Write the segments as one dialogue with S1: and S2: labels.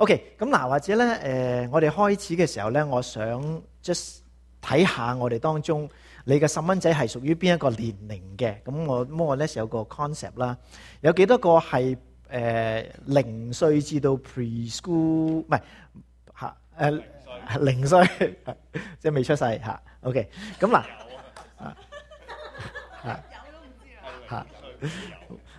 S1: OK，咁嗱，或者咧，誒、呃，我哋開始嘅時候咧，我想 just 睇下我哋當中你嘅細蚊仔係屬於邊一個年齡嘅。咁我摸我 r 咧有個 concept 啦，有幾多個係誒、呃、零歲至到 preschool，唔係嚇誒零歲，零歲 即係未出世嚇。 OK，咁嗱嚇嚇嚇。不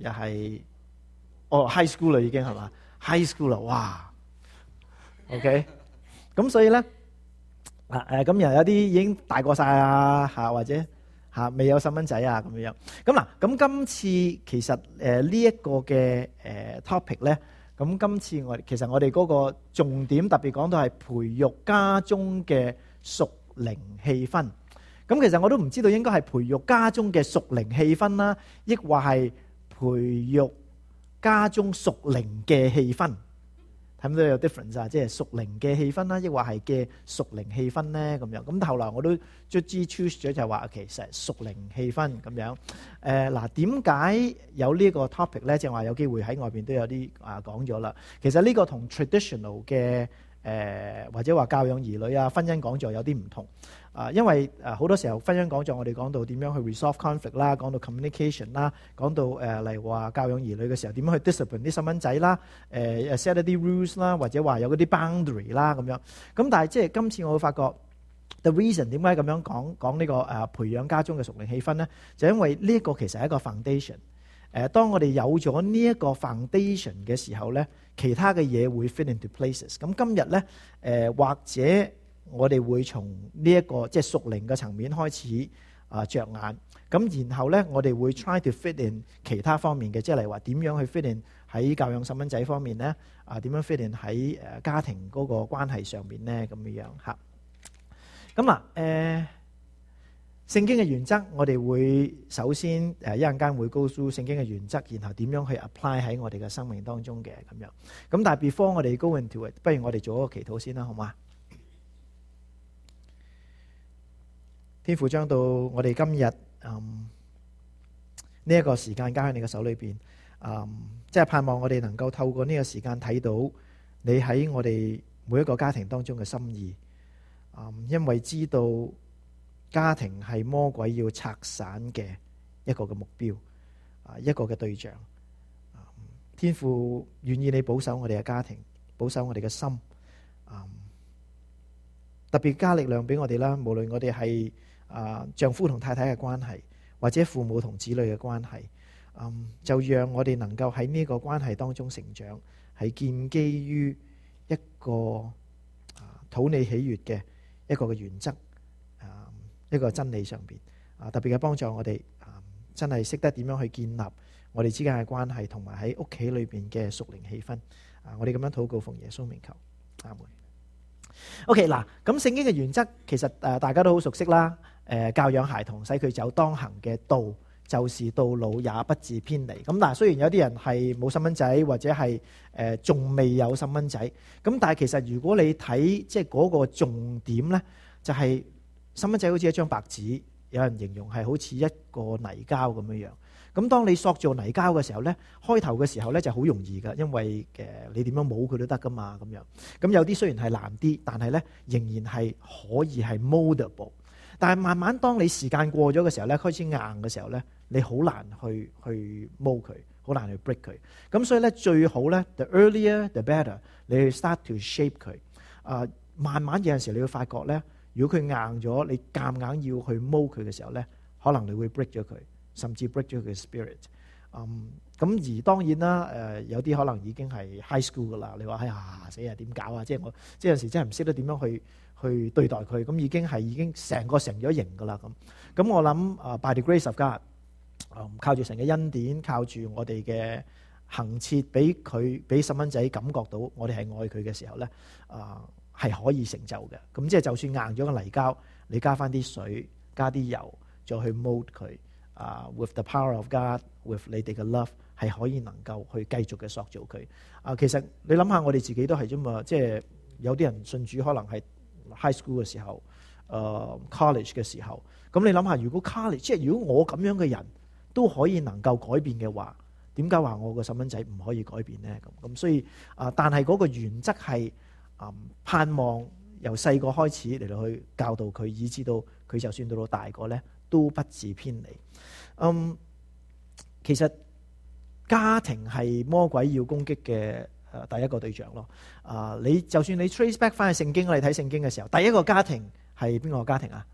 S1: 又係，哦、oh，high school 啦已經係嘛，high school 啦，哇，OK，咁 所以咧、呃呃，啊誒，咁又有啲已經大過晒啊，嚇或者嚇未有細蚊仔啊咁樣，咁嗱，咁今次其實誒呢一個嘅誒 topic 咧、呃，咁今次我其實我哋嗰個重點特別講到係培育家中嘅屬靈氣氛，咁其實我都唔知道應該係培育家中嘅屬靈氣氛啦，抑或係。培育家中屬靈嘅氣氛，睇唔到有 difference 啊！即係屬靈嘅氣氛啦，亦或係嘅屬靈氣氛咧咁樣。咁後來我都卒之 choose 咗，就係話其實屬靈氣氛咁樣。誒、呃，嗱，點解有呢個 topic 咧？即係話有機會喺外邊都有啲啊講咗啦。其實呢個同 traditional 嘅誒、呃、或者話教養兒女啊、婚姻講座有啲唔同。啊，因為啊好、呃、多時候婚姻講座，我哋講到點樣去 resolve conflict 啦，講到 communication 啦，講、呃、到例如話教養兒女嘅時候點樣去 discipline 啲細蚊仔啦，誒 set 啲 rules 啦，或者話有嗰啲 boundary 啦咁樣。咁但係即係今次我會發覺，the reason 點解咁樣講講呢個誒培養家中嘅屬靈氣氛咧，就因為呢一個其實係一個 foundation、呃。誒，當我哋有咗呢一個 foundation 嘅時候咧，其他嘅嘢會 fit into places、嗯。咁今日咧誒或者。我哋會從呢、這、一個即係、就是、屬靈嘅層面開始啊、呃、着眼，咁然後咧我哋會 try to fit in 其他方面嘅，即係例如話點樣去 fit in 喺教養細蚊仔方面咧啊，點樣 fit in 喺誒家庭嗰個關係上面咧咁樣吓。咁啊誒、呃，聖經嘅原則我哋會首先誒一陣間會告訴聖經嘅原則，然後點樣去 apply 喺我哋嘅生命當中嘅咁樣。咁但係 before 我哋 go into it，不如我哋做一個祈禱先啦，好嘛？天父將到我哋今日，呢、嗯、一、這個時間加喺你嘅手裏邊，即、嗯、係、就是、盼望我哋能夠透過呢個時間睇到你喺我哋每一個家庭當中嘅心意、嗯。因為知道家庭係魔鬼要拆散嘅一個嘅目標，一個嘅對象、嗯。天父願意你保守我哋嘅家庭，保守我哋嘅心、嗯。特別加力量俾我哋啦，無論我哋係。啊，丈夫同太太嘅關係，或者父母同子女嘅關係，嗯，就讓我哋能夠喺呢個關係當中成長，係建基於一個啊討你喜悦嘅一個嘅原則，啊，一個真理上邊，啊特別嘅幫助我哋，啊真係識得點樣去建立我哋之間嘅關係，同埋喺屋企裏邊嘅屬靈氣氛，啊，我哋咁樣禱告奉耶穌名求，阿門。OK，嗱，咁聖經嘅原則其實誒大家都好熟悉啦。誒教養孩童，使佢走當行嘅道，就是到老也不致偏離。咁嗱，雖然有啲人係冇細蚊仔，或者係誒仲未有細蚊仔，咁但係其實如果你睇即係嗰個重點咧，就係細蚊仔好似一張白紙，有人形容係好似一個泥膠咁樣樣。咁當你塑造泥膠嘅時候咧，開頭嘅時候咧就好容易噶，因為誒、呃、你點樣 mould 佢都得噶嘛咁樣。咁有啲雖然係難啲，但係咧仍然係可以係 mouldable。但係慢慢，當你時間過咗嘅時候咧，開始硬嘅時候咧，你好難去去 mold 佢，好難去 break 佢。咁所以咧，最好咧，the earlier the better，你去 start to shape 佢。啊，慢慢有陣時候你會發覺咧，如果佢硬咗，你夾硬，硬要去 mold 佢嘅時候咧，可能你會 break 咗佢，甚至 break 咗佢嘅 spirit。嗯，咁而當然啦，誒、呃、有啲可能已經係 high school 㗎喇。你話哎呀，死啊，點搞啊？即係我即係有時候真係唔識得點樣去。去對待佢咁已經係已經成個成咗形噶啦。咁咁，我諗啊、uh,，by the grace of God，啊，靠住神嘅恩典，靠住我哋嘅行切，俾佢俾細蚊仔感覺到我哋係愛佢嘅時候咧，啊，係可以成就嘅。咁即係就算硬咗個泥膠，你加翻啲水，加啲油，再去 mould 佢啊。Uh, with the power of God，with 你哋嘅 love 係可以能夠去繼續嘅塑造佢啊。Uh, 其實你諗下，我哋自己都係啫嘛。即係有啲人信主，可能係。High school 嘅時候，誒、uh,，college 嘅時候，咁你諗下，如果 college，即係如果我咁樣嘅人都可以能夠改變嘅話，點解話我個細蚊仔唔可以改變呢？咁咁，所以啊、呃，但係嗰個原則係，啊、嗯，盼望由細個開始嚟到去教導佢，以至到佢就算到到大個呢，都不致偏離。嗯，其實家庭係魔鬼要攻擊嘅。誒、啊、第一個對象咯，啊！你就算你 trace back 翻去聖經，我哋睇聖經嘅時候，第一個家庭係邊個家庭啊？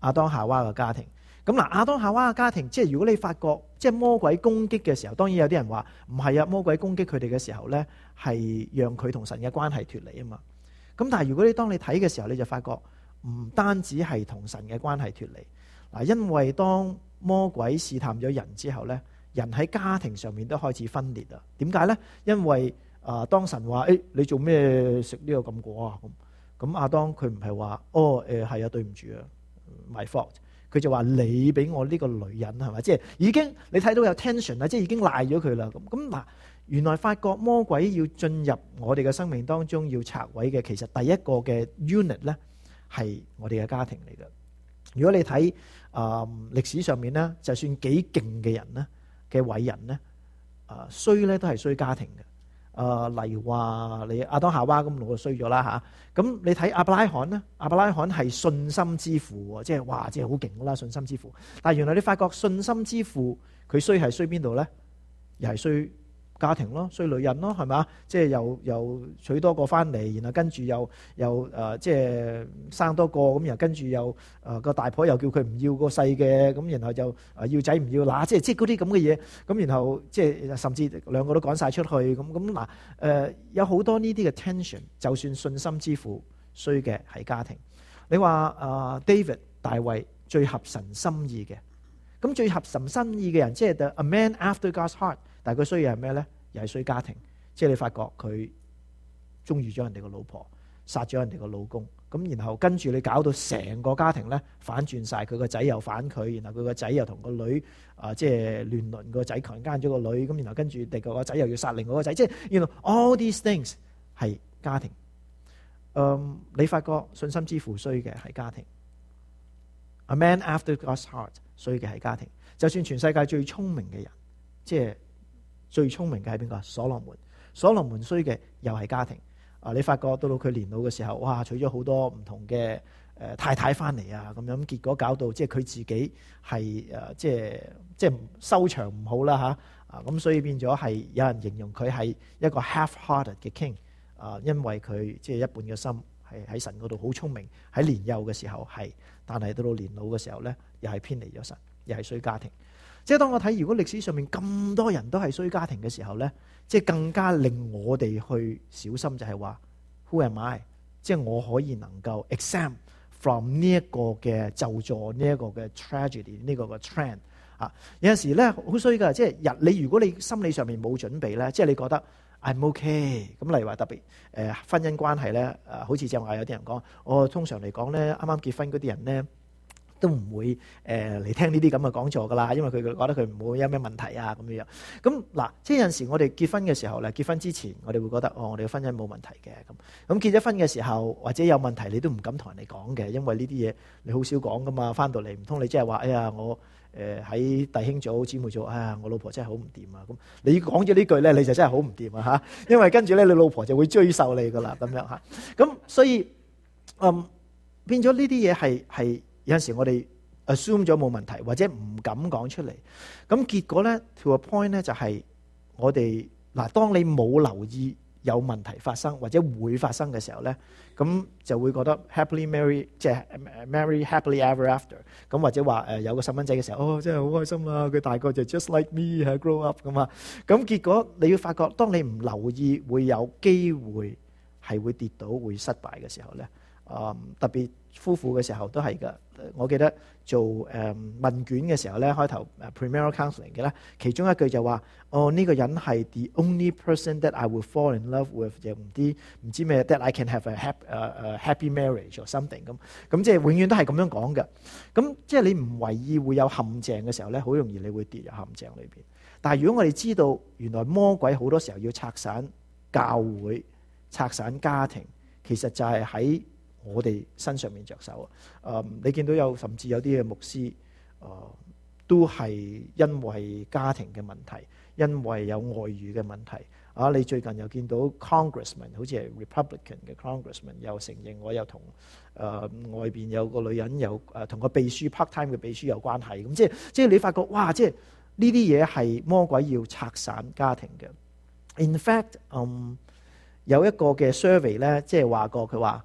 S1: 亞當夏娃嘅家庭。咁、嗯、嗱，啊、亞當夏娃嘅家庭，即係如果你發覺，即係魔鬼攻擊嘅時候，當然有啲人話唔係啊，魔鬼攻擊佢哋嘅時候呢，係讓佢同神嘅關係脫離啊嘛。咁、嗯、但係如果你當你睇嘅時候，你就發覺唔單止係同神嘅關係脫離，嗱，因為當魔鬼試探咗人之後呢。人喺家庭上面都開始分裂啦。點解咧？因為啊、呃，當神話誒、哎、你做咩食呢個禁果啊？咁咁阿當佢唔係話，哦誒係、呃、啊對唔住啊 my fault，佢就話你俾我呢個女人係咪？即係已經你睇到有 tension 啦，即係已經賴咗佢啦。咁咁嗱，原來發覺魔鬼要進入我哋嘅生命當中要拆毀嘅，其實第一個嘅 unit 咧係我哋嘅家庭嚟嘅。如果你睇啊歷史上面咧，就算幾勁嘅人咧。嘅偉人咧，啊、呃、衰咧都係衰家庭嘅。啊、呃、例如話你亞當夏娃咁老就衰咗啦嚇，咁、啊、你睇亞伯拉罕咧，亞伯拉罕係信心之父喎，即係哇，即係好勁啦，信心之父。但係原來你發覺信心之父佢衰係衰邊度咧，又係衰。家庭咯，衰女人咯，係咪？即係又又娶多個翻嚟，然後跟住又又誒、呃，即係生多個，咁然後跟又跟住又誒個大婆又叫佢唔要個細嘅，咁然後就誒、呃、要仔唔要乸，即係即係嗰啲咁嘅嘢，咁然後即係甚至兩個都趕晒出去咁咁嗱誒，有好多呢啲嘅 tension，就算信心之父衰嘅係家庭，你話誒、呃、David 大衛最合神心意嘅，咁最合神心意嘅人即係 the a man after God's heart。但係佢需要係咩咧？又係衰家庭，即係你發覺佢中意咗人哋個老婆，殺咗人哋個老公，咁然後跟住你搞到成個家庭咧反轉晒，佢個仔又反佢，然後佢、呃、個仔又同個女啊，即係亂倫，個仔強奸咗個女，咁然後跟住第個個仔又要殺另外個仔，即係原來 all these things 係家庭。嗯，你發覺信心之父衰嘅係家庭，a man after God's heart 衰嘅係家庭。就算全世界最聰明嘅人，即係。最聰明嘅係邊個？所羅門，所羅門衰嘅又係家庭。啊，你發覺到到佢年老嘅時候，哇，娶咗好多唔同嘅誒、呃、太太翻嚟啊，咁樣結果搞到即係佢自己係誒、呃、即係即係收場唔好啦吓，啊，咁、啊、所以變咗係有人形容佢係一個 half-hearted 嘅 king 啊，因為佢即係一半嘅心係喺神嗰度，好聰明喺年幼嘅時候係，但係到到年老嘅時候咧，又係偏離咗神，又係衰家庭。即係當我睇，如果歷史上面咁多人都係衰家庭嘅時候咧，即係更加令我哋去小心就是說，就係話，Who am I？即係我可以能夠 exempt from 呢一個嘅咒詛呢一個嘅 tragedy 呢個嘅 trend 啊！有陣時咧好衰噶，即係你如果你心理上面冇準備咧，即係你覺得 I'm okay。咁例如話特別、呃、婚姻關係咧，好似正話有啲人講，我通常嚟講咧，啱啱結婚嗰啲人咧。都唔會誒嚟、呃、聽呢啲咁嘅講座噶啦，因為佢覺得佢唔會有咩問題啊，咁樣樣咁嗱。即係有陣時我哋結婚嘅時候咧，結婚之前我哋會覺得哦，我哋嘅婚姻冇問題嘅咁。咁結咗婚嘅時候或者有問題，你都唔敢同人哋講嘅，因為呢啲嘢你好少講噶嘛。翻到嚟唔通你即係話哎呀，我誒喺、呃、弟兄組姊妹組，哎呀我老婆真係好唔掂啊。咁你講咗呢句咧，你就真係好唔掂啊吓，因為跟住咧你老婆就會追受你噶啦，咁樣吓。咁所以嗯變咗呢啲嘢係係。有陣時我哋 assume 咗冇問題，或者唔敢講出嚟，咁結果咧，to a point 咧就係我哋嗱，當你冇留意有問題發生或者會發生嘅時候咧，咁就會覺得 happily married 即係 marry happily ever after。咁或者話誒有個細蚊仔嘅時候，哦真係好開心啊，佢大個就 just like me，grow up 咁啊。咁結果你要發覺，當你唔留意會有機會係會跌倒、會失敗嘅時候咧，啊、嗯、特別。夫婦嘅時候都係嘅，我記得做誒、呃、問卷嘅時候咧，開頭、啊、premarital counselling 嘅咧，其中一句就話：哦呢、這個人係 the only person that I will fall in love with，又唔知唔知咩 that I can have a happy, uh, uh, happy marriage or something 咁、嗯，咁、嗯、即係永遠都係咁樣講嘅。咁、嗯、即你唔懷意唔為意會有陷阱嘅時候咧，好容易你會跌入陷阱裏邊。但係如果我哋知道原來魔鬼好多時候要拆散教會、拆散家庭，其實就係喺。我哋身上面着手啊！Um, 你見到有甚至有啲嘅牧師啊、呃，都係因為家庭嘅問題，因為有外遇嘅問題啊！Uh, 你最近又見到 Congressman 好似係 Republican 嘅 Congressman 又承認我，我又同誒、呃、外邊有個女人有誒同、呃、個秘書 part time 嘅秘書有關係咁、嗯，即係即係你發覺哇！即係呢啲嘢係魔鬼要拆散家庭嘅。In fact，嗯、um,，有一個嘅 survey 咧，即係話過佢話。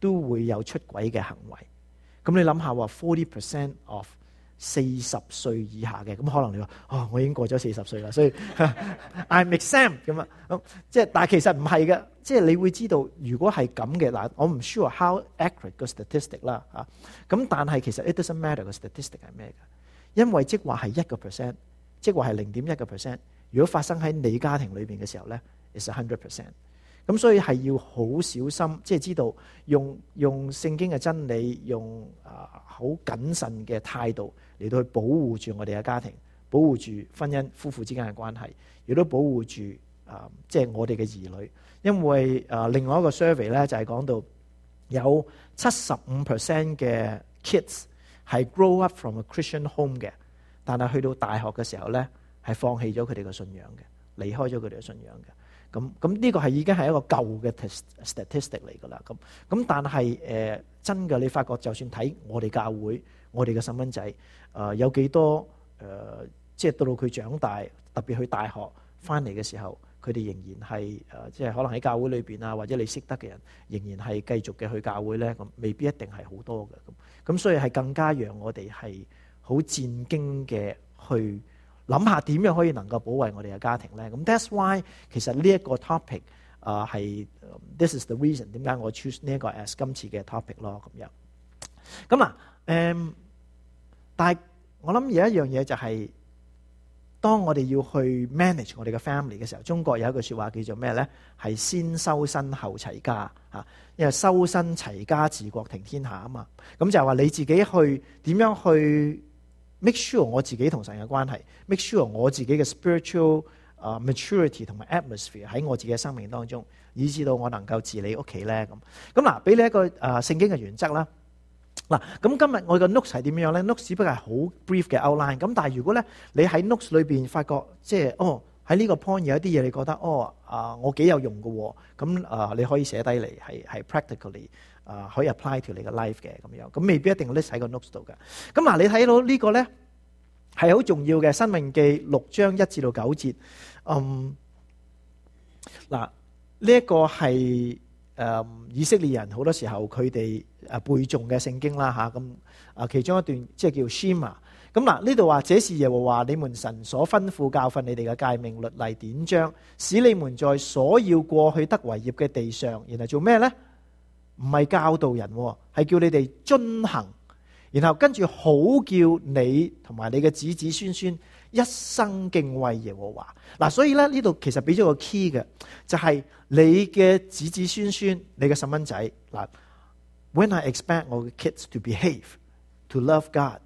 S1: 都會有出軌嘅行為。咁你諗下話，forty percent of 四十歲以下嘅，咁可能你話：哦，我已經過咗四十歲啦，所以 I'm exempt 咁啊。咁即係，但係其實唔係嘅。即係你會知道，如果係咁嘅，嗱，我唔 sure how accurate 個 statistic 啦、啊。嚇，咁但係其實 it doesn't matter 個 statistic 係咩㗎，因為即係話係一個 percent，即係話係零點一個 percent。如果發生喺你家庭裏邊嘅時候咧，is a hundred percent。咁所以係要好小心，即係知道用用聖經嘅真理，用啊，好謹慎嘅態度嚟到去保護住我哋嘅家庭，保護住婚姻夫婦之間嘅關係，亦都保護住啊即係我哋嘅兒女。因為啊，另外一個 survey 咧就係講到有七十五 percent 嘅 kids 係 grow up from a Christian home 嘅，但係去到大學嘅時候咧係放棄咗佢哋嘅信仰嘅，離開咗佢哋嘅信仰嘅。咁咁呢個係已經係一個舊嘅 statistic 嚟㗎啦。咁咁，但係誒、呃、真嘅，你發覺就算睇我哋教會，我哋嘅細蚊仔誒、呃、有幾多誒、呃，即係到到佢長大，特別去大學翻嚟嘅時候，佢哋仍然係誒、呃，即係可能喺教會裏邊啊，或者你識得嘅人，仍然係繼續嘅去教會咧，咁未必一定係好多嘅。咁咁，所以係更加讓我哋係好戰兢嘅去諗下點樣可以能夠保衞我哋嘅家庭呢？咁 That's why 其實呢一個 topic 啊係 This is the reason 點解我 choose 呢一個 as 今次嘅 topic 咯，咁樣。咁啊誒，但係我諗有一樣嘢就係、是，當我哋要去 manage 我哋嘅 family 嘅時候，中國有一句説話叫做咩呢？係先修身後齊家嚇，因為修身齊家治國平天下啊嘛。咁就係話你自己去點樣去。Make sure 我自己同神嘅關係，make sure 我自己嘅 spiritual maturity 同埋 atmosphere 喺我自己嘅生命當中，以至到我能夠治理屋企咧咁。咁嗱，俾你一個啊聖經嘅原則啦。嗱，咁今日我嘅 notes 係點樣咧？notes 只不過係好 brief 嘅 outline。咁但係如果咧，你喺 notes 裏面發覺，即係哦喺呢個 point 有一啲嘢你覺得哦啊我幾有用嘅喎。咁啊你可以寫低嚟，係係 practically。啊、呃，可以 apply 到你嘅 life 嘅咁樣，咁未必一定 list 喺個 notes 度嘅。咁嗱、啊，你睇到呢個咧，係好重要嘅《申命記》六章一至到九節。嗯，嗱呢一個係誒、啊、以色列人好多時候佢哋誒背誦嘅聖經啦吓。咁啊，啊，其中一段即係叫 Shema、啊。咁、啊、嗱，呢度話這是耶和華你們神所吩咐教訓你哋嘅誡命律例典章，使你們在所要過去得為業嘅地上，然後做咩咧？唔係教導人、哦，係叫你哋遵行，然後跟住好叫你同埋你嘅子子孫孫一生敬畏耶和華。嗱、啊，所以咧，呢度其實俾咗個 key 嘅，就係、是、你嘅子子孫孫，你嘅細蚊仔。嗱、啊、When I expect my kids to behave, to love God,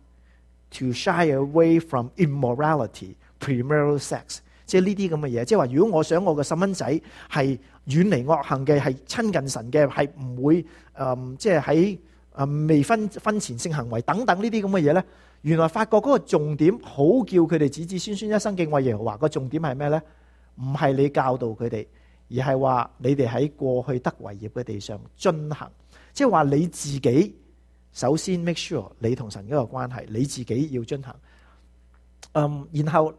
S1: to shy away from immorality, premarital sex，即係呢啲咁嘅嘢，即係話如果我想我嘅細蚊仔係。遠離惡行嘅，係親近神嘅，係唔會誒、嗯，即係喺誒未婚、婚前性行為等等呢啲咁嘅嘢呢。原來發覺嗰個重點好叫佢哋子子孫孫一生敬畏耶和華。嗰個重點係咩呢？唔係你教導佢哋，而係話你哋喺過去得遺業嘅地上進行，即係話你自己首先 make sure 你同神嗰個關係，你自己要進行。嗯，然後。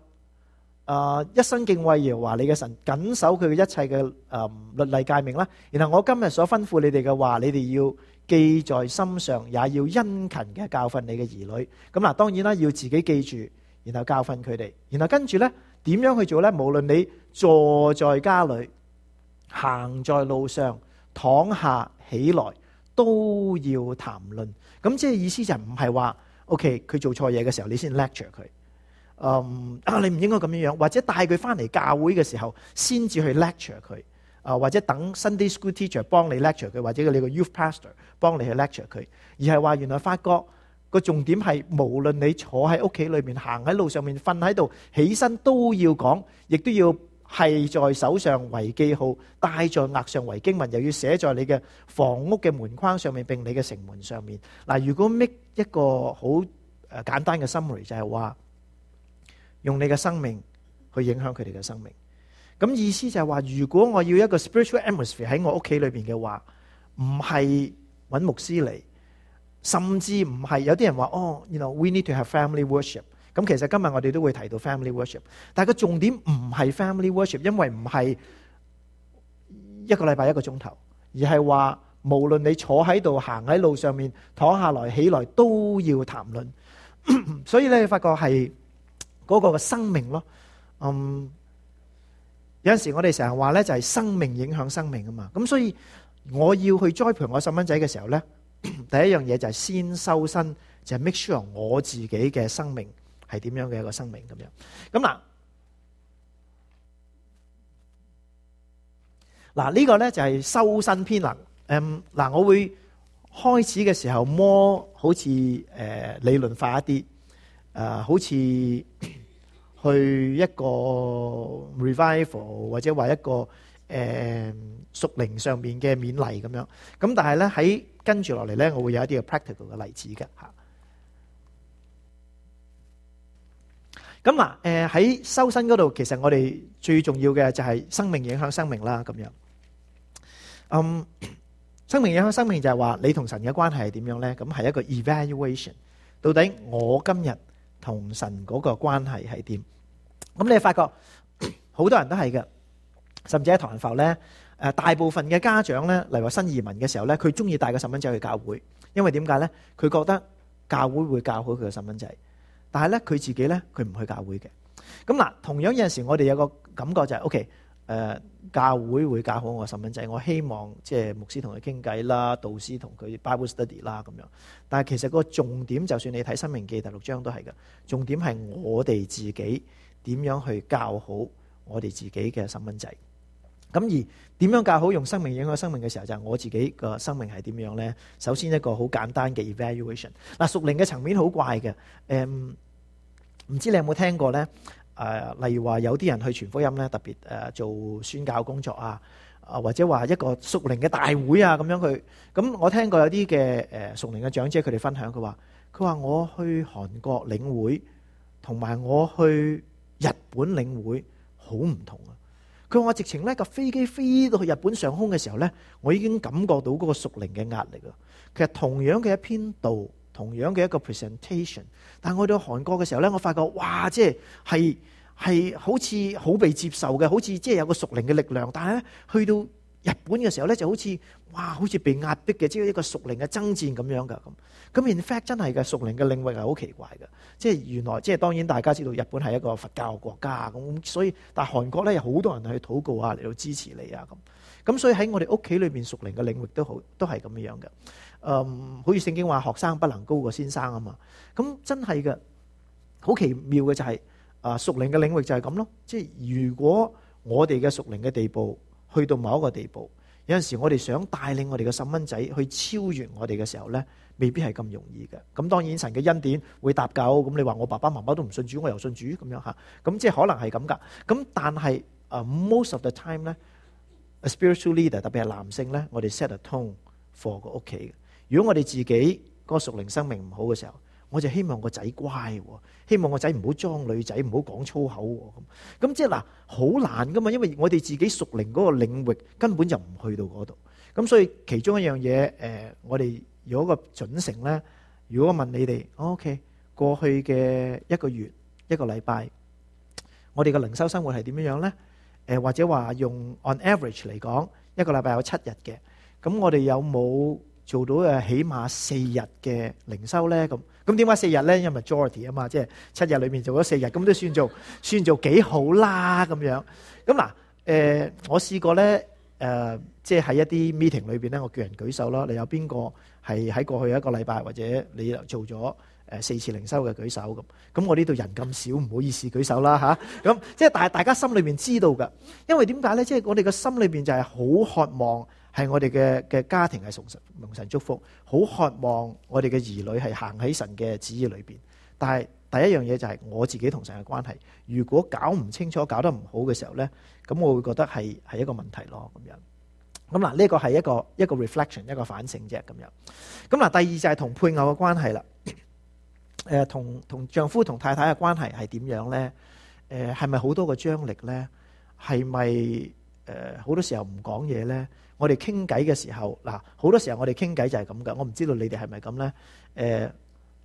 S1: 啊、呃！一生敬畏耶和華你嘅神，謹守佢嘅一切嘅誒、呃、律例誡命。啦。然後我今日所吩咐你哋嘅話，你哋要記在心上，也要殷勤嘅教訓你嘅兒女。咁、嗯、嗱，當然啦，要自己記住，然後教訓佢哋。然後跟住咧，點樣去做咧？無論你坐在家裏、行在路上、躺下起來，都要談論。咁即係意思就唔係話，OK，佢做錯嘢嘅時候你，你先 lecture 佢。嗯，啊，你唔應該咁樣樣，或者帶佢翻嚟教會嘅時候，先至去 lecture 佢，啊，或者等 Sunday School teacher 幫你 lecture 佢，或者你個 Youth Pastor 幫你去 lecture 佢，而係話原來發覺個重點係無論你坐喺屋企裏面、行喺路上面、瞓喺度、起身都要講，亦都要係在手上為記號，戴在額上為經文，又要寫在你嘅房屋嘅門框上面並你嘅城門上面。嗱，如果 make 一個好誒簡單嘅 summary 就係話。用你嘅生命去影響佢哋嘅生命，咁意思就係話，如果我要一個 spiritual atmosphere 喺我屋企裏邊嘅話，唔係揾牧師嚟，甚至唔係有啲人話哦，you know，we need to have family worship。咁其實今日我哋都會提到 family worship，但係個重點唔係 family worship，因為唔係一個禮拜一個鐘頭，而係話無論你坐喺度、行喺路上面、躺下來、起來都要談論。 所以咧，你發覺係。嗰個嘅生命咯，嗯，有陣時我哋成日話咧就係生命影響生命啊嘛，咁所以我要去栽培我細蚊仔嘅時候咧，第一樣嘢就係先修身，就係 make sure 我自己嘅生命係點樣嘅一個生命咁樣，咁嗱，嗱呢個咧就係修身篇啦，嗯，嗱我會開始嘅時候摸好似誒理論化一啲，誒好似。去一個 revival 或者話一個誒屬靈上面嘅勉勵咁樣，咁但係咧喺跟住落嚟咧，我會有一啲嘅 practical 嘅例子嘅吓。咁啊誒喺修身嗰度，其實我哋最重要嘅就係生命影響生命啦咁樣。嗯，生命影響生命就係話你同神嘅關係係點樣咧？咁係一個 evaluation，到底我今日同神嗰個關係係點？咁你哋發覺好 desserts 多人都係嘅，甚至喺唐人埠咧，誒大部分嘅家長咧，例如新移民嘅時候咧，佢中意帶個細蚊仔去教會，因為點解咧？佢覺得教會會教好佢個細蚊仔，但係咧佢自己咧佢唔去教會嘅。咁嗱，同樣我們有陣時我哋有個感覺就係，OK，誒教會會教好我個細蚊仔，我希望即係牧師同佢傾偈啦，導師同佢 Bible study 啦咁樣。但係其實個重點，就算你睇《申命記》第六章都係嘅，重點係我哋自己。點樣去教好我哋自己嘅細蚊仔？咁而點樣教好用生命影響生命嘅時候，就係、我自己嘅生命係點樣呢？首先一個好簡單嘅 evaluation。嗱，熟齡嘅層面好怪嘅。誒、嗯，唔知道你有冇聽過呢？誒、呃，例如話有啲人去傳福音呢，特別誒做宣教工作啊，或者話一個熟齡嘅大會啊咁樣佢。咁、嗯、我聽過有啲嘅誒熟齡嘅長者佢哋分享，佢話：佢話我去韓國領會，同埋我去。日本領會好唔同啊！佢話：我直情呢架飛機飛到去日本上空嘅時候呢，我已經感覺到嗰個屬靈嘅壓力啊！其實同樣嘅一篇道，同樣嘅一個 presentation，但係我去到韓國嘅時候呢，我發覺哇，即係係好似好被接受嘅，好似即係有個屬靈嘅力量，但係咧去到日本嘅時候咧，就好似哇，好似被壓迫嘅，只係一個屬靈嘅爭戰咁樣噶。咁咁，in fact 真係嘅屬靈嘅領域係好奇怪嘅，即係原來即係當然大家知道日本係一個佛教國家咁，所以但係韓國咧有好多人去禱告啊，嚟到支持你啊咁。咁所以喺我哋屋企裏面，屬靈嘅領域都好，都係咁樣嘅。嗯，好似聖經話學生不能高過先生啊嘛。咁真係嘅，好奇妙嘅就係、是、啊屬靈嘅領域就係咁咯。即係如果我哋嘅屬靈嘅地步。去到某一個地步，有陣時我哋想帶領我哋嘅細蚊仔去超越我哋嘅時候呢，未必係咁容易嘅。咁當然神嘅恩典會搭救。咁你話我爸爸媽媽都唔信主，我又信主咁樣吓，咁即係可能係咁噶。咁但係，uh, most of the time 呢，spiritual leader 特別係男性呢，我哋 set a tone for 個屋企。如果我哋自己個屬靈生命唔好嘅時候，我就希望個仔乖，希望個仔唔好裝女仔，唔好講粗口。咁咁即係嗱，好難㗎嘛，因為我哋自己熟靈嗰個領域根本就唔去到嗰度。咁所以其中一樣嘢，誒，我哋有一個準繩咧。如果問你哋，OK，過去嘅一個月一個禮拜，我哋嘅靈修生活係點樣咧？誒，或者話用 on average 嚟講，一個禮拜有七日嘅，咁我哋有冇？做到誒起碼四日嘅靈修咧，咁咁點解四日咧？因為 majority 啊嘛，即係七日裏邊做咗四日，咁都算做算做幾好啦咁樣。咁嗱誒，我試過咧誒，即係喺一啲 meeting 裏邊咧，我叫人舉手咯。你有邊個係喺過去一個禮拜或者你做咗誒四次靈修嘅舉手咁？咁我呢度人咁少，唔好意思舉手啦嚇。咁即係但係大家心裏邊知道嘅，因為點解咧？即係我哋嘅心裏邊就係好渴望。係我哋嘅嘅家庭係崇神、蒙神祝福，好渴望我哋嘅兒女係行喺神嘅旨意裏邊。但係第一樣嘢就係我自己同神嘅關係，如果搞唔清楚、搞得唔好嘅時候呢，咁我會覺得係係一個問題咯。咁樣，咁嗱呢個係一個一個 reflection，一個反省啫。咁樣，咁嗱第二就係同配偶嘅關係啦。誒、呃，同同丈夫同太太嘅關係係點樣呢？誒、呃，係咪好多嘅張力呢？係咪誒好多時候唔講嘢呢？我哋傾偈嘅時候，嗱，好多時候我哋傾偈就係咁噶，我唔知道你哋係咪咁呢？誒、呃，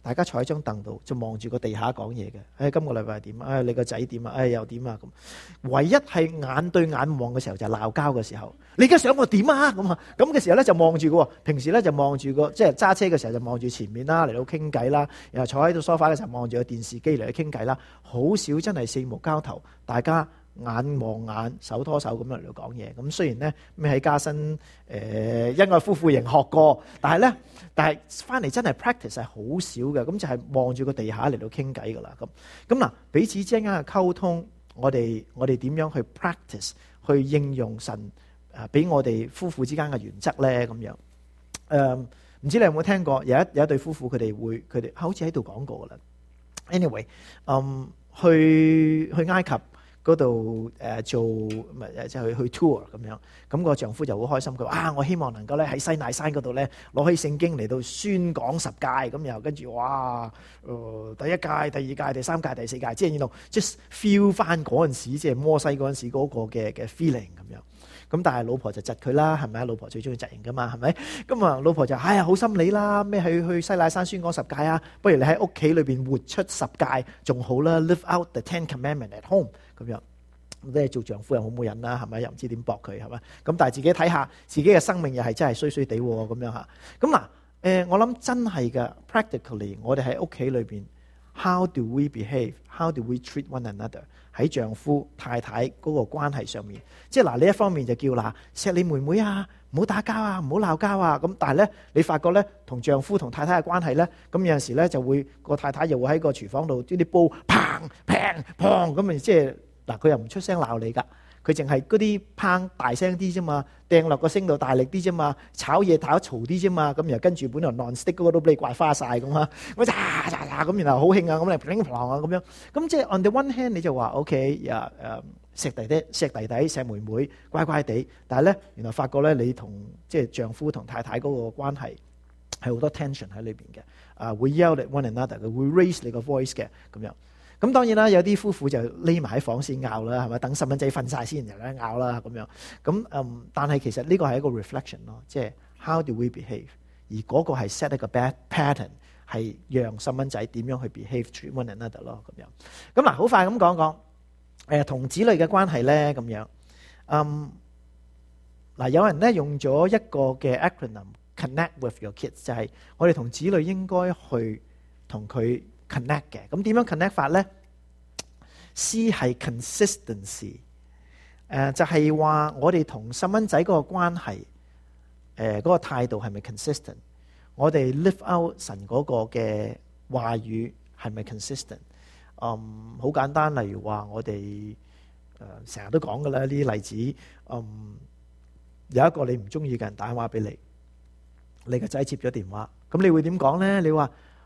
S1: 大家坐喺張凳度就望住個地下講嘢嘅。誒、哎，今個禮拜點啊、哎？你個仔點啊？誒、哎，又點啊？咁唯一係眼對眼望嘅時候就鬧交嘅時候。你而家想我點啊？咁啊？咁嘅時候呢，就望住個，平時呢，就望住個，即係揸車嘅時候就望住前面啦，嚟到傾偈啦。然後坐喺度梳化嘅時候望住個電視機嚟去傾偈啦。好少真係四目交投，大家。眼望眼，手拖手咁樣嚟到講嘢。咁雖然咧咩喺加薪，誒恩愛夫婦營學過，但係咧，但係翻嚟真係 practice 係好少嘅。咁就係望住個地下嚟到傾偈噶啦。咁咁嗱，彼此之間嘅溝通，我哋我哋點樣去 practice 去應用神啊俾我哋夫婦之間嘅原則咧？咁樣誒，唔、嗯、知你有冇聽過有一有一對夫婦佢哋會佢哋好似喺度講過噶啦。Anyway，嗯，去去埃及。嗰度誒做咪即係去去 tour 咁樣，咁個丈夫就好開心。佢話：啊，我希望能夠咧喺西乃山嗰度咧攞起聖經嚟到宣講十戒咁，又跟住哇，誒第一戒、第二戒、第三戒、第四戒，即係 you knowjust feel 翻嗰陣時，即係摩西嗰陣時嗰個嘅嘅 feeling 咁樣。咁但係老婆就窒佢啦，係咪啊？老婆最中意窒人噶嘛，係咪？咁啊，老婆就哎呀，好心理啦，咩去去西乃山宣講十戒啊？不如你喺屋企裏邊活出十戒仲好啦，live out the Ten Commandment at home。咁樣即係，做丈夫又好冇癮啦，係咪？又唔知點駁佢，係咪？咁但係自己睇下，自己嘅生命又係真係衰衰哋咁，啊，樣吓。咁嗱，誒、呃，我諗真係嘅，practically，我哋喺屋企裏邊，how do we behave？how do we treat one another？喺丈夫太太嗰個關係上面，即係嗱，呢一方面就叫嗱，錫你妹妹啊，唔好打交啊，唔好鬧交啊。咁但係咧，你發覺咧，同丈夫同太太嘅關係咧，咁有陣時咧就會個太太又會喺個廚房度啲啲煲砰砰砰咁咪即係。嗱，佢又唔出聲鬧你㗎，佢淨係嗰啲砰大聲啲啫嘛，掟落個聲度大力啲啫嘛，炒嘢炒嘈啲啫嘛，咁然後跟住本來 nonstick 嗰個都俾你怪花曬咁啊，咁喳喳咁，然後好興啊，咁你乒啷啊咁樣，咁即係 on the one hand 你就話 OK，啊誒錫弟弟、錫弟弟、錫妹妹乖乖地，但係咧原來發覺咧你同即係丈夫同太太嗰個關係係好多 tension 喺裏邊嘅，啊、uh, 會 yell at one another，會 raise 你個 voice 嘅咁樣。咁當然啦，有啲夫婦就匿埋喺房先拗啦，係咪？等細蚊仔瞓晒先，又咧拗啦咁樣。咁嗯，但係其實呢個係一個 reflection 咯，即係 how do we behave？而嗰個係 set 一個 bad pattern，係讓細蚊仔點樣去 behave to one another 咯咁樣。咁嗱，好快咁講講誒同子女嘅關係咧咁樣。嗯，嗱有人咧用咗一個嘅 acronym connect with your kids，就係我哋同子女應該去同佢。connect 嘅，咁點樣 connect 法咧？C 係 consistency，誒、呃，就係、是、話我哋同細蚊仔個關係，誒、呃，嗰、那個態度係咪 consistent？我哋 live out 神嗰個嘅話語係咪 consistent？嗯，好簡單，例如話我哋誒成日都講噶啦呢啲例子，嗯，有一個你唔中意嘅人打電話俾你，你個仔接咗電話，咁你會點講咧？你話？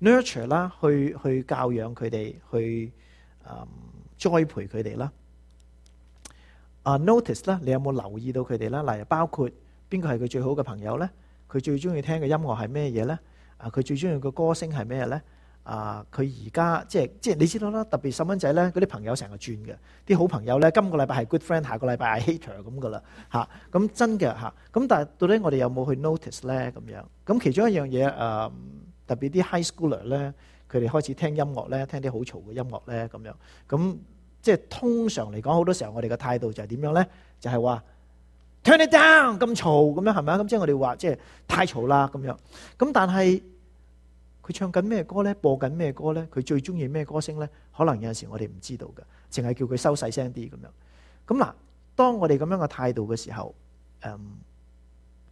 S1: nurture 啦，去去教養佢哋，去嗯栽培佢哋啦。啊、uh,，notice 啦，你有冇留意到佢哋啦？例如包括邊個係佢最好嘅朋友咧？佢最中意聽嘅音樂係咩嘢咧？啊，佢最中意嘅歌星係咩咧？啊、uh,，佢而家即係即係你知道啦，特別細蚊仔咧，嗰啲朋友成日轉嘅，啲好朋友咧，今個禮拜係 good friend，下個禮拜係 hater 咁噶啦嚇。咁 真嘅嚇，咁但係到底我哋有冇去 notice 咧？咁樣咁其中一樣嘢嗯。特別啲 high schooler 咧，佢哋開始聽音樂咧，聽啲好嘈嘅音樂咧，咁樣咁即係通常嚟講，好多時候我哋嘅態度就係點樣咧？就係、是、話 turn it down，咁嘈咁樣係咪啊？咁即係我哋話即係太嘈啦咁樣。咁但係佢唱緊咩歌咧？播緊咩歌咧？佢最中意咩歌聲咧？可能有陣時我哋唔知道嘅，淨係叫佢收細聲啲咁樣。咁嗱，當我哋咁樣嘅態度嘅時候，誒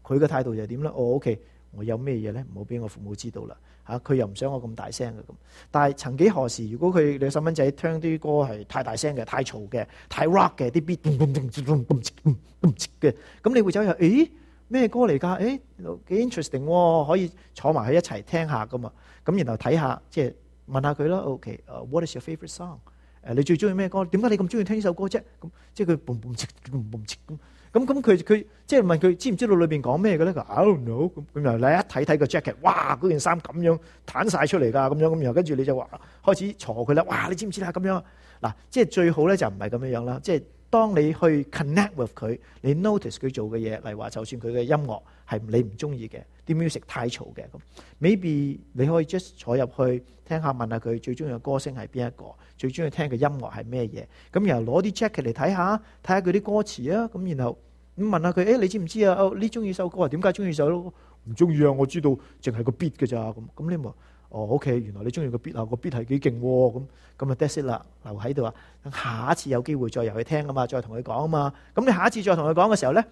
S1: 佢嘅態度就係點咧？哦、oh, OK，我有咩嘢咧？唔好俾我父母知道啦。嚇佢又唔想我咁大聲嘅，咁，但係曾幾何時，如果佢兩細蚊仔聽啲歌係太大聲嘅、太嘈嘅、太 rock 嘅，啲 beat 嘣嘣嘣嘣唔嘣嘅，咁你會走入、欸，誒咩歌嚟㗎？誒、欸、幾 interesting 喎，可以坐埋去一齊聽一下㗎嘛，咁然後睇下，即係問下佢啦。OK，What、OK, is your favourite song？誒你最中意咩歌？點解你咁中意聽呢首歌啫？咁即係佢嘣嘣嘣嘣咁咁佢佢即係問佢知唔知道裏邊講咩嘅咧？佢啊 no，咁咁然後你一睇睇個 jacket，哇嗰件衫咁樣彈晒出嚟㗎咁樣，咁然後跟住你就話、啊、開始嘈佢啦！哇你知唔知啦咁樣嗱、啊，即係最好咧就唔係咁樣樣啦。即係當你去 connect with 佢，你 notice 佢做嘅嘢，例如話就算佢嘅音樂係你唔中意嘅，啲 music 太嘈嘅，咁 maybe 你可以 just 坐入去聽下，問下佢最中意嘅歌星係邊一個，最中意聽嘅音樂係咩嘢，咁然後攞啲 jacket 嚟睇下，睇下佢啲歌詞啊，咁然後。咁問下佢、哎、你知唔知啊？哦，你中意首歌啊，點解中意首？唔中意啊！我知道，淨係個 beat 㗎咋咁咁，嗯、你咪哦，OK，原來你中意個 beat 啊，個 beat 係幾勁咁咁啊，得識啦，留喺度啊，等下一次有機會再由去聽啊嘛，再同佢講啊嘛。咁你下一次再同佢講嘅時候咧。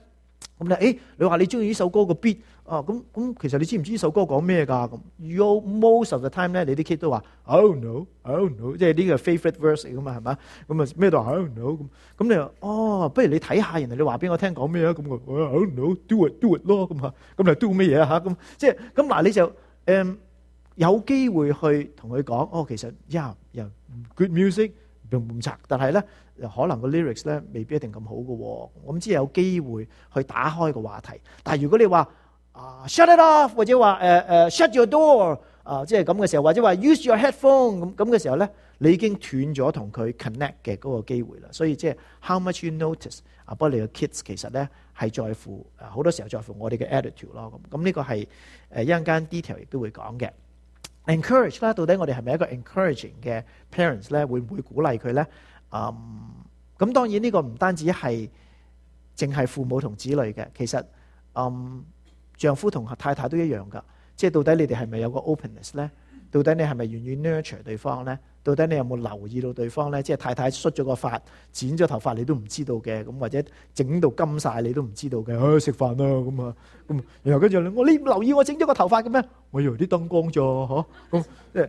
S1: 咁咧，誒，你話你中意呢首歌個 beat，啊，咁咁其實你知唔知呢首歌講咩噶？咁，your most of the time 咧，你啲 Kid 都話，oh no，oh no，即係呢個 favourite verse 嚟噶嘛，係咪？咁啊咩都係 oh no，咁咁你話，哦，不如你睇下，人哋你話俾我聽講咩啊？咁我，oh no，do it do it 咯，咁嚇，咁嚟 do 咩嘢啊？嚇，咁即係咁嗱，你就誒有機會去同佢講，哦，其實，yeah，yeah，good music，唔錯，但係咧，可能個 lyrics 咧未必一定咁好嘅，我唔知係有機會去打開個話題。但係如果你話啊 shut it off，或者話誒誒 shut your door 啊，即係咁嘅時候，或者話 use your headphone 咁咁嘅時候咧，你已經斷咗同佢 connect 嘅嗰個機會啦。所以即係 how much you notice 啊，不過你嘅 kids 其實咧係在乎好多時候在乎我哋嘅 attitude 咯。咁咁呢個係誒一陣間 detail 亦都會講嘅。Encourage 啦，到底我哋係咪一個 encouraging 嘅 parents 咧？會唔會鼓勵佢咧？嗯，咁當然呢個唔單止係淨係父母同子女嘅，其實嗯丈夫同太太都一樣噶。即係到底你哋係咪有個 openness 咧？到底你係咪願意 nurture 對方咧？到底你有冇留意到對方咧？即係太太恤咗個發，剪咗頭髮你都唔知道嘅，咁或者整到金晒你都唔知道嘅。唉、哎，食飯啦，咁啊，咁然後跟住你，我你唔留意我整咗個頭髮嘅咩？我以為啲燈光咋嗬？咁、啊、即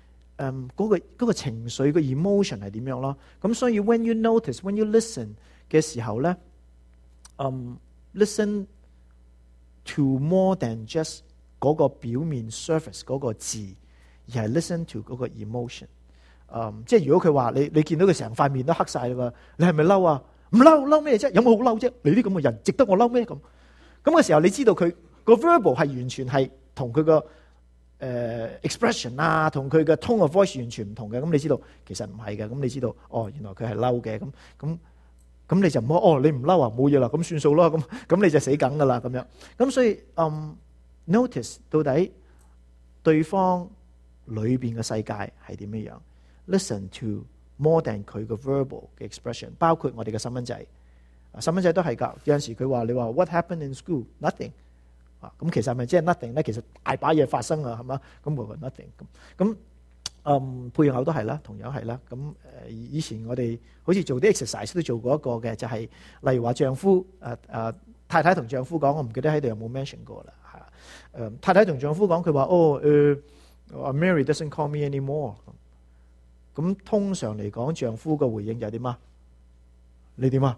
S1: 嗯、um, 那個，嗰、那個個情緒嘅、那個、emotion 係點樣咯？咁所以 when you notice，when you listen 嘅時候咧，嗯、um,，listen to more than just 嗰個表面 surface 嗰個字，而係 listen to 嗰個 emotion。嗯、um,，即係如果佢話你你見到佢成塊面都黑晒啦，你係咪嬲啊？唔嬲，嬲咩啫？有冇好嬲啫？你啲咁嘅人值得我嬲咩咁？咁嘅、那個、時候你知道佢、那個 verbal 係完全係同佢個。誒 expression 啊，同佢嘅 tone of voice 完全唔同嘅，咁你知道其實唔係嘅，咁你知道哦，原來佢係嬲嘅，咁咁咁你就唔好哦，你唔嬲啊，冇嘢啦，咁算數啦，咁咁你就死梗噶啦，咁樣，咁所以 notice 到底對方裏邊嘅世界係點樣？Listen to more than 佢嘅 verbal 嘅 expression，包括我哋嘅細蚊仔，細蚊仔都係㗎，有陣時佢話你話 what happened in school，nothing。咁、啊、其實係咪即係 nothing 咧，其實大把嘢發生啊，係嘛？咁冇人 nothing 咁，咁嗯、呃、配偶都係啦，同樣係啦。咁誒、呃、以前我哋好似做啲 exercise 都做過一個嘅，就係、是、例如話丈夫誒誒太太同丈夫講，我唔記得喺度有冇 mention 過啦嚇。太太同丈夫講，佢話哦誒，我有有、呃太太 oh, uh, Mary doesn't call me anymore。咁通常嚟講，丈夫嘅回應就係點啊？你點啊？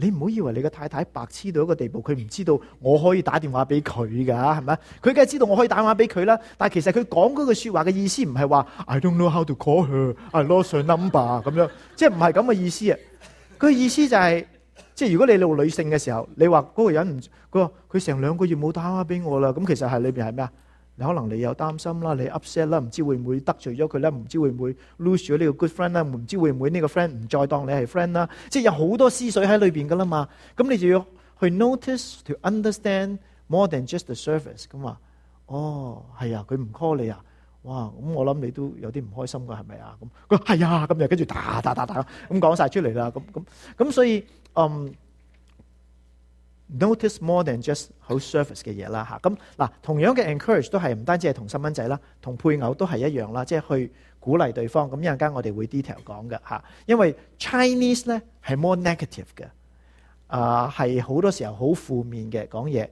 S1: 你唔好以為你個太太白痴到一個地步，佢唔知道我可以打電話俾佢㗎，係咪？佢梗係知道我可以打電話俾佢啦。但係其實佢講嗰句説話嘅意思唔係話 I don't know how to call her，I lost the number 咁樣，即係唔係咁嘅意思啊？佢意思就係、是，即係如果你老女性嘅時候，你話嗰個人唔，佢話佢成兩個月冇打電話俾我啦，咁其實係裏邊係咩啊？你可能你有擔心啦，你 upset 啦，唔知會唔會得罪咗佢咧，唔知會唔會 lose 咗呢個 good friend 啦，唔知會唔會呢個 friend 唔再當你係 friend 啦，即係有好多思緒喺裏邊噶啦嘛。咁你就要去 notice to understand more than just the surface 咁話。哦，係啊，佢唔 call 你啊。哇，咁我諗你都有啲唔開心噶，係咪啊？咁佢話係啊，咁就跟住打打打打咁講晒出嚟啦。咁咁咁所以嗯。notice more than just 好 surface 嘅嘢啦嚇，咁嗱同樣嘅 encourage 都係唔單止係同細蚊仔啦，同配偶都係一樣啦，即係去鼓勵對方。咁一陣間我哋會 detail 講嘅嚇，因為 Chinese 咧係 more negative 嘅，啊係好多時候好負面嘅講嘢。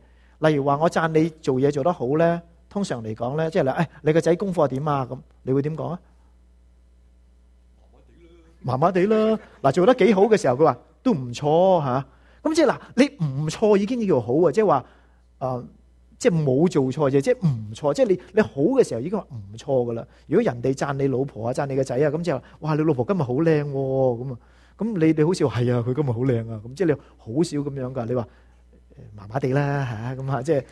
S1: 例如話我讚你做嘢做得好咧，通常嚟講咧即係你誒，你個仔功課點啊？咁，你會點講啊？麻麻地啦，嗱做得幾好嘅時候佢話都唔錯嚇。咁即係嗱，你唔錯已經叫好啊！即係話誒，即係冇做錯啫，即係唔錯。即係你你好嘅時候已經話唔錯噶啦。如果人哋讚你老婆啊，讚你個仔啊，咁即係話哇，你老婆今日好靚咁啊！咁你哋好似話係啊，佢今日好靚啊！咁即係你好少咁、哎、樣噶，你話麻麻地啦吓咁啊！即係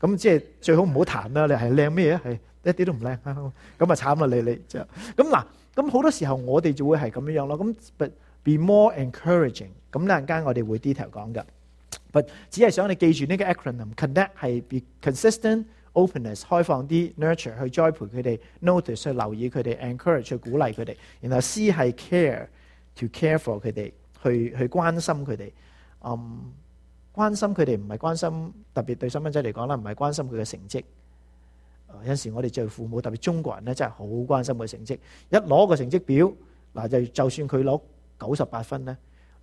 S1: 咁即係最好唔好彈啦。你係靚咩啊？係一啲都唔靚啊！咁啊慘啦，你你就咁嗱。咁好多時候我哋就會係咁樣樣咯。咁 be more encouraging。咁一陣間我哋會 detail 講嘅，但係只係想你記住呢個 acronym，connect 係 be consistent openness 開放啲 nurture 去栽培佢哋，notice 去留意佢哋，encourage 去鼓勵佢哋，然後 C 係 care to care for 佢哋，去去關心佢哋。嗯，關心佢哋唔係關心，特別對細蚊仔嚟講啦，唔係關心佢嘅成績。有陣時我哋做父母，特別中國人咧，真係好關心佢成績。一攞個成績表，嗱就就算佢攞九十八分咧。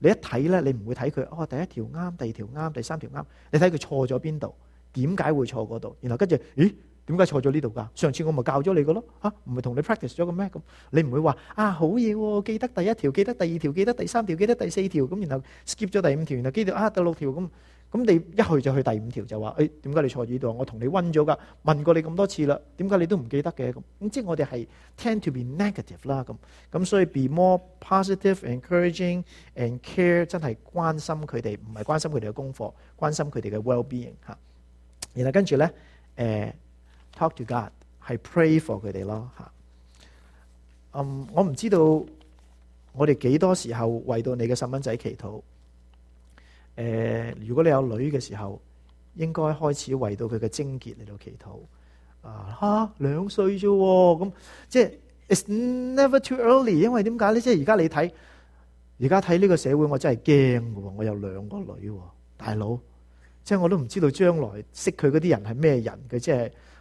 S1: 你一睇咧，你唔會睇佢。哦，第一條啱，第二條啱，第三條啱。你睇佢錯咗邊度？點解會錯嗰度？然後跟住，咦？點解錯咗呢度㗎？上次我咪教咗你個咯吓，唔係同你 practice 咗個咩咁？你唔會話啊好嘢喎！記得第一條，記得第二條，記得第三條，記得第四條，咁然後 skip 咗第五條，然後記得啊第六條咁。咁你一去就去第五條就話，誒，點解你錯住度，我同你温咗噶，問過你咁多次啦，點解你都唔記得嘅？咁即係我哋係 tend to be negative 啦，咁咁所以 be more positive, encouraging and care，真係關心佢哋，唔係關心佢哋嘅功課，關心佢哋嘅 well being 嚇、啊。然後跟住咧，誒、啊、talk to God 係 pray for 佢哋咯嚇。嗯，我唔知道我哋幾多時候為到你嘅細蚊仔祈禱。誒、呃，如果你有女嘅時候，應該開始為到佢嘅貞潔嚟到祈禱。啊，吓兩歲啫，咁即係，it's never too early。因為點解咧？即係而家你睇，而家睇呢個社會，我真係驚嘅。我有兩個女，大佬，即係我都唔知道將來識佢嗰啲人係咩人嘅，佢即係。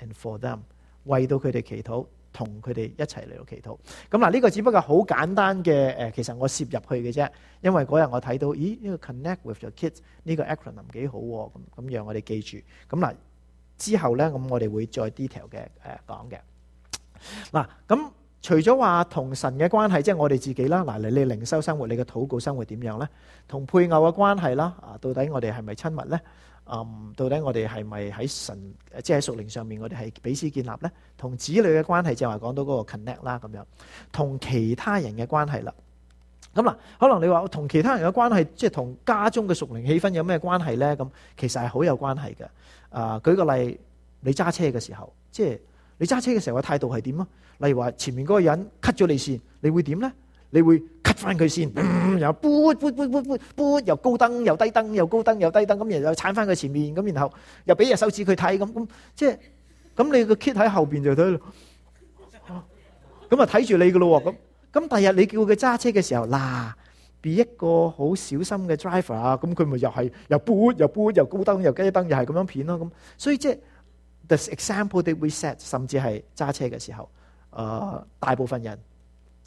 S1: and for them，為到佢哋祈禱，同佢哋一齊嚟到祈禱。咁嗱，呢個只不過好簡單嘅誒，其實我攝入去嘅啫。因為嗰日我睇到，咦，呢個 connect with the kids 呢個 acronym 幾好，咁，咁讓我哋記住。咁嗱之後咧，咁我哋會再 detail 嘅誒講嘅。嗱，咁除咗話同神嘅關係，即係我哋自己啦。嗱，你你靈修生活，你嘅禱告生活點樣咧？同配偶嘅關係啦，啊，到底我哋係咪親密咧？嗯、到底我哋係咪喺神，即係喺屬靈上面，我哋係彼此建立呢？同子女嘅關係就係講到嗰個 connect 啦，咁樣同其他人嘅關係啦。咁、嗯、嗱，可能你話同其他人嘅關係，即係同家中嘅屬靈氣氛有咩關係呢？咁、嗯、其實係好有關係嘅。啊、呃，舉個例，你揸車嘅時候，即係你揸車嘅時候嘅態度係點咯？例如話前面嗰個人 cut 咗你線，你會點呢？你會 cut 翻佢先，然後撥撥撥撥撥撥，又高燈又低燈又高燈又低燈，咁然後鏟翻佢前面，咁然後又俾隻手指佢睇，咁咁即係，咁你個 kit 喺後邊就睇咯，咁啊睇住你噶咯喎，咁咁第日你叫佢揸車嘅時候，嗱，俾一個好小心嘅 driver 啊，咁佢咪又係又撥又撥又高燈又低燈又係咁樣片咯，咁所以即係 the example that we set，甚至係揸車嘅時候，誒大部分人。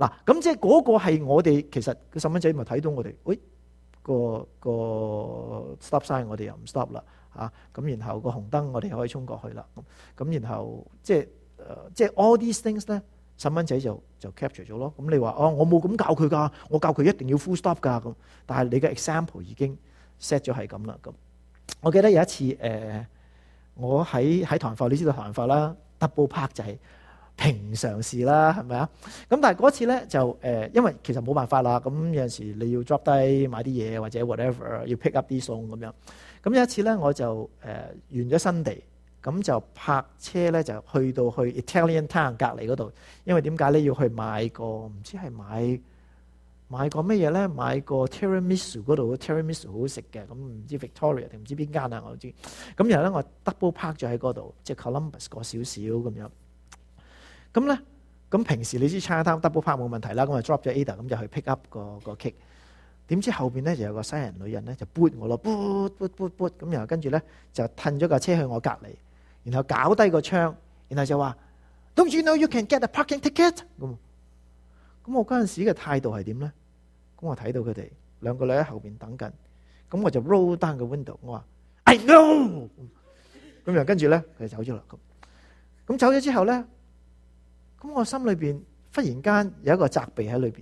S1: 嗱、啊，咁即係嗰個係我哋，其實個細蚊仔咪睇到我哋，喂、哎，個個 stop sign，我哋又唔 stop 啦，吓、啊，咁然後個紅燈我哋可以衝過去啦，咁，咁然後即係，誒，即係、呃、all these things 咧，細蚊仔就就 capture 咗咯，咁、嗯、你話，哦，我冇咁教佢噶，我教佢一定要 full stop 噶，咁，但係你嘅 example 已經 set 咗係咁啦，咁，我記得有一次，誒、呃，我喺喺堂課，你知道堂課啦，double park 就係。平常事啦，係咪啊？咁但係嗰次咧就誒、呃，因為其實冇辦法啦。咁有陣時你要 drop 低買啲嘢或者 whatever，要 pick up 啲餸咁樣。咁有一次咧，我就誒、呃、完咗新地，咁就泊車咧就去到去 Italian Town 隔離嗰度。因為點解咧要去買個唔知係買買個乜嘢咧？買個 Tiramisu 嗰度 Tiramisu 好食嘅，咁唔知 Victoria 定唔知邊間啊？我知。咁然後咧我 double park 咗喺嗰度，即係 Columbus 個少少咁樣。那邊那邊那邊咁咧，咁平時你知 China Towndouble park 冇問題啦，咁就 drop 咗 Ada，咁就去 pick up 個個 kick。點知後邊咧就有個西人女人咧就 boot 我咯，boot boot boot boot，咁然後跟住咧就褪咗架車去我隔離，然後搞低個窗，然後就話，Don't you know you can get a parking ticket？咁，咁我嗰陣時嘅態度係點咧？咁我睇到佢哋兩個女喺後邊等緊，咁我就 roll down 個 window，我話 I know。咁然後跟住咧佢就走咗啦，咁，咁走咗之後咧。咁我心裏邊忽然間有一個責備喺裏邊，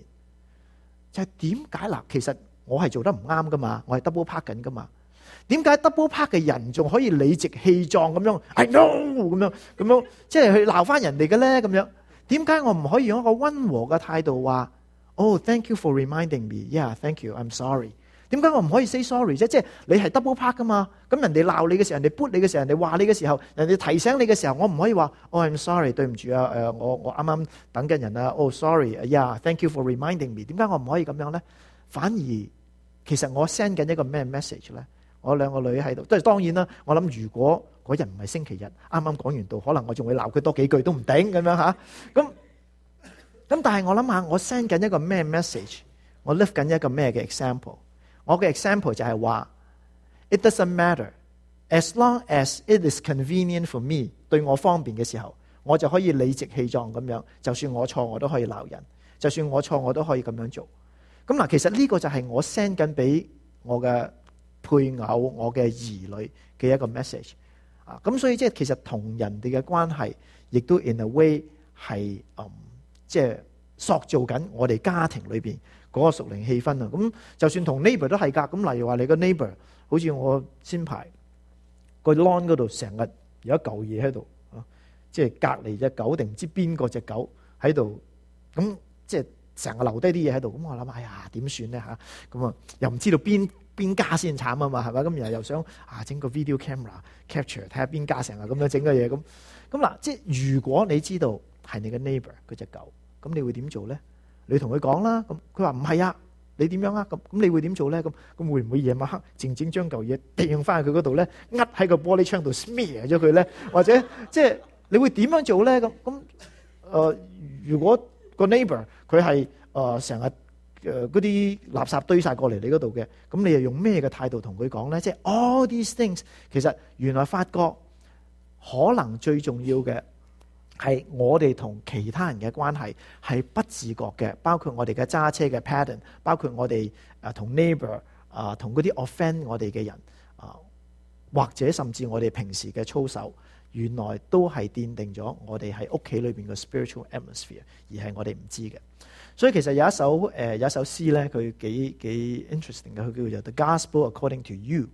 S1: 就係點解嗱，其實我係做得唔啱噶嘛，我係 double park 緊噶嘛。點解 double park 嘅人仲可以理直氣壯咁樣？I know 咁樣，咁樣即係去鬧翻人哋嘅咧？咁樣點解我唔可以用一個温和嘅態度話哦、Oh, thank you for reminding me. Yeah，thank you. I'm sorry. 點解我唔可以 say sorry 啫？即係你係 double park 噶嘛？咁人哋鬧你嘅時候，人哋 boot 你嘅時候，人哋話你嘅時候，人哋提醒你嘅時候，我唔可以話，oh I'm sorry，對唔住啊，誒、呃，我我啱啱等緊人啊。「oh sorry，哎、yeah, 呀，thank you for reminding me。點解我唔可以咁樣呢？反而其實我 send 緊一個咩 message 呢？我兩個女喺度，即係當然啦。我諗如果嗰日唔係星期日，啱啱講完到，可能我仲會鬧佢多幾句都唔頂咁樣吓。咁、啊、咁但係我諗下，我 send 緊一個咩 message？我 lift 緊一個咩嘅 example？我嘅 example 就係話，it doesn't matter，as long as it is convenient for me，對我方便嘅時候，我就可以理直氣壯咁樣，就算我錯我都可以鬧人，就算我錯我都可以咁樣做。咁、嗯、嗱，其實呢個就係我 send 緊俾我嘅配偶、我嘅兒女嘅一個 message 啊。咁、嗯、所以即係其實同人哋嘅關係，亦都 in a way 係、嗯、即係塑造緊我哋家庭裏邊。嗰個熟齡氣氛啊，咁就算同 neighbor 都係㗎。咁例如話你個 neighbor，好似我先排個 lawn 嗰度成日有一嚿嘢喺度，啊，即係隔離隻狗定唔知邊個隻狗喺度，咁即係成日留低啲嘢喺度。咁我諗哎呀，點算咧吓，咁啊又唔知道邊邊家先慘啊嘛，係咪？咁然後又想啊整個 video camera capture 睇下邊家成日咁樣整個嘢咁。咁嗱，即係如果你知道係你個 neighbor 嗰隻狗，咁你會點做咧？你同佢講啦，咁佢話唔係啊，你點樣啊？咁咁你會點做咧？咁咁會唔會夜晚黑靜靜將舊嘢掟翻去佢嗰度咧？呃，喺個玻璃窗度 smear 咗佢咧？或者即係你會點樣做咧？咁咁誒，如果個 neighbour 佢係誒成日誒嗰啲垃圾堆晒過嚟你嗰度嘅，咁你又用咩嘅態度同佢講咧？即係 all these things，其實原來發覺可能最重要嘅。係我哋同其他人嘅關係係不自覺嘅，包括我哋嘅揸車嘅 pattern，包括我哋誒同 neighbor 啊，同嗰啲 offend 我哋嘅人啊，或者甚至我哋平時嘅操守，原來都係奠定咗我哋喺屋企裏邊嘅 spiritual atmosphere，而係我哋唔知嘅。所以其實有一首誒、呃、有一首詩咧，佢幾幾 interesting 嘅，佢叫做 The Gospel According to You。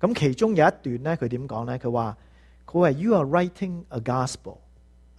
S1: 咁其中有一段咧，佢點講咧？佢話佢話 You are writing a gospel。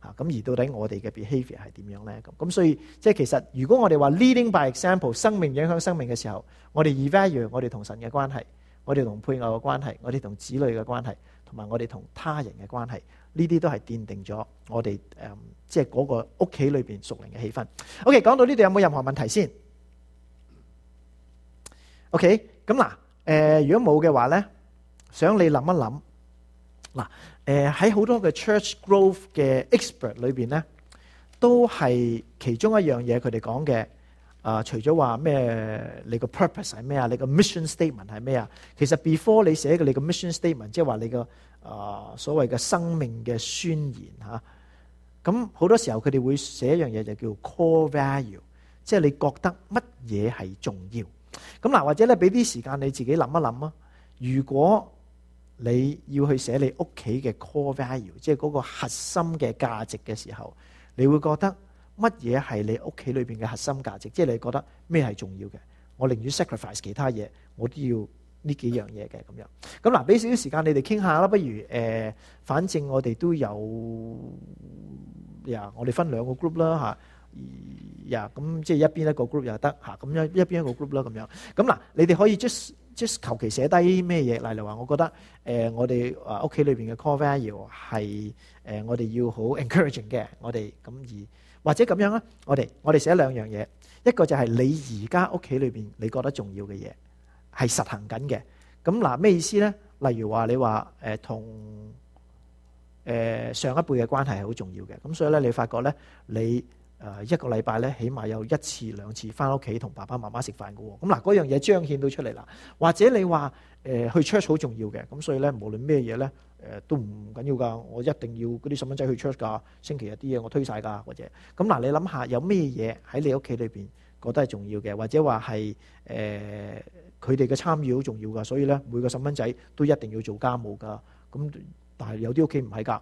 S1: 啊！咁而到底我哋嘅 behavior 係點樣咧？咁咁所以即係其實如果我哋話 leading by example，生命影響生命嘅時候，我哋 evaluate 我哋同神嘅關係，我哋同配偶嘅關係，我哋同子女嘅關係，同埋我哋同他人嘅關係，呢啲都係奠定咗我哋誒，即係嗰個屋企裏邊屬靈嘅氣氛。OK，講到呢度有冇任何問題先？OK，咁嗱，誒，如果冇嘅話咧，想你諗一諗。嗱、啊，誒喺好多嘅 church growth 嘅 expert 裏邊咧，都係其中一樣嘢，佢哋講嘅。啊，除咗話咩，你個 purpose 係咩啊？你個 mission statement 係咩啊？其實 before 你寫嘅你個 mission statement，即係話你個啊、呃、所謂嘅生命嘅宣言嚇。咁、啊、好多時候佢哋會寫一樣嘢就叫 core value，即係你覺得乜嘢係重要。咁嗱、啊，或者咧俾啲時間你自己諗一諗啊。如果你要去寫你屋企嘅 core value，即係嗰個核心嘅價值嘅時候，你會覺得乜嘢係你屋企裏邊嘅核心價值？即係你覺得咩係重要嘅？我寧願 sacrifice 其他嘢，我都要呢幾樣嘢嘅咁樣。咁嗱，俾少少時間你哋傾下啦。不如誒、呃，反正我哋都有呀，我哋分兩個 group 啦吓，呀咁即係一邊一個 group 又得嚇，咁樣一邊一個 group 啦咁樣。咁嗱，你哋可以 just 即求其寫低咩嘢？例如話，我覺得誒、呃，我哋屋企裏邊嘅 call value 係誒，我哋要好 encouraging 嘅。我哋咁而或者咁樣啊？我哋我哋寫兩樣嘢，一個就係你而家屋企裏邊你覺得重要嘅嘢係實行緊嘅。咁嗱咩意思咧？例如話你話誒同誒上一輩嘅關係係好重要嘅。咁所以咧，你發覺咧你。誒一個禮拜咧，起碼有一次兩次翻屋企同爸爸媽媽食飯嘅喎。咁嗱，嗰樣嘢彰顯到出嚟啦。或者你話誒、呃、去 church 好重要嘅，咁所以咧，無論咩嘢咧，誒、呃、都唔緊要噶。我一定要嗰啲細蚊仔去 church 噶。星期日啲嘢我推晒噶，或者咁嗱，你諗下有咩嘢喺你屋企裏邊覺得係重要嘅，或者話係誒佢哋嘅參與好重要噶。所以咧，每個細蚊仔都一定要做家務噶。咁。但有的、呃啊、係有啲屋企唔係㗎，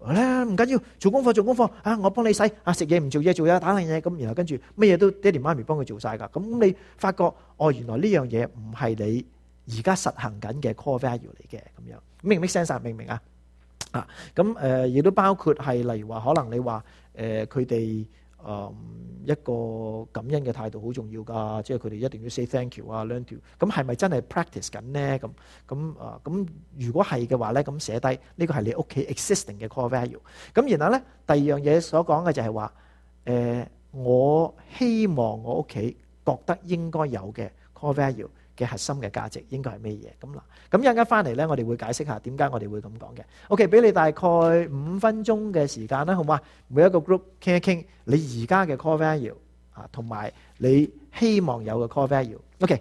S1: 誒咧唔緊要，做功課做功課，啊我幫你洗，啊食嘢唔做嘢做嘢，打爛嘢咁，然後跟住咩嘢都爹哋媽咪幫佢做晒㗎，咁、嗯、你發覺哦原來呢樣嘢唔係你而家實行緊嘅 core value 嚟嘅，咁樣明唔明 sense 啊？明唔明啊？啊咁誒，亦、嗯、都、呃、包括係例如話，可能你話誒佢哋。呃誒一個感恩嘅態度好重要㗎，即係佢哋一定要 say thank you 啊，learn to，咁係咪真係 practice 緊咧？咁咁誒，咁如果係嘅話咧，咁寫低呢個係你屋企 existing 嘅 core value。咁然後咧，第二樣嘢所講嘅就係話，誒我希望我屋企覺得應該有嘅 core value。嘅核心嘅價值應該係咩嘢？咁嗱，咁一陣間翻嚟咧，我哋會解釋下點解我哋會咁講嘅。OK，俾你大概五分鐘嘅時間啦，好唔好？每一個 group 傾一傾你而家嘅 core value 啊，同埋你希望有個 core value。OK。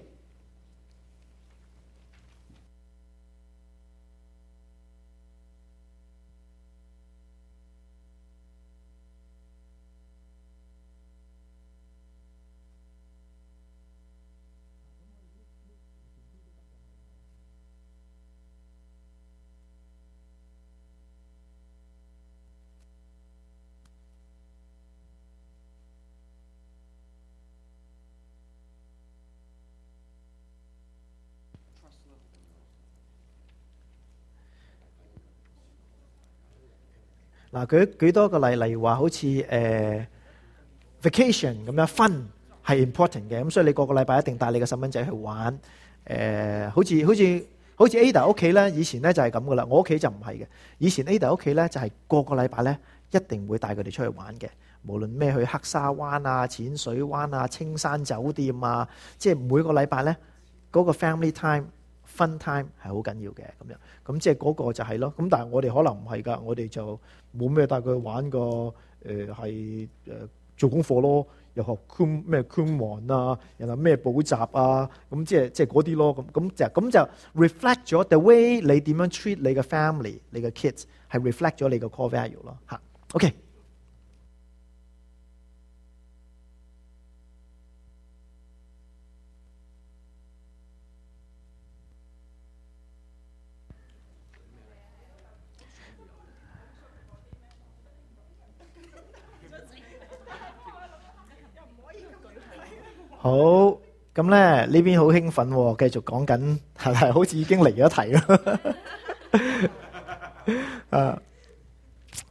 S1: 嗱，舉舉多個例，例如話好似誒 vacation 咁樣 fun 係 important 嘅，咁所以你個個禮拜一定帶你嘅細蚊仔去玩。誒，好似好似好似 Ada 屋企咧，以前咧就係咁噶啦，我屋企就唔係嘅。以前 Ada 屋企咧就係個個禮拜咧一定會帶佢哋出去玩嘅，無論咩去黑沙灣啊、淺水灣啊、青山酒店啊，即係每個禮拜咧嗰個 family time。Fun time 係好緊要嘅咁樣，咁即係嗰個就係咯。咁但係我哋可能唔係㗎，我哋就冇咩帶佢玩個誒係誒做功課咯，又學圈咩圈網啊，又後咩補習啊，咁即係即係嗰啲咯。咁咁就咁就 reflect 咗 the way 你點樣 treat 你嘅 family，你嘅 kids 係 reflect 咗你嘅 core value 咯。吓，OK。好，咁咧呢邊好興奮喎，哦，繼續講緊係咪？好似已經離咗題咯，啊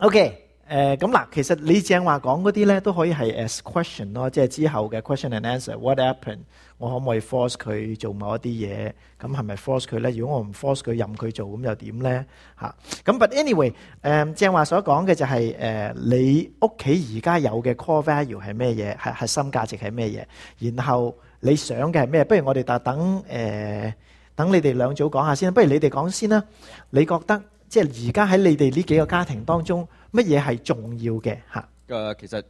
S1: ，OK。誒咁嗱，其實你正話講嗰啲咧，都可以係 as question 咯，即係之後嘅 question and answer。What happened？我可唔可以 force 佢做某一啲嘢？咁係咪 force 佢咧？如果我唔 force 佢，任佢做，咁又點咧？吓、啊？咁 but anyway，誒、呃、正話所講嘅就係、是、誒、呃、你屋企而家有嘅 core value 係咩嘢？係核心價值係咩嘢？然後你想嘅係咩？不如我哋就等誒等你哋兩組講下先，不如你哋講先啦。你覺得即係而家喺你哋呢幾個家庭當中，乜嘢係重要嘅？
S2: 嚇誒，其實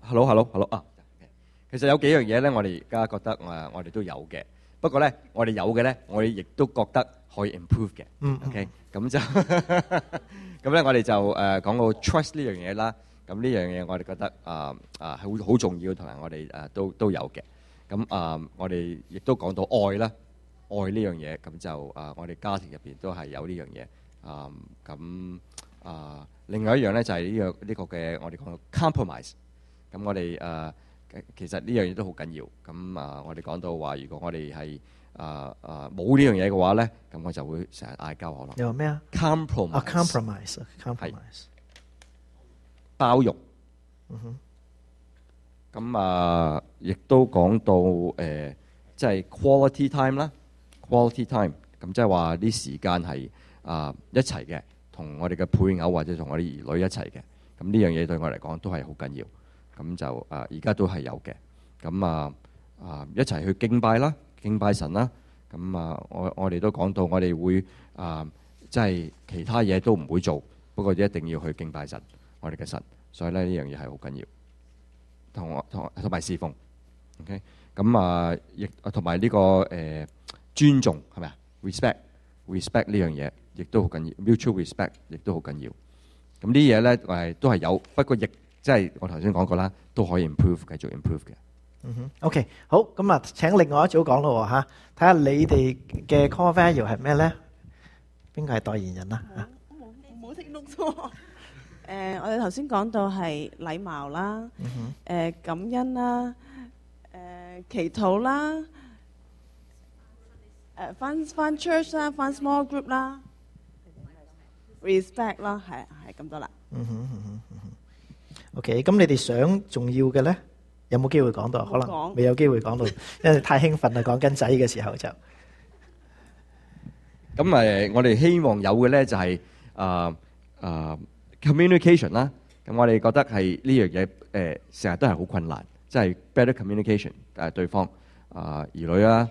S2: ，hello，hello，hello 啊。其實有幾樣嘢咧，我哋而家覺得誒，我哋都有嘅。不過咧，我哋有嘅咧，我哋亦都覺得可以 improve 嘅。嗯，OK，咁就咁咧，我哋就誒講到 trust 呢樣嘢啦。咁呢樣嘢我哋覺得啊啊係好好重要，同埋我哋誒都都有嘅。咁啊，我哋亦都講到愛啦，愛呢樣嘢咁就啊，我哋家庭入邊都係有呢樣嘢。啊，咁啊，另外一樣咧就係呢樣呢個嘅。我哋講到 compromise，咁我哋誒其實呢樣嘢都好緊要。咁啊，我哋講到話，如果我哋係啊啊冇呢樣嘢嘅話咧，咁我就會成日嗌交可能。你話咩啊
S1: ？compromise 啊，compromise，compromise，
S2: 包容。嗯哼。咁啊，亦都講到誒，即係 quality time 啦，quality time。咁即係話啲時間係。啊！一齊嘅，同我哋嘅配偶或者同我哋兒女一齊嘅，咁呢樣嘢對我嚟講都係好緊要。咁就啊，而家都係有嘅。咁啊啊，一齊去敬拜啦，敬拜神啦。咁啊，我我哋都講到，我哋會啊，即係其他嘢都唔會做，不過一定要去敬拜神，我哋嘅神。所以咧，呢樣嘢係好緊要。同我同同埋侍奉，OK？咁啊，亦同埋呢個誒、呃、尊重係咪啊？Respect。respect 呢樣嘢亦都好緊要，mutual respect 亦都好緊要。咁啲嘢咧係都係有，不過亦即係我頭先講過啦，都可以 improve 嘅，繼續 improve 嘅。嗯
S1: 哼，OK，好，咁啊請另外一組講咯嚇，睇下你哋嘅 core value 係咩咧？邊個係代言人啊？我
S3: 冇聽碌錯。誒，我哋頭先講到係禮貌啦，誒感恩啦，誒祈禱啦。誒，翻翻 church 啦，翻 small group 啦，respect 啦，係係咁多啦。
S1: OK，咁你哋想重要嘅咧，有冇機會講到？可能未有機會講到，因為太興奮啦，講緊仔嘅時候就。咁
S2: 誒，我哋希望有嘅咧就係誒誒 communication 啦。咁我哋覺得係呢樣嘢誒，成、uh, 日都係好困難，即、就、係、是、better communication 但係，對方啊、uh, 兒女啦、啊。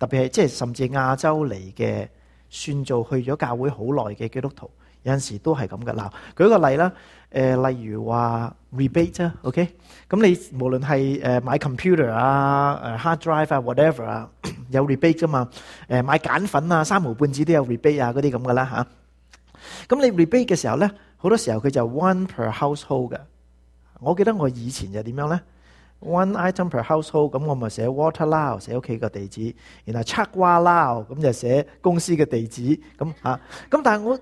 S1: 特別係即係甚至亞洲嚟嘅，算做去咗教會好耐嘅基督徒，有陣時都係咁嘅。嗱，舉個例啦，誒，例如話 rebate，OK，咁你無論係誒買 computer 啊、誒 hard drive 啊、whatever 啊，有 rebate 㗎嘛？誒買簡粉啊、三毫半紙都有 rebate 啊，嗰啲咁嘅啦嚇。咁你 rebate 嘅時候咧，好多時候佢就 one per household 嘅。我記得我以前就係點樣咧？One item per household，咁我咪寫 water l o u 寫屋企嘅地址，然後 c h c k w a l o u 咁就寫公司嘅地址，咁、嗯、嚇。咁、嗯、但係我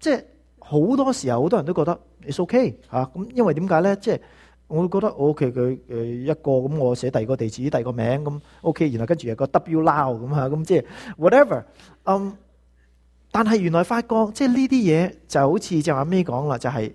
S1: 即係好多時候，好多人都覺得 it's OK 嚇、嗯。咁因為點解咧？即係我覺得 OK 佢誒一個，咁我寫第二個地址、第二個名咁、嗯、OK。然後跟住有個 W l o u 咁、嗯、嚇，咁、嗯、即係 whatever、嗯。但係原來發覺即係呢啲嘢就好似就阿咩 a 講啦，就係、是。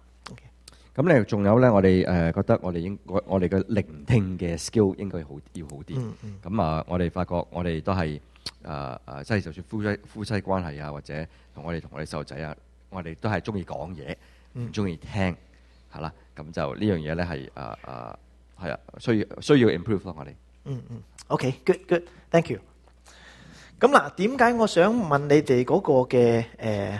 S2: 咁咧，仲有咧，我哋誒覺得我哋應我我哋嘅聆聽嘅 skill 應該好要好啲。咁啊，我哋發覺我哋都係誒誒，即係就算夫妻夫妻關係啊，或者同我哋同我哋細路仔啊，我哋都係中意講嘢，唔中意聽，係啦。咁就呢樣嘢咧係誒誒，係啊，需要需要
S1: improve 咯，我哋。嗯嗯，OK，good good，thank you。咁嗱，點解我想問你哋嗰個嘅誒？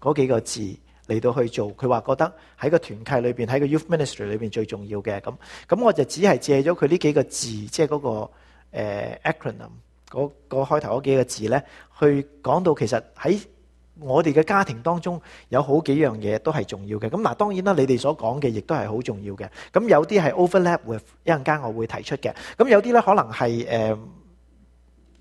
S1: 嗰幾個字嚟到去做，佢話覺得喺個團契裏面、喺個 Youth Ministry 裏面最重要嘅。咁。咁我就只係借咗佢呢幾個字，即係嗰個、呃、acronym 嗰嗰開頭嗰幾個字咧，去講到其實喺我哋嘅家庭當中有好幾樣嘢都係重要嘅。咁嗱，當然啦，你哋所講嘅亦都係好重要嘅。咁有啲係 overlap with 一陣間我會提出嘅。咁有啲咧可能係呃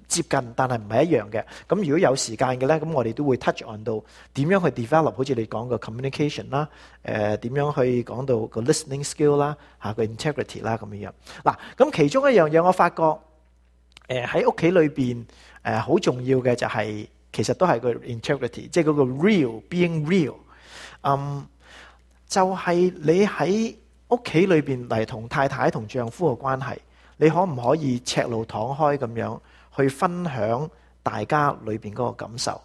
S1: 接近，但係唔係一樣嘅。咁如果有時間嘅咧，咁我哋都會 touch on 到 to 點、呃、樣去 develop，好似你講嘅 communication 啦，誒點樣去講到個 listening skill 啦、啊，個 integrity 啦咁樣。嗱、啊，咁其中一樣嘢，我發覺誒喺屋企裏邊好重要嘅就係、是、其實都係個 integrity，即係嗰個 real being real。嗯，就係、是、你喺屋企裏邊嚟同太太同丈夫嘅關係，你可唔可以赤露躺開咁樣？去分享大家裏邊嗰個感受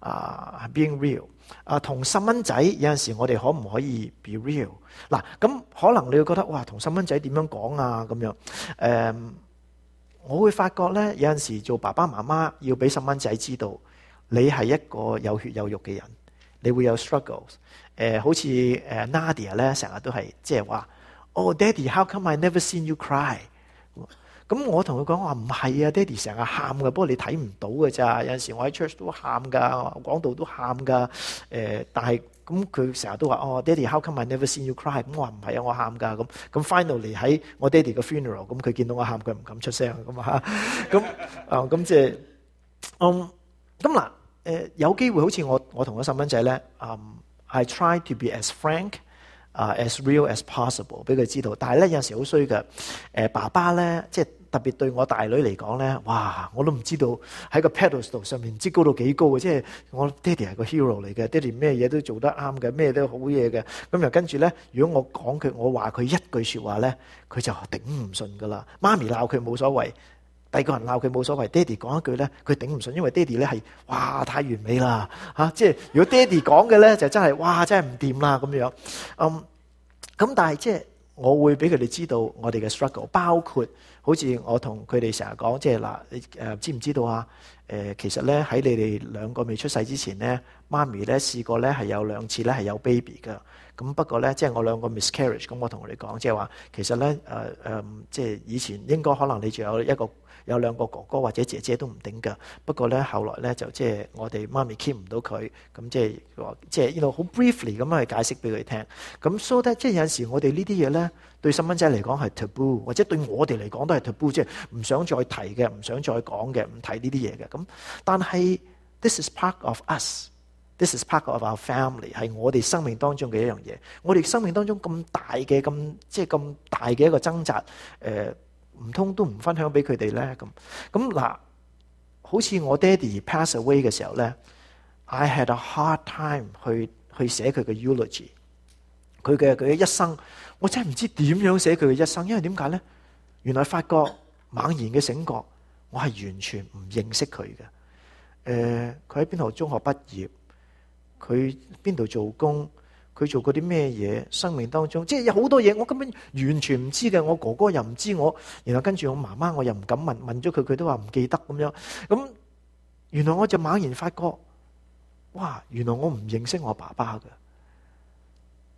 S1: 啊、uh,，being real 啊、uh,，同細蚊仔有陣時我哋可唔可以 be real？嗱、啊，咁可能你會覺得哇，同細蚊仔點樣講啊咁樣？誒、um,，我會發覺咧，有陣時做爸爸媽媽要俾細蚊仔知道，你係一個有血有肉嘅人，你會有 struggles。誒、uh,，好似誒 Nadia 咧，成日都係即係話，Oh Daddy，How come I never seen you cry？咁我同佢講話唔係啊，爹哋成日喊嘅，不過你睇唔到嘅咋。有陣時我喺 church 都喊噶，講道都喊噶。誒、呃，但係咁佢成日都話哦，爹哋，how come I never seen you cry？咁我話唔係啊，我喊噶。咁咁 finally 喺我爹哋個 funeral，咁佢見到我喊，佢唔敢出聲。咁啊，咁 啊、 嗯，咁即係嗯咁嗱誒，有機會好似我我同嗰細蚊仔咧，嗯，I try to be as frank 啊，as real as possible 俾佢知道。但係咧，有陣時好衰嘅，誒、呃、爸爸咧即係。特別對我大女嚟講咧，哇！我都唔知道喺個 pedestal 上面，唔知高到幾高嘅，即係我爹哋係個 hero 嚟嘅，爹哋咩嘢都做得啱嘅，咩都好嘢嘅。咁又跟住咧，如果我講佢，我話佢一句説話咧，佢就頂唔順噶啦。媽咪鬧佢冇所謂，第二個人鬧佢冇所謂。爹哋講一句咧，佢頂唔順，因為爹哋咧係哇太完美啦嚇、啊，即係如果爹哋講嘅咧就真係哇真係唔掂啦咁樣。嗯，咁但係即係我會俾佢哋知道我哋嘅 struggle，包括。好似我同佢哋成日講，即係嗱，誒、啊啊、知唔知道啊？誒其實咧喺你哋兩個未出世之前咧，媽咪咧試過咧係有兩次咧係有 baby 嘅，咁不過咧即係我兩個 miscarriage，咁我同佢哋講即係話，其實咧誒誒，即係、嗯呃嗯、以前應該可能你仲有一個。有兩個哥哥或者姐姐都唔頂噶，不過咧後來咧就即係我哋媽咪 keep 唔到佢，咁即係即係呢度好 briefly 咁去解釋俾佢聽。咁 so that 即係有陣時我哋呢啲嘢咧，對細蚊仔嚟講係 taboo，或者對我哋嚟講都係 taboo，即係唔想再提嘅，唔想再講嘅，唔提呢啲嘢嘅。咁但係 this is part of us，this is part of our family，係我哋生命當中嘅一樣嘢。我哋生命當中咁大嘅咁即係咁大嘅一個掙扎，誒、呃。唔通都唔分享俾佢哋咧，咁咁嗱，好似我爹哋 pass away 嘅時候咧，I had a hard time to, 去去寫佢嘅 eulogy，佢嘅，佢一生，我真係唔知點樣寫佢嘅一生，因為點解咧？原來發覺猛然嘅醒覺，我係完全唔認識佢嘅。誒、呃，佢喺邊度中學畢業，佢邊度做工。佢做過啲咩嘢？生命當中即係有好多嘢，我根本完全唔知嘅。我哥哥又唔知我，然後跟住我媽媽我又唔敢問問咗佢，佢都話唔記得咁樣。咁原來我就猛然發覺，哇！原來我唔認識我爸爸㗎。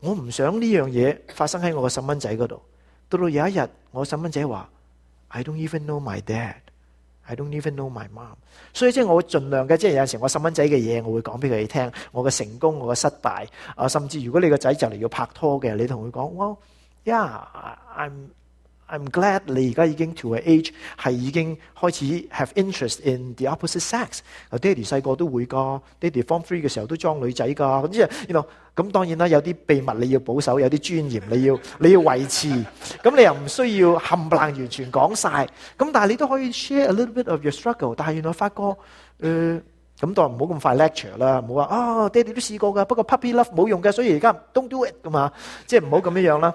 S1: 我唔想呢樣嘢發生喺我個細蚊仔嗰度。到到有一日，我細蚊仔話：I don't even know my dad。I don't even know my mom，所以即係我會盡量嘅，即係有時我細蚊仔嘅嘢我會講俾佢哋聽，我嘅成功，我嘅失敗，啊，甚至如果你個仔就嚟要拍拖嘅，你同佢講，Well，yeah，I'm。Well, yeah, I'm I'm glad 你而家已經 to an age 係已經開始 have interest in the opposite sex。爹哋細個都會噶，爹哋 form three 嘅時候都裝女仔噶。咁即係原來咁當然啦，有啲秘密你要保守，有啲尊嚴你要你要維持。咁你又唔需要冚唪唥完全講晒。咁但係你都可以 share a little bit of your struggle。但係原來發覺，誒咁當唔好咁快 lecture 啦，唔好話啊爹哋都試過噶，不過 puppy love 冇用嘅，所以而家 don't do it 噶嘛，即係唔好咁樣樣啦。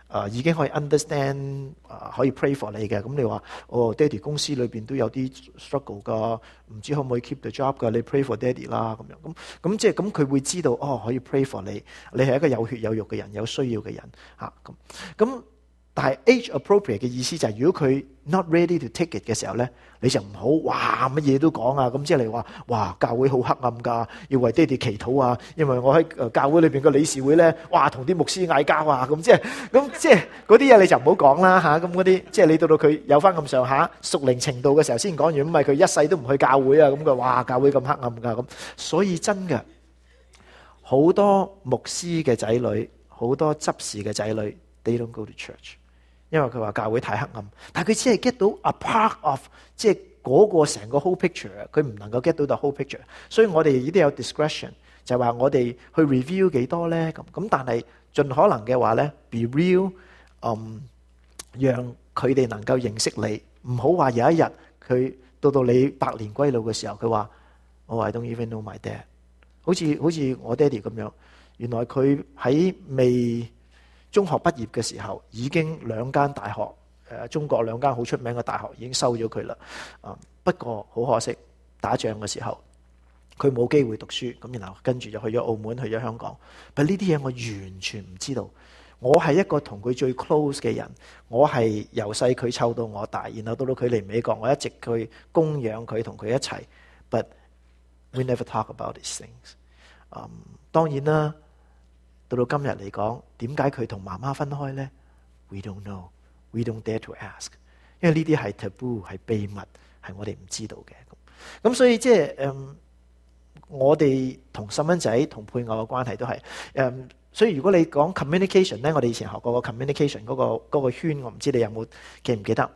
S1: 啊、呃，已經可以 understand，啊、呃、可以 pray for 你嘅，咁、嗯、你話，哦，爹哋公司裏邊都有啲 struggle 噶，唔知可唔可以 keep the job 噶，你 pray for 爹哋啦，咁樣，咁、嗯，咁、嗯嗯、即係，咁、嗯、佢會知道，哦，可以 pray for 你，你係一個有血有肉嘅人，有需要嘅人，吓、嗯，咁、嗯，咁、嗯。但係 age appropriate 嘅意思就係如果佢 not ready to take it 嘅時候咧，你就唔好哇乜嘢都講啊！咁即係你話哇教會好黑暗噶，要為爹哋祈禱啊！因為我喺誒教會裏邊個理事會咧，哇同啲牧師嗌交啊！咁即係咁即係嗰啲嘢你就唔好講啦吓！咁嗰啲即係你到到佢有翻咁上下熟齡程度嘅時候先講完，唔係佢一世都唔去教會啊！咁佢哇教會咁黑暗噶咁，所以真嘅好多牧師嘅仔女，好多執事嘅仔女，they don't go to church。因為佢話教會太黑暗，但係佢只係 get 到 a part of，即係嗰個成個 whole picture，佢唔能夠 get 到 the whole picture，所以我哋亦都有 discretion，就係話我哋去 review 幾多咧，咁咁但係盡可能嘅話咧，be real，嗯，讓佢哋能夠認識你，唔好話有一日佢到到你百年歸老嘅時候，佢話我 I don't even know my dad，好似好似我爹哋咁樣，原來佢喺未，中學畢業嘅時候，已經兩間大學，誒、呃，中國兩間好出名嘅大學已經收咗佢啦。不過好可惜，打仗嘅時候，佢冇機會讀書。咁然後跟住就去咗澳門，去咗香港。But 呢啲嘢我完全唔知道。我係一個同佢最 close 嘅人，我係由細佢湊到我大，然後到到佢嚟美國，我一直去供養佢，同佢一齊。But we never talk about these things。嗯，當然啦。到到今日嚟講，點解佢同媽媽分開呢？We don't know, we don't dare to ask，因為呢啲係 taboo，係秘密，係我哋唔知道嘅。咁所以即係誒，我哋同細蚊仔同配偶嘅關係都係誒。所以如果你講 communication 呢，我哋以前學過個 communication 嗰個嗰個圈，我唔知你有冇記唔記得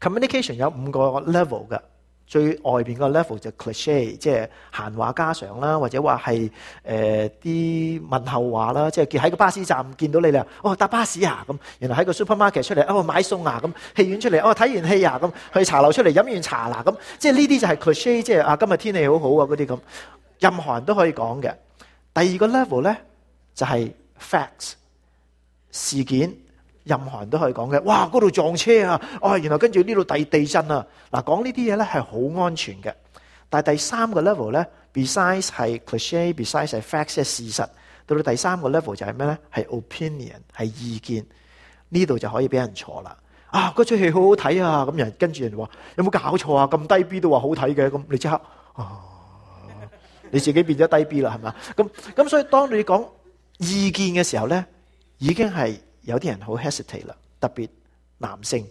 S1: ？Communication 有五個 level 嘅。最外邊個 level 就 cliche，即係閒話家常啦，或者話係誒啲問候話啦，即係見喺個巴士站見到你咧，哦搭巴士啊咁；原來喺個 supermarket 出嚟，哦買餸啊咁；戲院出嚟，哦睇完戲啊咁；去茶樓出嚟飲完茶嗱、啊、咁，即係呢啲就係 cliche，即係啊今日天氣好好啊嗰啲咁，任何人都可以講嘅。第二個 level 咧就係、是、facts 事件。任何人都可以講嘅，哇！嗰度撞車啊，哦、啊，原來跟住呢度地地震啊，嗱、啊，講呢啲嘢咧係好安全嘅。但係第三個 level 咧，besides 係 cliche，besides 係 facts，係事實，到到第三個 level 就係咩咧？係 opinion，係意見。呢度就可以俾人坐啦。啊，嗰出戲好好睇啊，咁人跟住人話有冇搞錯啊？咁低 B 都話好睇嘅，咁你即刻、啊，你自己變咗低 B 啦，係嘛？咁咁所以當你講意見嘅時候咧，已經係。有啲人好 hesitate 啦，特別男性。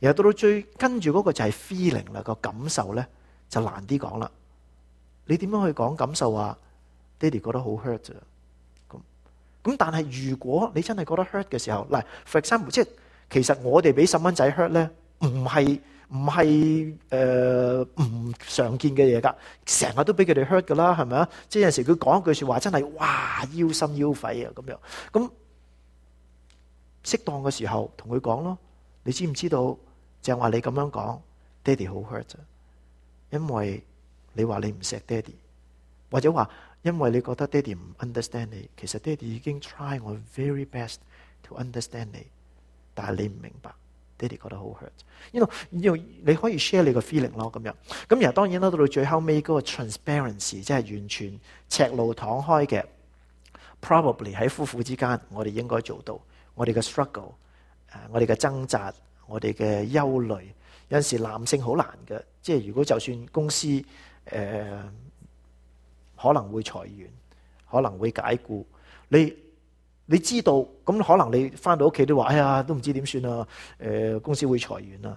S1: 然後到到最跟住嗰個就係 feeling 啦，個感受咧就難啲講啦。你點樣去講感受啊？爹哋覺得好 hurt 啊。咁咁，但係如果你真係覺得 hurt 嘅時候，嗱，for example，即係其實我哋俾細蚊仔 hurt 咧，唔係唔係誒唔常見嘅嘢噶，成日都俾佢哋 hurt 噶啦，係咪啊？即係有時佢講一句説話，真係哇，腰心腰肺啊咁樣咁。適當嘅時候同佢講咯，你知唔知道？正話你咁樣講，爹哋好 hurt 啊！因為你話你唔錫爹哋，或者話因為你覺得爹哋唔 understand 你，其實爹哋已經 try 我 very best to understand 你，但係你唔明白，爹哋覺得好 hurt。因為 you know, you know, 你可以 share 你個 feeling 咯，咁樣咁然後當然啦，到到最後尾嗰個 transparency 即係完全赤露敞開嘅，probably 喺夫婦之間我哋應該做到。我哋嘅 struggle，誒，我哋嘅掙扎，我哋嘅憂慮，有陣時男性好難嘅，即係如果就算公司誒、呃、可能會裁員，可能會解僱，你你知道咁，可能你返到屋企都話，哎呀，都唔知點算啊，誒、呃，公司會裁員啊。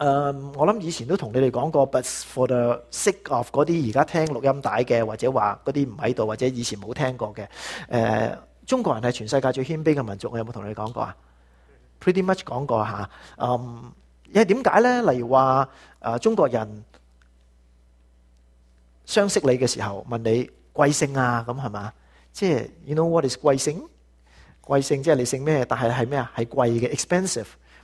S1: 誒、um，我諗以前都同你哋講過，but for the sake of 嗰啲而家聽錄音帶嘅，或者話嗰啲唔喺度，或者以前冇聽過嘅，誒，中國人係全世界最謙卑嘅民族，我有冇同你講過啊？Pretty much 講過嚇、啊。嗯，因為點解咧？例如話，誒、呃，中國人相識你嘅時候問你貴姓啊？咁係嘛？即係 you know what is 貴姓？貴姓即係你姓咩？但係係咩啊？係貴嘅，expensive。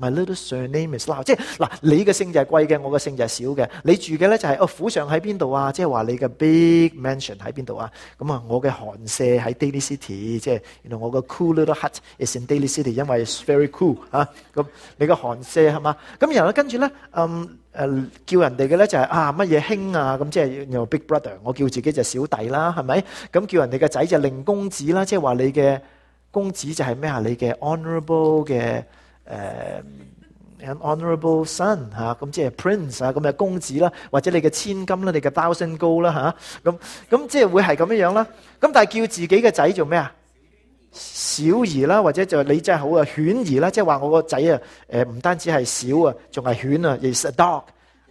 S1: My little surname is Lau，即係嗱，你嘅姓就係貴嘅，我嘅姓就係少嘅。你住嘅咧就係、是、哦府上喺邊度啊？即係話你嘅 big mansion 喺邊度啊？咁啊，我嘅寒舍喺 Daily City，即係原來我嘅 cool little hut is in Daily City，因為 It's very cool 啊。咁你嘅寒舍係嘛？咁然後跟住咧，嗯，誒，叫人哋嘅咧就係、是、啊乜嘢兄啊？咁即係 big brother，我叫自己就小弟啦，係咪？咁叫人哋嘅仔就是令公子啦，即係話你嘅公子就係咩啊？你嘅 honorable 嘅。誒、uh，an honorable son 嚇，咁即係 prince 啊，咁嘅公子啦，或者你嘅千金啦，你、uh, 嘅 thousand gold 啦嚇，咁咁即係會係咁樣樣啦。咁但係叫自己嘅仔做咩啊？小兒孩啦，或者就你真係好啊，犬兒啦，即係話我個仔啊，誒唔單止係小啊，仲係犬啊，亦是 a dog。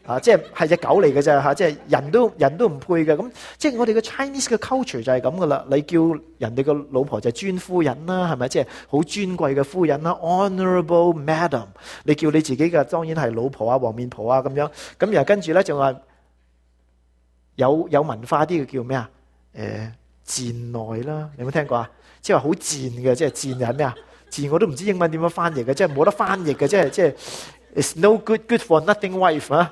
S1: 啊，即係隻狗嚟嘅啫嚇，即係人都人都唔配嘅咁。即係我哋嘅 Chinese 嘅 culture 就係咁噶啦。你叫人哋嘅老婆就係尊夫人啦，係咪？即係好尊貴嘅夫人啦，honorable madam。你叫你自己嘅當然係老婆啊、黃面婆啊咁樣。咁然後跟住咧就話有有文化啲嘅叫咩啊？誒，賤內啦，你有冇聽過啊？即係話好賤嘅，即係賤人咩啊？賤我都唔知英文點樣翻譯嘅，即係冇得翻譯嘅，即係即係。It's no good good for nothing wife 啊！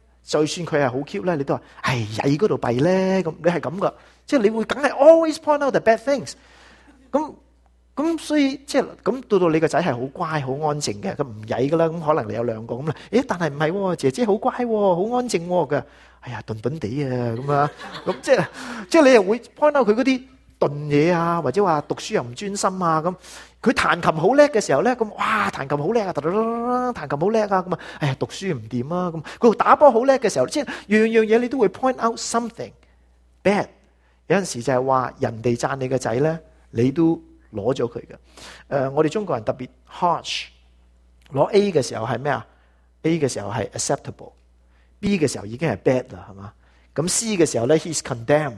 S1: 就算佢係好 cute 咧，你都話：哎呀，曳嗰度弊咧咁。你係咁噶，即係你會梗係 always point out the bad things。咁咁所以即係咁到到你個仔係好乖、好安靜嘅，咁唔曳噶啦。咁可能你有兩個咁啦。誒，但係唔係，姐姐好乖、好安靜嘅。哎呀，頓頓地啊咁啊，咁即係即係你又會 point out 佢嗰啲。燉嘢啊，或者話讀書又唔專心啊，咁佢彈琴好叻嘅時候咧，咁哇彈琴好叻啊，彈琴好叻啊，咁啊，哎呀讀書唔掂啊，咁佢打波好叻嘅時候，即係樣樣嘢你都會 point out something bad。有陣時就係話人哋讚你嘅仔咧，你都攞咗佢嘅。誒，uh，我哋中國人特別 harsh，攞 A 嘅時候係咩啊？A 嘅時候係 acceptable，B 嘅時候已經係 bad 啦，係嘛？咁 C 嘅時候咧，he's condemned。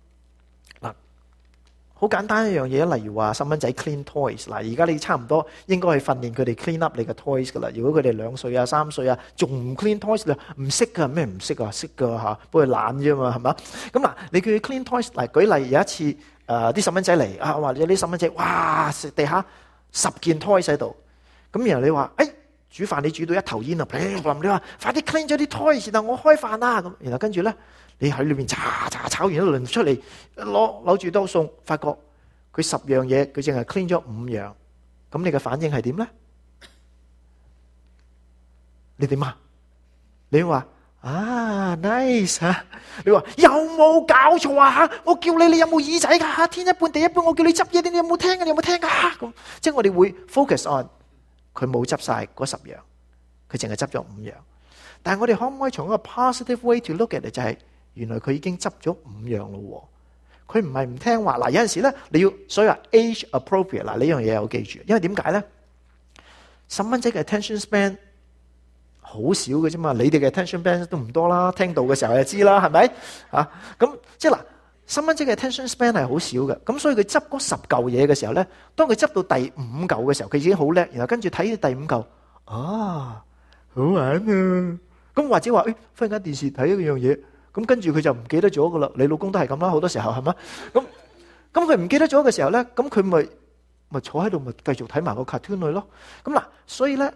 S1: 好簡單一樣嘢，例如話細蚊仔 clean toys，嗱而家你差唔多應該去訓練佢哋 clean up 你嘅 toys 噶啦。如果佢哋兩歲啊、三歲啊，仲唔 clean toys 咧，唔識噶咩？唔識啊，識噶嚇，不過佢懶啫嘛，係嘛？咁嗱，你叫佢 clean toys，嗱舉例有一次，誒啲細蚊仔嚟啊，或者啲細蚊仔，哇食地下十件 toys 喺度，咁然後你話，誒、哎、煮飯你煮到一頭煙啊，砰、嗯！你話快啲 clean 咗啲 toys 啦，我開飯啦咁，然後跟住咧。你喺裏面查查炒完一輪出嚟，攞攞住兜餸，發覺佢十樣嘢，佢淨係 clean 咗五樣。咁你嘅反應係點咧？你點啊？你會話啊 nice 吓？你話有冇搞錯啊？我叫你，你有冇耳仔噶？天一半地一半，我叫你執嘢，你你有冇聽噶？你有冇聽噶？咁即係我哋會 focus on 佢冇執晒嗰十樣，佢淨係執咗五樣。但係我哋可唔可以從一個 positive way to look at 就係？原來佢已經執咗五樣咯，佢唔係唔聽話嗱，有陣時咧你要所以話 age appropriate 嗱呢樣嘢要記住，因為點解咧？十蚊仔嘅 attention span 好少嘅啫嘛，你哋嘅 attention span 都唔多啦，聽到嘅時候就知啦，係咪啊？咁即係嗱，十蚊仔嘅 attention span 係好少嘅，咁所以佢執嗰十嚿嘢嘅時候咧，當佢執到第五嚿嘅時候，佢已經好叻，然後跟住睇第五嚿，啊好玩啊！咁、啊、或者話誒，忽然間電視睇一樣嘢。咁跟住佢就唔記得咗噶啦，你老公都係咁啦，好多時候係嘛？咁咁佢唔記得咗嘅時候咧，咁佢咪咪坐喺度，咪繼續睇埋個 cartoon 佢咯。咁嗱，所以咧，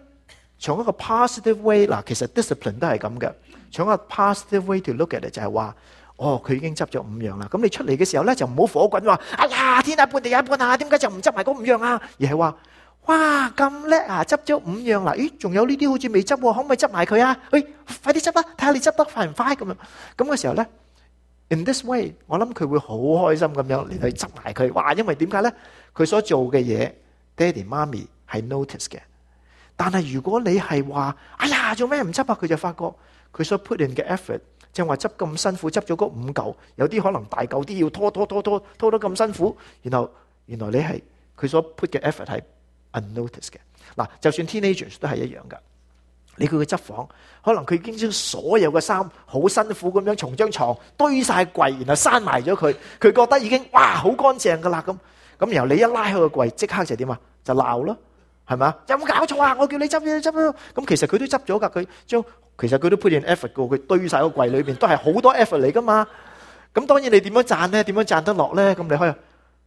S1: 從一個 positive way 嗱，其實 discipline 都係咁嘅。從一個 positive way to look atit，就係話，哦，佢已經執咗五樣啦。咁你出嚟嘅時候咧，就唔好火滾話，哎呀，天一半地一半啊，點解就唔執埋嗰五樣啊？而係話。哇，咁叻啊！執咗五樣啦，咦？仲有呢啲好似未執喎，可唔可以執埋佢啊？喂，快啲執啦，睇下你執得快唔快咁樣！咁嘅時候呢，in this way，我諗佢會好開心咁樣嚟去執埋佢。哇！因為點解呢？佢所做嘅嘢，爹哋媽咪係 notice 嘅。但係如果你係話，哎呀，做咩唔執啊？佢就發覺佢所 put in 嘅 effort，即係話執咁辛苦，執咗嗰五嚿，有啲可能大嚿啲要拖拖拖拖拖得咁辛苦，然後原來你係佢所 put 嘅 effort 係。notice 嘅嗱，就算 teenagers 都係一樣噶。你叫佢執房，可能佢已經將所有嘅衫好辛苦咁樣從張床堆晒櫃，然後閂埋咗佢。佢覺得已經哇好乾淨噶啦咁。咁然後你一拉開個櫃，即刻就點啊？就鬧咯，係咪啊？有冇搞錯啊？我叫你執嘢執咯。咁其實佢都執咗噶，佢將其實佢都 put in effort 噶。佢堆晒個櫃裏邊都係好多 effort 嚟噶嘛。咁當然你點樣讚咧？點樣讚得落咧？咁你可以？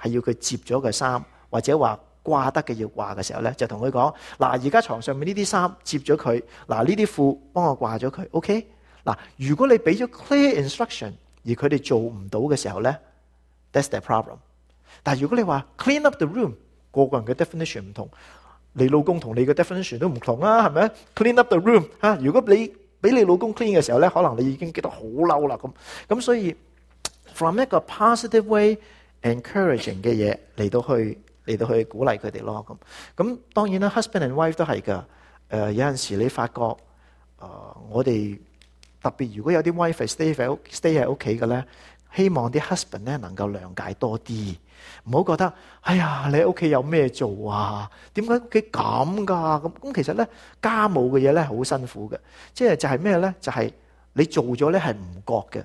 S1: 係要佢接咗嘅衫，或者話掛得嘅要掛嘅時候咧，就同佢講：嗱，而家床上面呢啲衫接咗佢，嗱呢啲褲幫我掛咗佢，OK？嗱，如果你俾咗 clear instruction 而佢哋做唔到嘅時候咧，that's t h e problem。但係如果你話 clean up the room，個個人嘅 definition 唔同，你老公同你嘅 definition 都唔同啊，係咪？clean up the room 啊，如果你俾你老公 clean 嘅時候咧，可能你已經激到好嬲啦，咁咁所以 from 一個 positive way。Encouraging 嘅嘢嚟到去嚟到去鼓勵佢哋咯，咁，咁當然啦，husband and wife 都係噶。誒，有陣時你發覺誒、呃、我哋特別如果有啲 wife stay 喺屋 stay 喺屋企嘅咧，希望啲 husband 咧能夠諒解多啲，唔好覺得哎呀，你喺屋企有咩做啊？點解屋企咁㗎？咁，咁其實咧家務嘅嘢咧好辛苦嘅，即係就係咩咧？就係、是就是，你做咗咧係唔覺嘅。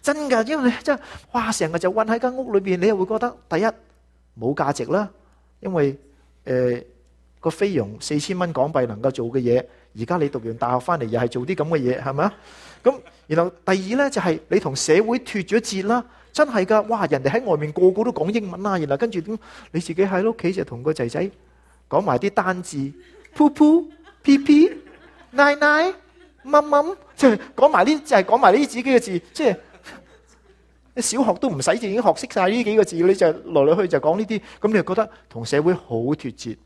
S1: 真噶，因為你真係哇，成日就韞喺間屋裏邊，你又會覺得第一冇價值啦，因為誒個菲傭四千蚊港幣能夠做嘅嘢，而家你讀完大學翻嚟又係做啲咁嘅嘢，係咪啊？咁然後第二咧就係、是、你同社會脱咗節啦，真係噶，哇！人哋喺外面個個都講英文啊，然後跟住點你自己喺屋企就同個仔仔講埋啲單字 噗噗，屁屁，奶奶，萌萌，即係講埋呢就係講埋呢啲自己嘅字，即、就、係、是。你小學都唔使自己，已經學識晒呢幾個字，你就來來去就講呢啲，咁你又覺得同社會好脱節。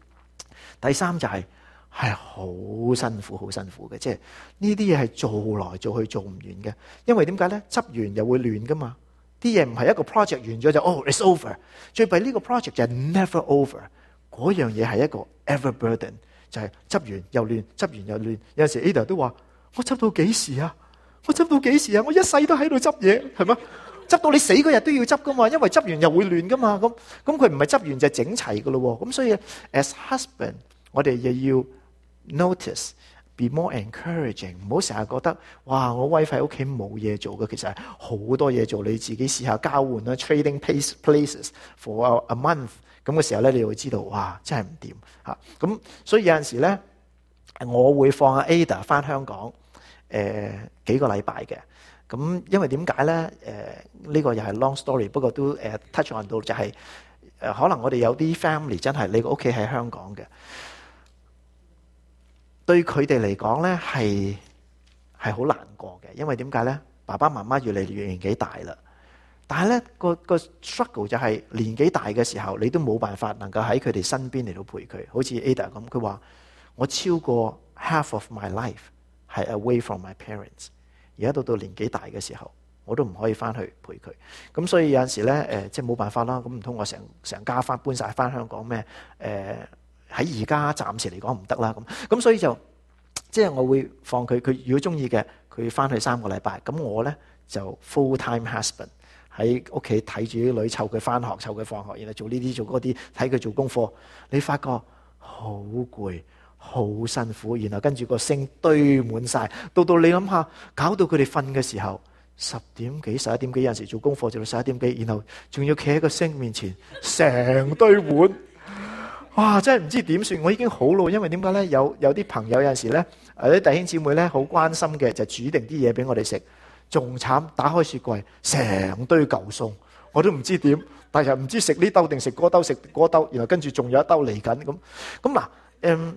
S1: 第三就係係好辛苦，好辛苦嘅，即係呢啲嘢係做來做去做唔完嘅，因為點解咧？執完又會亂噶嘛，啲嘢唔係一個 project 完咗就說哦，it's over。最弊呢個 project 就係 never over，嗰樣嘢係一個 ever burden，就係執完又亂，執完又亂。有陣時 Ada 都話：我執到幾時啊？我執到幾時啊？我一世都喺度執嘢係嗎？執到你死嗰日都要執噶嘛，因為執完又會亂噶嘛。咁咁佢唔係執完就整齊噶咯喎。咁所以 As husband，我哋又要 notice，be more encouraging。唔好成日覺得哇，我 wife 屋企冇嘢做嘅，其實係好多嘢做。你自己試下交換啦，trading place places for a month。咁嘅時候咧，你會知道哇，真係唔掂嚇。咁所以有陣時咧，我會放阿 Ada 翻香港誒、呃、幾個禮拜嘅。咁因為點解咧？誒呢個又係 long story，不過都誒 touch on 到，就係誒可能我哋有啲 family 真係你個屋企喺香港嘅，對佢哋嚟講咧係係好難過嘅，因為點解咧？爸爸媽媽越嚟越年紀大啦，但係咧個個 struggle 就係年紀大嘅時候，你都冇辦法能夠喺佢哋身邊嚟到陪佢。好似 Ada 咁，佢話我超過 half of my life 係 away from my parents。而家到到年紀大嘅時候，我都唔可以翻去陪佢。咁所以有陣時咧，誒、呃、即係冇辦法啦。咁唔通我成成家翻搬晒翻香港咩？誒，喺而家暫時嚟講唔得啦。咁咁所以就即係我會放佢。佢如果中意嘅，佢翻去三個禮拜。咁我咧就 full time husband 喺屋企睇住啲女，湊佢翻學，湊佢放學，然後做呢啲做嗰啲，睇佢做功課。你發覺好攰。好辛苦，然後跟住個星堆滿晒，到到你諗下，搞到佢哋瞓嘅時候十點幾、十一點幾，有陣時做功課做到十一點幾，然後仲要企喺個星面前，成堆碗，哇！真係唔知點算。我已經好咯，因為點解咧？有有啲朋友有陣時咧，有啲弟兄姊妹咧好關心嘅，就煮定啲嘢俾我哋食。仲慘，打開雪櫃，成堆舊餸，我都唔知點，但係又唔知食呢兜定食嗰兜，食嗰兜，然後跟住仲有一兜嚟緊咁。咁嗱，嗯。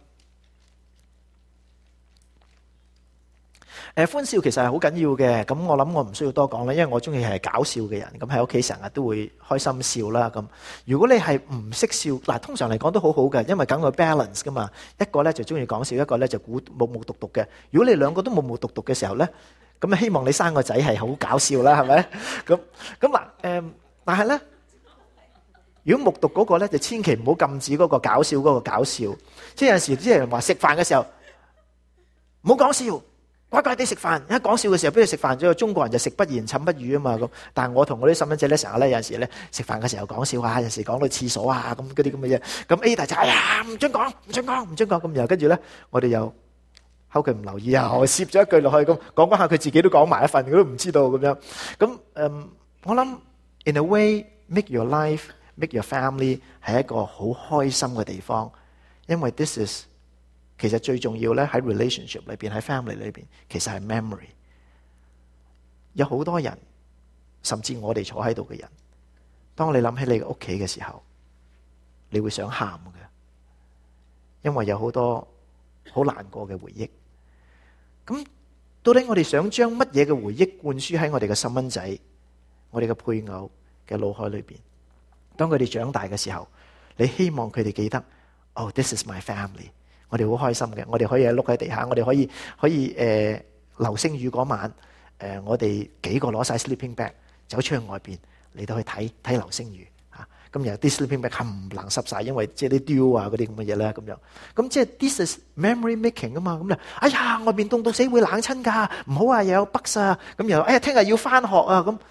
S1: 誒，歡笑其實係好緊要嘅，咁我諗我唔需要多講啦，因為我中意係搞笑嘅人，咁喺屋企成日都會開心笑啦。咁如果你係唔識笑，嗱，通常嚟講都好好嘅，因為梗係 balance 噶嘛，一個咧就中意講笑，一個咧就古木木獨獨嘅。如果你兩個都木木獨獨嘅時候咧，咁啊希望你生個仔係好搞笑啦，係咪？咁咁啊誒，但係咧，如果木獨嗰個咧就千祈唔好禁止嗰個搞笑嗰個搞笑，即係有時啲人話食飯嘅時候唔好講笑。乖乖地食飯，一講笑嘅時候邊度食飯？咁啊，中國人就食不言，寢不語啊嘛。咁，但係我同我啲細蚊仔咧，成日咧，有陣時咧食飯嘅時候講笑話啊，有陣時講到廁所啊，咁嗰啲咁嘅嘢。咁 A 大就哎呀，唔準講，唔準講，唔準講。咁又跟住咧，我哋又，好佢唔留意，我攝咗一句落去，咁講講下佢自己都講埋一份，佢都唔知道咁樣。咁誒，我諗 In a way，make your life，make your family 係一個好開心嘅地方，因為 this is。其實最重要咧喺 relationship 裏邊喺 family 裏邊，其實係 memory。有好多人，甚至我哋坐喺度嘅人，當你諗起你嘅屋企嘅時候，你會想喊嘅，因為有好多好難過嘅回憶。咁到底我哋想將乜嘢嘅回憶灌輸喺我哋嘅細蚊仔、我哋嘅配偶嘅腦海裏邊？當佢哋長大嘅時候，你希望佢哋記得，哦，this is my family。我哋好開心嘅，我哋可以喺碌喺地下，我哋可以可以誒、呃、流星雨嗰晚誒、呃，我哋幾個攞晒 sleeping bag 走出去外邊嚟到去睇睇流星雨嚇，咁、啊、又 this sleeping bag 冚唪唥濕曬，因為即係啲 dew 啊嗰啲咁嘅嘢啦，咁樣咁即係 this is memory making 啊嘛，咁啊，哎呀外邊凍到死會冷親㗎，唔好啊又有 bugs，啊，咁又哎呀聽日要返學啊咁。啊啊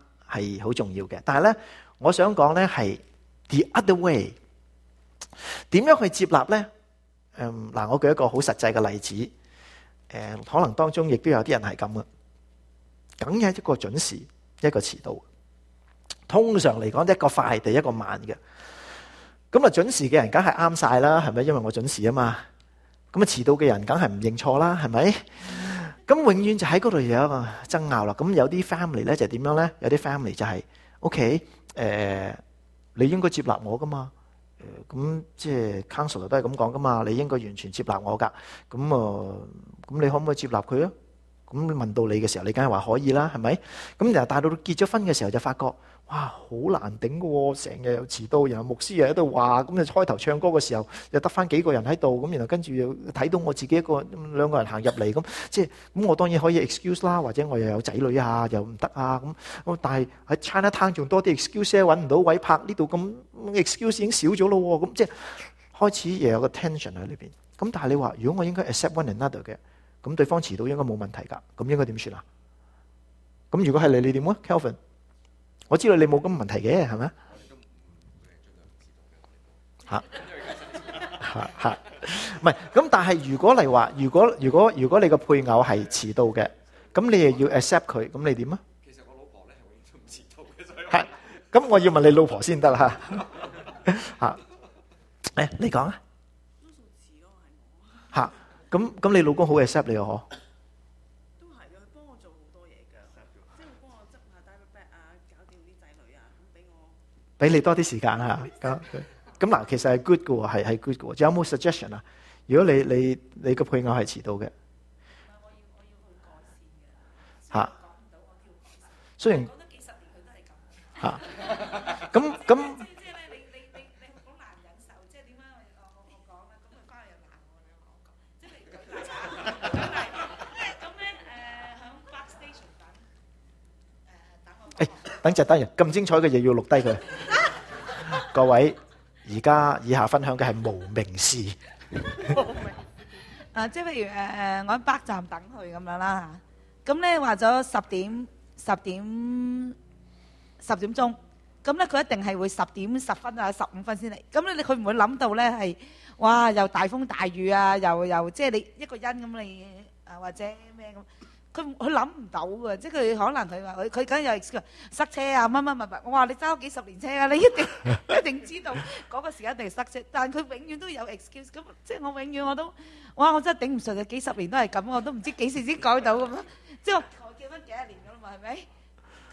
S1: 係好重要嘅，但係咧，我想講咧係 the other way，點樣去接納咧？嗯，嗱，我舉一個好實際嘅例子，誒，可能當中亦都有啲人係咁啊，梗係一個準時，一個遲到，通常嚟講，一個快啲，一個慢嘅，咁啊，準時嘅人梗係啱晒啦，係咪？因為我準時啊嘛，咁啊，遲到嘅人梗係唔認錯啦，係咪？咁永遠就喺嗰度有一個爭拗啦。咁有啲 family 咧就點樣咧？有啲 family 就係，OK，誒，你應該接納我㗎嘛？誒，咁即係 counsel 都係咁講㗎嘛？你應該完全接納我㗎。咁啊，咁你可唔可以接納佢啊？咁問到你嘅時候，你梗係話可以啦，係咪？咁然後大到結咗婚嘅時候就發覺，哇，好難頂嘅喎！成日又遲到，然後牧師又喺度話，咁就開頭唱歌嘅時候又得返幾個人喺度，咁然後跟住又睇到我自己一個兩個人行入嚟，咁即係咁我當然可以 excuse 啦，或者我又有仔女啊，又唔得啊咁。咁但係喺 China Town 仲多啲 excuse 揾唔到位拍呢度，咁 excuse 已經少咗咯，咁即係開始又有個 tension 喺裏邊。咁但係你話，如果我應該 accept one another 嘅？咁對方遲到應該冇問題㗎，咁應該點算啊？咁如果係你，你點啊？Kelvin，我知道你冇咁問題嘅，係咪啊？嚇嚇嚇！唔係，咁但係如果嚟話，如果如果如果你個配偶係遲到嘅，咁你又要 accept 佢，咁你點啊？其實我老婆咧，係永遠都唔遲到嘅，係。咁我要問你老婆先得啦，嚇！誒，你講啊！咁咁你老公好 accept 你啊？嗬，都係嘅，佢幫我做好多嘢㗎，即係幫我執下帶個 bag 啊，搞掂啲仔女啊，咁俾我俾你多啲時間啊，咁咁嗱，其實係 good 嘅喎，係係 good 嘅喎，仲有冇 suggestion 啊？如果你你你個配偶係遲到嘅，啊，我要我要去改善嘅，嚇，雖然講得幾十年佢都係咁，嚇，咁咁。等陣得嘅，咁精彩嘅嘢要錄低佢。各位，而家以下分享嘅係無名事。
S3: 啊，即係譬如誒誒，我喺北站等佢咁樣啦。咁咧話咗十點十點十點鐘，咁咧佢一定係會十點十分啊十五分先嚟。咁咧你佢唔會諗到咧係，哇！又大風大雨啊，又又即係你一個人咁嚟啊，或者咩咁？佢佢諗唔到嘅，即係佢可能佢話佢佢梗有 excuse 塞車啊乜乜乜乜，我話你揸咗幾十年車啊，你一定一定知道嗰個時間一定係塞車，但係佢永遠都有 excuse，咁即係我永遠我都，哇！我真係頂唔順，幾十年都係咁，我都唔知幾時先改到咁咯。即係我叫翻幾十年㗎啦嘛，係咪？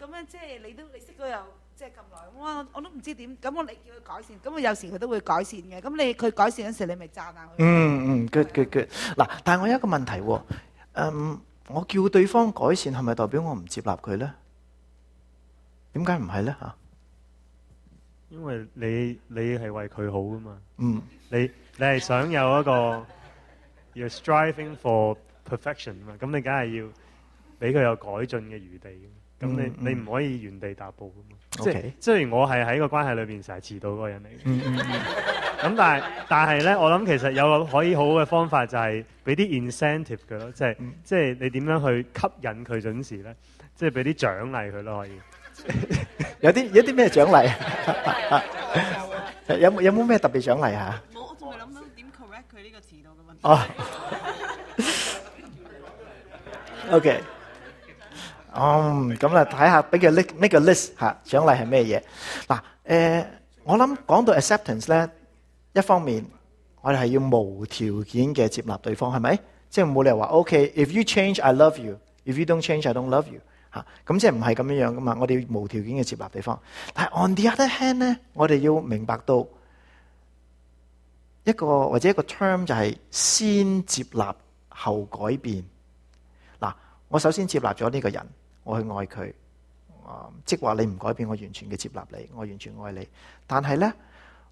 S3: 咁樣即係你都你識咗又即係咁耐，哇！我都唔知點，咁我你叫佢改善，咁我有時佢都會改善嘅。咁你佢改善嗰時，你咪讚下
S1: 佢。嗯嗯，good good good。嗱，但係我有一個問題喎，嗯。我叫對方改善係咪代表我唔接納佢呢？點解唔係呢嚇？
S2: 因為你你係為佢好噶嘛。嗯。你你係想有一個，You're striving for perfection 嘛。咁你梗係要俾佢有改進嘅餘地。咁你你唔可以原地踏步噶嘛。即係雖然我係喺個關係裏邊成日遲到嗰個人嚟嘅。咁但係，但係咧，我諗其實有個可以好嘅方法，就係俾啲 incentive 嘅咯，即係即係你點樣去吸引佢準時咧？即係俾啲獎勵佢咯，可以
S1: 有啲有啲咩獎勵？有有冇咩特別獎勵嚇？我仲諗緊點 correct 佢呢個遲到嘅問題。哦，OK，嗯，咁啊，睇下俾個 list，呢個 list 嚇獎勵係咩嘢嗱？誒，我諗講到 acceptance 咧。一方面，我哋係要無條件嘅接納對方，係咪？即係冇理由話，OK，if、okay, you change，I love you；if you don't change，I don't love you、啊。吓，咁即係唔係咁樣樣噶嘛？我哋要無條件嘅接納對方。但係 on the other hand 咧，我哋要明白到一個或者一個 term 就係先接納後改變。嗱、啊，我首先接納咗呢個人，我去愛佢、啊，即係話你唔改變，我完全嘅接納你，我完全愛你。但係咧。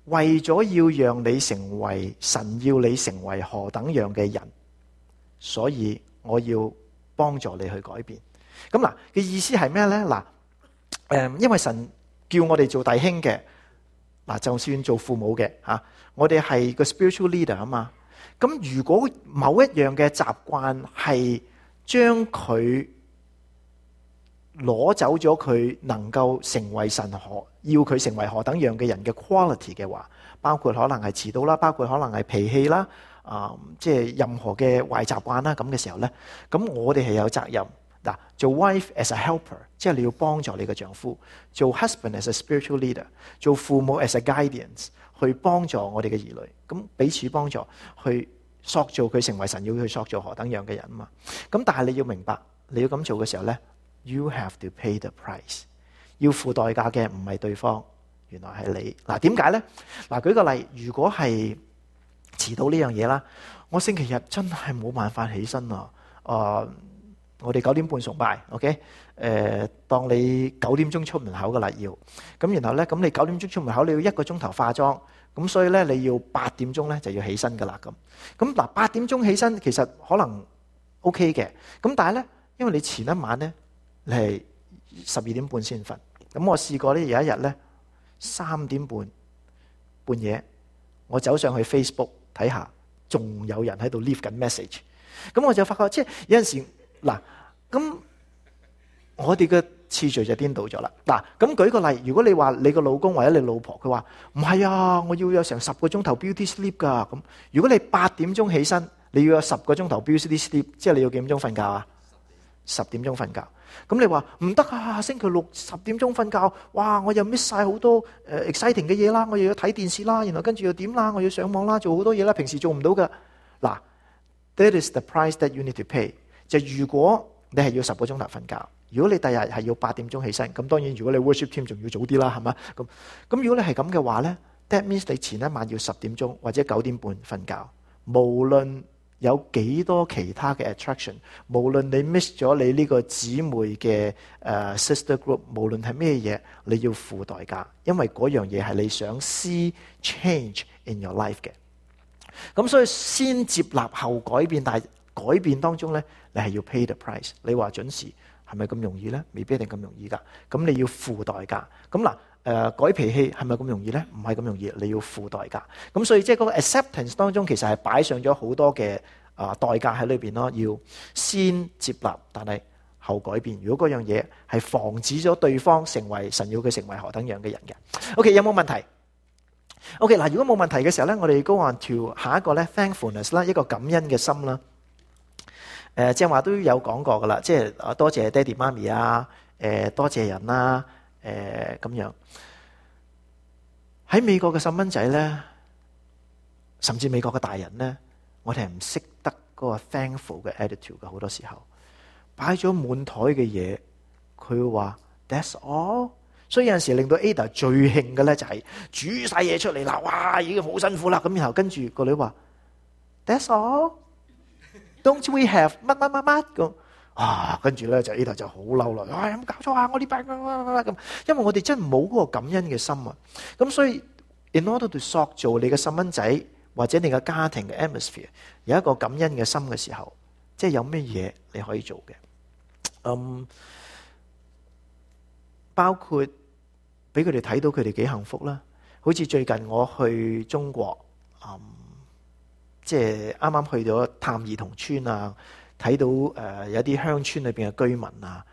S1: 為咗要讓你成為，神要你成為何等樣嘅人，所以我要幫助你去改變。咁嗱嘅意思係咩咧？嗱，誒，因為神叫我哋做弟兄嘅，嗱，就算做父母嘅吓，我哋係個 spiritual leader 啊嘛。咁如果某一樣嘅習慣係將佢。攞走咗佢能夠成為神何要佢成為何等樣嘅人嘅 quality 嘅話，包括可能係遲到啦，包括可能係脾氣啦，啊、嗯，即係任何嘅壞習慣啦，咁嘅時候咧，咁我哋係有責任嗱，做 wife as a helper，即係你要幫助你嘅丈夫；做 husband as a spiritual leader，做父母 as a guidance 去幫助我哋嘅兒女，咁彼此幫助去塑造佢成為神要去塑造何等樣嘅人啊嘛。咁但係你要明白，你要咁做嘅時候咧。You have to pay the price，要付代價嘅唔係對方，原來係你。嗱，點解呢？嗱、啊、舉個例，如果係遲到呢樣嘢啦，我星期日真係冇辦法起身啊！啊、呃，我哋九點半崇拜，OK？誒、呃，當你九點鐘出門口嘅啦，要咁，然後呢，咁你九點鐘出門口你要一個鐘頭化妝，咁所以呢，你要八點鐘呢就要起身嘅啦。咁咁嗱，八點鐘起身其實可能 OK 嘅，咁但係呢，因為你前一晚呢。你係十二點半先瞓，咁我試過咧，有一日咧，三點半半夜，我走上去 Facebook 睇下，仲有人喺度 leave 緊 message，咁我就發覺即係有陣時嗱，咁我哋嘅次序就顛倒咗啦。嗱，咁舉個例，如果你話你個老公或者你老婆佢話唔係啊，我要有成十個鐘頭 Beauty Sleep 噶，咁如果你八點鐘起身，你要有十個鐘頭 Beauty Sleep，即係你要幾點鐘瞓覺啊？十點鐘瞓覺，咁你話唔得啊！星期六十點鐘瞓覺，哇！我又 miss 曬好多誒 exciting 嘅嘢啦，我又要睇電視啦，然後跟住又點啦，我要上網啦，做好多嘢啦，平時做唔到㗎。嗱，that is the price that you need to pay。就如果你係要十個鐘頭瞓覺，如果你第日係要八點鐘起身，咁當然如果你 worship team 仲要早啲啦，係嘛？咁咁如果你係咁嘅話咧，that means 你前一晚要十點鐘或者九點半瞓覺，無論有幾多其他嘅 attraction？無論你 miss 咗你呢個姊妹嘅誒 sister group，無論係咩嘢，你要付代價，因為嗰樣嘢係你想 see change in your life 嘅。咁所以先接納後改變，但係改變當中咧，你係要 pay the price。你話準時係咪咁容易咧？未必一定咁容易㗎。咁你要付代價。咁嗱。誒，改脾氣係咪咁容易咧？唔係咁容易，你要付代價。咁所以即係嗰個 acceptance 當中，其實係擺上咗好多嘅啊代價喺裏邊咯。要先接納，但係後改變。如果嗰樣嘢係防止咗對方成為神要佢成為何等樣嘅人嘅。OK，有冇問題？OK，嗱，如果冇問題嘅時候咧，我哋 go on to 下一個咧，thankfulness 啦，一個感恩嘅心啦。誒，正話都有講過噶啦，即係啊，多謝爹哋媽咪啊，誒，多謝人啦。誒、呃，咁樣喺美國嘅細蚊仔咧，甚至美國嘅大人咧，我哋係唔識得個 thankful 嘅 attitude 嘅，好多時候擺咗滿台嘅嘢，佢話 that's all，所以有陣時令到 Ada 最興嘅咧就係、是、煮晒嘢出嚟啦，哇，已經好辛苦啦，咁然後跟住個女話 that's all，don't we have 乜乜乜乜咁？啊！跟住咧就呢度就好嬲啦！啊，哎，有冇搞錯啊？我呢班咁，因為我哋真係冇嗰個感恩嘅心啊！咁所以，in order to 如果喺度塑造你嘅細蚊仔或者你嘅家庭嘅 atmosphere 有一個感恩嘅心嘅時候，即係有咩嘢你可以做嘅？嗯，um，包括俾佢哋睇到佢哋幾幸福啦。好似最近我去中國，嗯，即係啱啱去咗探兒童村啊。睇到誒有啲鄉村裏邊嘅居民啊，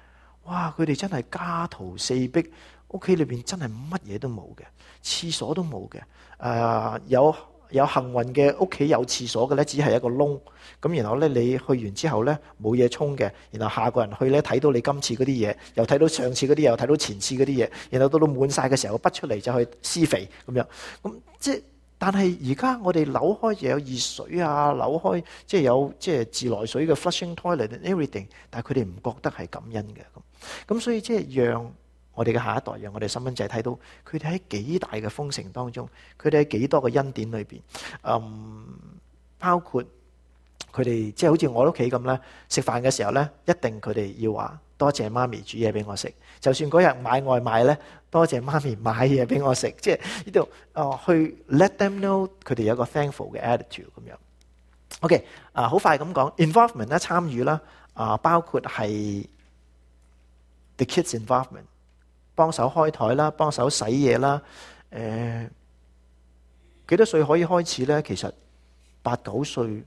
S1: 哇！佢哋真係家徒四壁，屋企裏邊真係乜嘢都冇嘅，廁所都冇嘅。誒、呃、有有幸運嘅屋企有廁所嘅咧，只係一個窿。咁然後咧，你去完之後咧，冇嘢沖嘅。然後下個人去咧，睇到你今次嗰啲嘢，又睇到上次嗰啲嘢，又睇到前次嗰啲嘢。然後到到滿晒嘅時候，佢畢出嚟就去施肥咁樣。咁即但係而家我哋扭開又有熱水啊，扭開即係有即係自來水嘅 flushing toilet，and everything，但係佢哋唔覺得係感恩嘅。咁，咁所以即係讓我哋嘅下一代，讓我哋細蚊仔睇到佢哋喺幾大嘅豐盛當中，佢哋喺幾多個恩典裏邊，嗯，包括佢哋即係好似我屋企咁咧，食飯嘅時候咧，一定佢哋要話多謝媽咪煮嘢俾我食，就算嗰日買外賣咧，多謝媽咪買嘢俾我食。即係呢度哦，去 let them know 佢哋有個 thankful 嘅 attitude 咁樣。OK 啊、呃，好快咁講，involvement 咧參與啦，啊、呃、包括係 the kids involvement，幫手開台啦，幫手洗嘢啦。誒、呃、幾多歲可以開始咧？其實八九歲、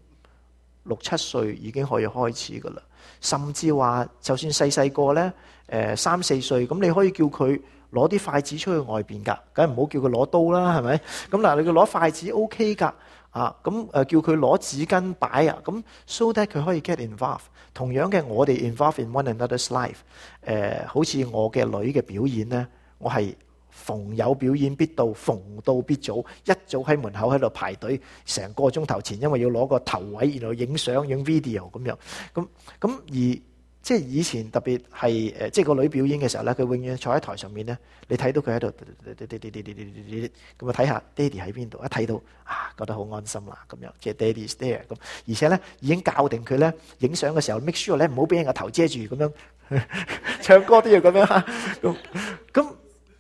S1: 六七歲已經可以開始噶啦。甚至話，就算細細個咧，呃，三四歲，咁你可以叫佢攞啲筷子出去外面㗎，梗係唔好叫佢攞刀啦，係咪？咁嗱，你叫佢攞筷子 OK 㗎，啊，咁、呃、叫佢攞紙巾擺啊，咁 so that 佢可以 get involved。同樣嘅，我哋 involve in one another's life、呃。好似我嘅女嘅表演咧，我係。逢有表演必到，逢到必早。一早喺門口喺度排隊，成個鐘頭前，因為要攞個頭位，然後影相、影 video 咁樣。咁咁而即係以前，特別係誒，即係個女表演嘅時候咧，佢永遠坐喺台上面咧，你睇到佢喺度，咁啊睇下爹哋喺邊度，一睇到啊覺得好安心啦，咁樣即係爹哋 is there 咁。而且咧已經教定佢咧，影相嘅時候，make sure 咧唔好俾人個頭遮住，咁樣唱歌都要咁樣。咁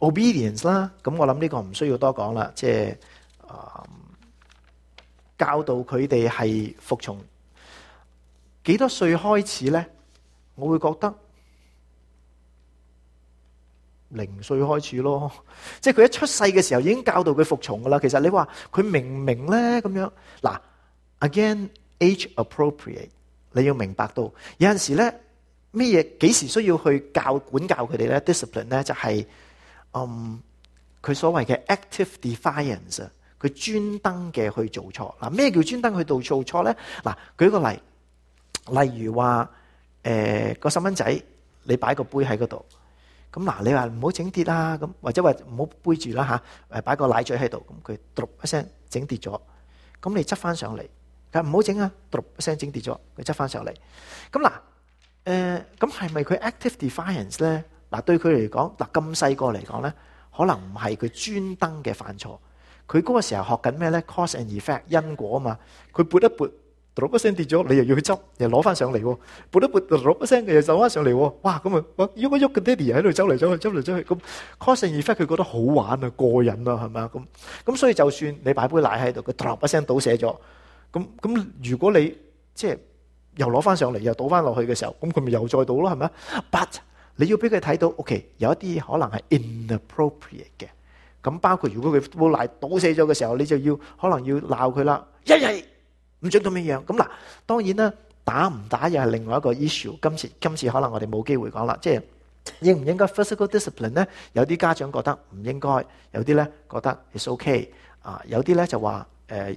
S1: obedience 啦，咁我諗呢個唔需要多講啦，即係啊教導佢哋係服從，幾多歲開始咧？我會覺得零歲開始咯，即係佢一出世嘅時候已經教導佢服從噶啦。其實你話佢明唔明咧咁樣，嗱，again age appropriate，你要明白到有陣時咧，咩嘢幾時需要去教管教佢哋咧？discipline 咧就係。嗯，佢所謂嘅 active defiance，佢專登嘅去做錯。嗱，咩叫專登去到做錯咧？嗱，舉個例，例如話，誒個細蚊仔，你擺個杯喺嗰度，咁嗱，你話唔好整跌啊，咁或者話唔好杯住啦嚇，誒擺個奶嘴喺度，咁佢嘟一聲整跌咗，咁你執翻上嚟，佢唔好整啊，嘟一聲整跌咗，佢執翻上嚟，咁嗱，誒咁係咪佢 active defiance 咧？嗱，對佢嚟講，嗱咁細個嚟講咧，可能唔係佢專登嘅犯錯。佢嗰個時候學緊咩咧？Cause and effect 因果啊嘛。佢撥一撥，嗩嗰聲跌咗，你又要去執，又攞翻上嚟喎。撥一撥，嗩嗰聲嘅又走翻上嚟喎。哇！咁啊，喐一喐嘅爹哋喺度走嚟走，走，走去，走嚟走去。咁 cause and effect 佢覺得好玩啊，過癮啊，係咪啊？咁咁所以就算你擺杯奶喺度，佢嗩嗰聲倒瀉咗。咁咁如果你即係又攞翻上嚟，又倒翻落去嘅時候，咁佢咪又再倒咯，係咪啊？But 你要俾佢睇到，OK，有一啲可能係 inappropriate 嘅，咁包括如果佢冇奶倒死咗嘅時候，你就要可能要鬧佢啦，一係唔准咁樣樣。咁嗱，當然啦，打唔打又係另外一個 issue。今次今次可能我哋冇機會講啦，即係應唔應該 physical discipline 咧？有啲家長覺得唔應該，有啲咧覺得 it's OK，啊，有啲咧就話誒。呃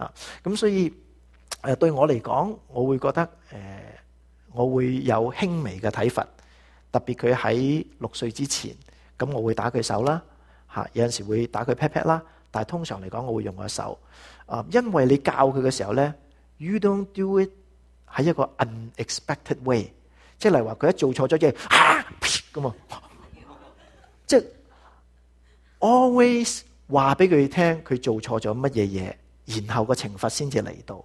S1: 啊，咁所以誒對我嚟講，我會覺得誒我會有輕微嘅體罰，特別佢喺六歲之前，咁我會打佢手啦，嚇有陣時會打佢 pat pat 啦，但係通常嚟講，我會用我手啊，因為你教佢嘅時候咧，you don't do it 喺一個 unexpected way，即係例如話佢一做錯咗嘢嚇咁啊，即係 always 話俾佢聽佢做錯咗乜嘢嘢。然後個懲罰先至嚟到，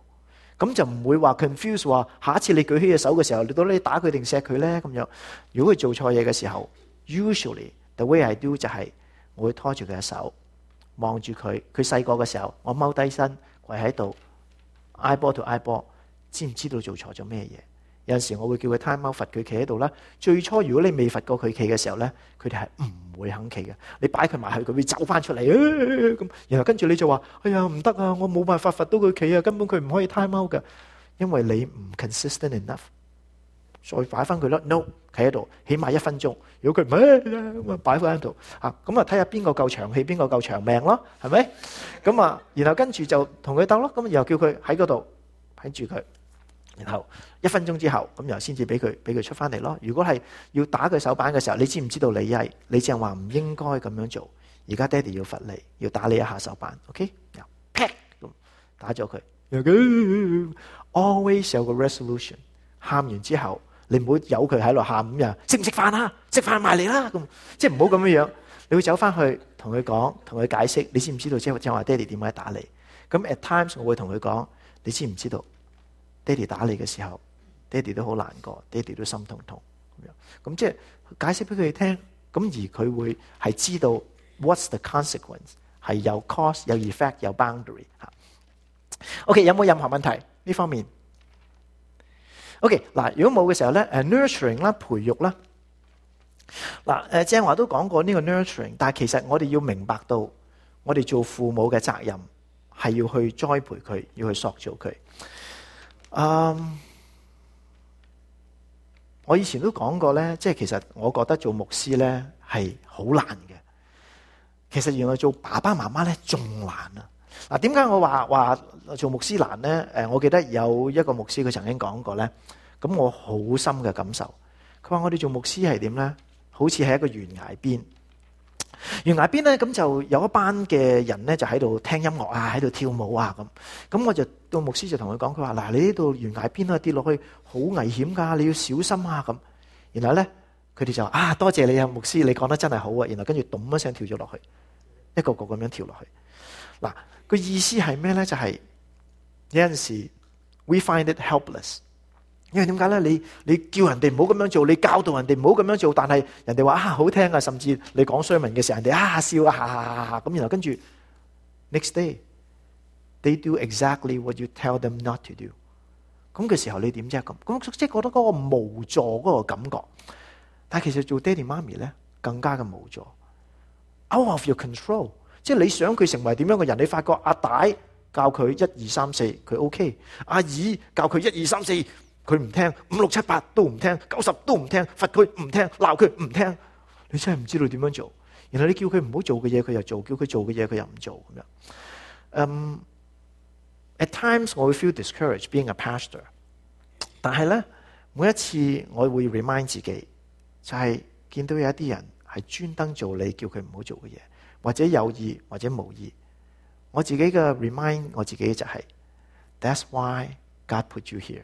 S1: 咁就唔會話 confuse 話下一次你舉起隻手嘅時候，你到底打佢定錫佢咧咁樣？如果佢做錯嘢嘅時候，usually the way I do 就係，我會拖住佢嘅手，望住佢。佢細個嘅時候，我踎低身跪喺度，eyeball to eyeball，知唔知道做錯咗咩嘢？有陣時我會叫佢 time out，罰佢企喺度啦。最初如果你未罰過佢企嘅時候咧，佢哋係唔會肯企嘅。你擺佢埋去，佢會走翻出嚟咁。然後跟住你就話：哎呀唔得啊，我冇辦法罰到佢企啊，根本佢唔可以 time out 㗎，因為你唔 consistent enough。再擺翻佢咯，no，企喺度，起碼一分鐘。如果佢唔係，咁啊擺翻喺度嚇，咁啊睇下邊個夠長氣，邊個夠長命咯，係咪？咁啊，然後跟住就同佢鬥咯。咁又叫佢喺嗰度睇住佢。然後一分鐘之後，咁又先至俾佢俾佢出翻嚟咯。如果係要打佢手板嘅時候，你知唔知道你？你係你淨係話唔應該咁樣做。而家爹哋要罰你，要打你一下手板。OK，又劈咁打咗佢。Always 有個 resolution。喊完之後，你唔好由佢喺度喊。咁樣食唔食飯啊？食飯埋嚟啦。咁即係唔好咁樣樣。你會走翻去同佢講，同佢解釋。你知唔知道？即係正話爹哋點解打你？咁 at times 我會同佢講，你知唔知道？爹哋打你嘅時候，爹哋都好難過，爹哋都心痛痛咁樣。咁即係解釋俾佢哋聽，咁而佢會係知道 what's the consequence 係有 cause 有 effect 有 boundary 吓。OK，有冇任何問題呢方面？OK，嗱，如果冇嘅時候咧，誒 nurturing 啦，培育啦，嗱，誒正話都講過呢個 nurturing，但係其實我哋要明白到，我哋做父母嘅責任係要去栽培佢，要去塑造佢。嗯，um，我以前都講過咧，即係其實我覺得做牧師咧係好難嘅。其實原來做爸爸媽媽咧仲難啊！嗱，點解我話話做牧師難咧？誒，我記得有一個牧師佢曾經講過咧，咁我好深嘅感受。佢話我哋做牧師係點咧？好似係一個懸崖邊。懸崖邊咧，咁就有一班嘅人咧，就喺度聽音樂啊，喺度跳舞啊，咁咁我就到牧師就同佢講，佢話嗱，你呢度懸崖邊啊，跌落去好危險噶，你要小心啊，咁然後咧佢哋就啊，多謝你啊，牧師，你講得真係好啊，然後跟住咚一聲跳咗落去，一個個咁樣跳落去，嗱個意思係咩咧？就係有陣時，We find it helpless。因為點解咧？你你叫人哋唔好咁樣做，你教導人哋唔好咁樣做，但係人哋話啊好聽啊，甚至你講 sermon 嘅時候，人哋啊笑啊，咁然後跟住 next day，they do exactly what you tell them not to do。咁嘅時候你點啫咁？咁即係覺得嗰個無助嗰個感覺。但係其實做爹哋媽咪咧，更加嘅無助。Out of your control，即係你想佢成為點樣嘅人，你發覺阿大教佢一二三四，佢 OK；阿二教佢一二三四。佢唔聽，五六七八都唔聽，九十都唔聽，罰佢唔聽，鬧佢唔聽，你真係唔知道點樣做。然後你叫佢唔好做嘅嘢，佢又做；叫佢做嘅嘢，佢又唔做咁樣。Um, at times 我會 feel discouraged being a pastor。但係呢，每一次我會 remind 自己，就係見到有一啲人係專登做你叫佢唔好做嘅嘢，或者有意或者無意。我自己嘅 remind 我自己就係，That's why God put you here。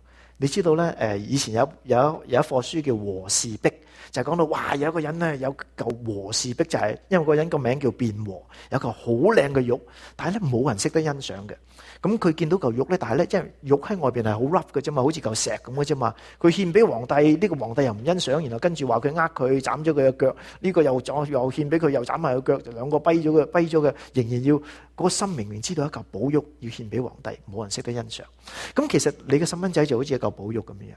S1: 你知道咧？誒、以前有有有一課書叫《和氏璧》。就係講到，哇！有一個人咧，有嚿和氏璧，就係因為嗰人個名叫卞和，有嚿好靚嘅玉，但係咧冇人識得欣賞嘅。咁佢見到嚿玉咧，但係咧，因為玉喺外邊係好 rough 嘅啫嘛，好似嚿石咁嘅啫嘛。佢獻俾皇帝，呢個皇帝又唔欣賞，然後跟住話佢呃佢，斬咗佢嘅腳。呢個又斬，又獻俾佢，又斬埋佢嘅腳，就兩個跛咗嘅，跛咗嘅，仍然要嗰心，明明知道一嚿寶玉要獻俾皇帝，冇人識得欣賞。咁其實你嘅細蚊仔就好似一嚿寶玉咁樣，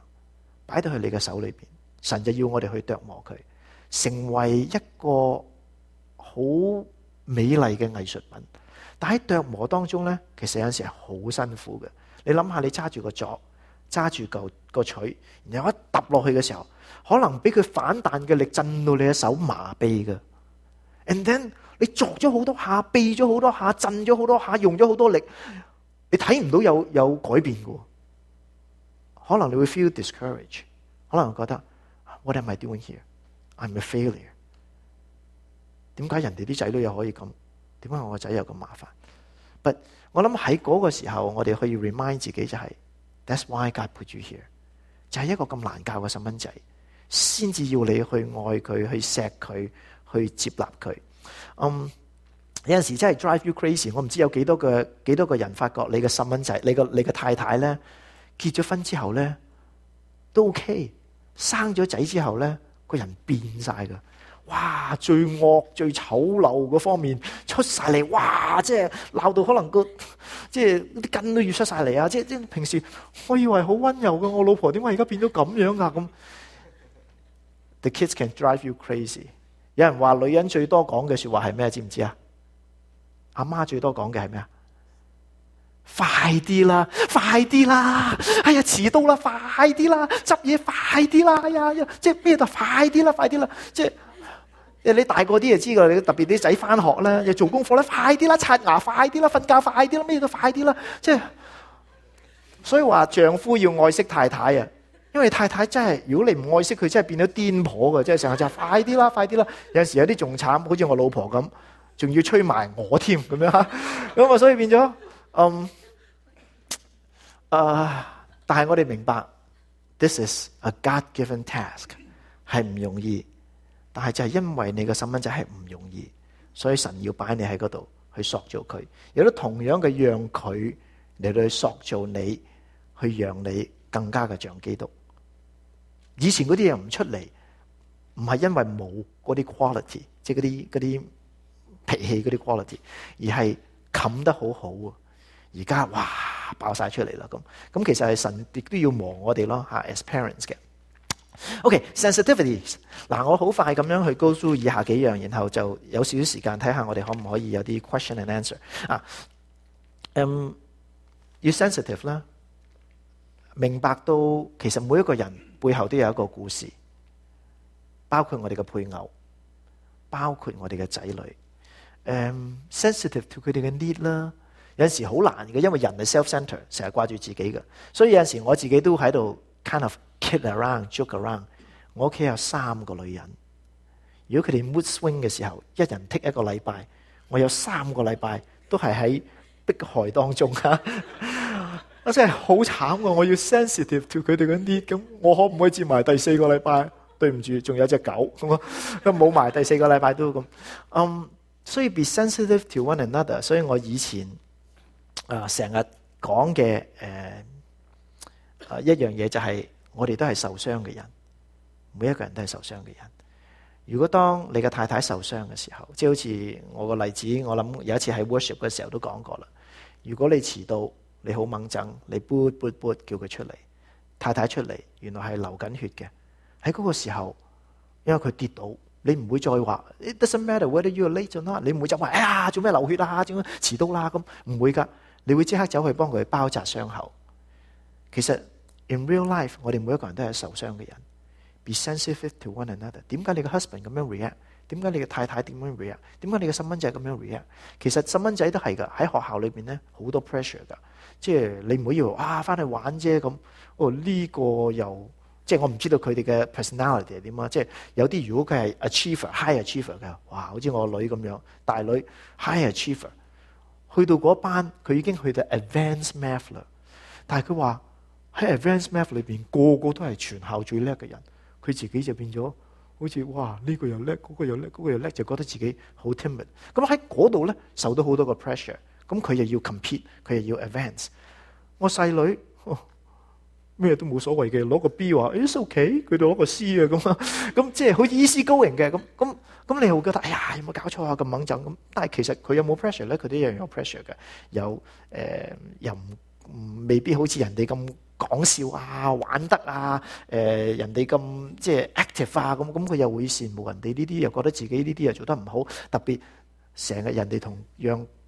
S1: 擺到去你嘅手裏邊。神就要我哋去琢磨佢，成為一個好美麗嘅藝術品。但喺琢磨當中咧，其實有陣時係好辛苦嘅。你諗下，你揸住個鑿，揸住嚿個錘，然後一揼落去嘅時候，可能俾佢反彈嘅力震到你嘅手麻痹嘅。And then 你鑿咗好多下，痺咗好多下，震咗好多下，用咗好多力，你睇唔到有有改變嘅。可能你會 feel discourage，可能覺得。What am I doing here? I'm a failure. 點解人哋啲仔都有可以咁，點解我個仔有咁麻煩？But 我諗喺嗰個時候，我哋可以 remind 自己就係、是、That's why God put you here. 就係、是、一個咁難教嘅細蚊仔，先至要你去愛佢、去錫佢、去接納佢。嗯、um，有陣時真係 drive you crazy 我。我唔知有幾多個幾多個人發覺你嘅細蚊仔，你嘅你嘅太太呢？結咗婚之後呢？都 OK。生咗仔之後呢，個人變晒噶，哇！最惡最醜陋嗰方面出晒嚟，哇！即係鬧到可能個即係啲根都要出晒嚟啊！即係平時我以為好温柔嘅我老婆為什麼現在，點解而家變咗咁樣啊？咁 The kids can drive you crazy。有人話女人最多講嘅説話係咩？知唔知啊？阿媽最多講嘅係咩啊？快啲啦，快啲啦！哎呀，遲到啦，快啲啦！執嘢快啲啦！哎呀，即係咩就快啲啦，快啲啦！即係你大個啲就知噶啦，你特別啲仔翻學咧，又做功課咧，快啲啦！刷牙快啲啦，瞓覺快啲啦，咩都快啲啦！即係所以話，丈夫要愛惜太太啊，因為太太真係，如果你唔愛惜佢，她真係變咗癲婆噶，即係成日就快啲啦，快啲啦！有時有啲仲慘，好似我老婆咁，仲要催埋我添咁樣吓，咁啊，所以變咗。嗯，啊！但係我哋明白，this is a God-given task，係唔容易。但係就係因為你嘅細蚊仔係唔容易，所以神要擺你喺度去塑造佢，亦都同樣嘅讓佢嚟到去塑造你，去讓你更加嘅像基督。以前啲嘢唔出嚟，唔係因為冇啲 quality，即係啲啲脾氣啲 quality，而係冚得好好啊！而家哇爆晒出嚟啦！咁咁其實係神亦都要磨我哋咯，吓 as parents 嘅。OK sensitivity 嗱、啊，我好快咁樣去 go through 以下幾樣，然後就有少少時間睇下我哋可唔可以有啲 question and answer 啊。要、um, sensitive 啦，明白到其實每一個人背後都有一個故事，包括我哋嘅配偶，包括我哋嘅仔女。sensitive to 佢哋嘅 need 啦。有陣時好難嘅，因為人係 self-centre，e 成日掛住自己嘅。所以有陣時我自己都喺度 kind of kick around，joke around。我屋企有三個女人，如果佢哋 mood swing 嘅時候，一人剔一個禮拜，我有三個禮拜都係喺迫害當中啊！我 真係好慘嘅，我要 sensitive to 佢哋嗰啲。咁我可唔可以接埋第四個禮拜？對唔住，仲有一隻狗，咁冇埋第四個禮拜都咁。嗯，所以 be sensitive to one another。所以我以前。啊，成日講嘅誒，一樣嘢就係我哋都係受傷嘅人，每一個人都係受傷嘅人。如果當你嘅太太受傷嘅時候，即係好似我個例子，我諗有一次喺 worship 嘅時候都講過啦。如果你遲到，你好猛整，你撥撥撥叫佢出嚟，太太出嚟，原來係流緊血嘅。喺嗰個時候，因為佢跌倒，你唔會再話 It doesn't matter whether you are late or not 啦，你唔會就話哎呀做咩流血啦，啊，點樣遲到啦咁，唔會噶。你會即刻走去幫佢包紮傷口。其實 in real life，我哋每一個人都係受傷嘅人。Be sensitive to one another。點解你嘅 husband 咁樣 react？點解你嘅太太點樣 react？點解你嘅細蚊仔咁樣 react？其實細蚊仔都係噶，喺學校裏邊咧好多 pressure 噶。即係你唔好以為啊，翻去玩啫咁。哦呢個又即係我唔知道佢哋嘅 personality 係點啊。即係有啲如果佢係 achiever，high achiever 嘅，哇！好似我女咁樣大女，high achiever。去到嗰班，佢已經去到 advance math 啦。但係佢話喺 advance math 裏邊，個個都係全校最叻嘅人。佢自己就變咗，好似哇，呢個又叻，嗰個又叻，嗰個又叻，這個，就覺得自己好 timid。咁喺嗰度咧，受到好多個 pressure。咁佢又要 compete，佢又要 advance。我細女。哦咩都冇所謂嘅，攞個 B 話，哎，OK，佢就攞個 C 啊，咁啊，咁即係好似衣錫高型嘅咁，咁咁你又會覺得，哎呀，有冇搞錯啊？咁掹掙咁，但係其實佢有冇 pressure 咧？佢都一樣有 pressure 嘅，有誒、呃，又唔未必好似人哋咁講笑啊、玩得啊，誒、呃、人哋咁即係 active 化咁，咁佢又會羨慕人哋呢啲，又覺得自己呢啲又做得唔好，特別成日人哋同樣。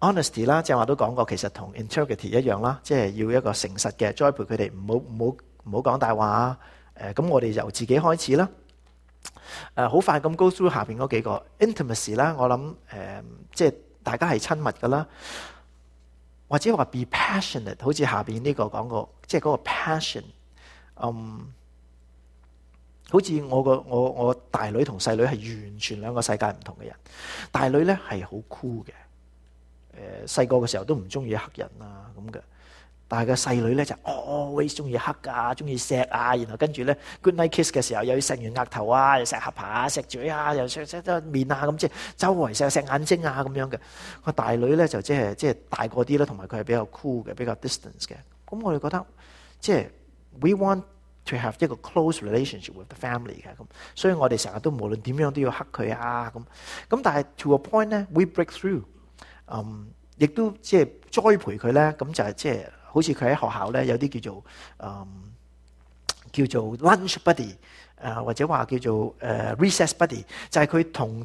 S1: honesty 啦，正話都講過，其實同 integrity 一樣啦，即係要一個誠實嘅栽培佢哋，唔好唔好唔好講大話誒，咁、呃、我哋由自己開始啦。誒、呃，好快咁 go through 下邊嗰幾個 intimacy 啦、呃，我諗誒、呃，即係大家係親密㗎啦，或者話 be passionate，好似下邊呢個講過，即係嗰個 passion。嗯，好似我個我我大女同細女係完全兩個世界唔同嘅人，大女咧係好 cool 嘅。誒，細個嘅時候都唔中意黑人啊，咁嘅，但係個細女咧就 always 中意黑噶中意錫啊，然後跟住咧 goodnight kiss 嘅時候又要錫完額頭啊，又錫下巴、錫嘴啊，又錫錫得面啊，咁即係周圍錫錫眼睛啊咁樣嘅。個大女咧就即係即係大嗰啲啦，同埋佢係比較 cool 嘅，比較 distance 嘅。咁我哋覺得即係 we want to have 一個 close relationship with the family 嘅，咁所以我哋成日都無論點樣都要黑佢啊咁。咁但係 to a point 咧，we break through。嗯，亦都即係栽培佢咧，咁就係即係好似佢喺學校咧有啲叫做嗯叫做 lunch buddy，誒或者話叫做誒 recess buddy，就係佢同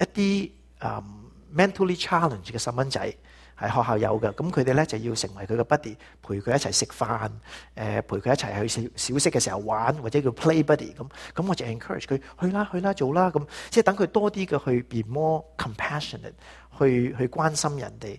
S1: 一啲嗯 mentally challenged 嘅細蚊仔。喺學校有嘅，咁佢哋咧就要成為佢嘅 buddy，陪佢一齊食飯，誒，陪佢一齊、呃、去小，小息嘅時候玩，或者叫 play buddy 咁，咁我就 encourage 佢，去啦去啦做啦咁，即係等佢多啲嘅去 be more compassionate，去去關心人哋。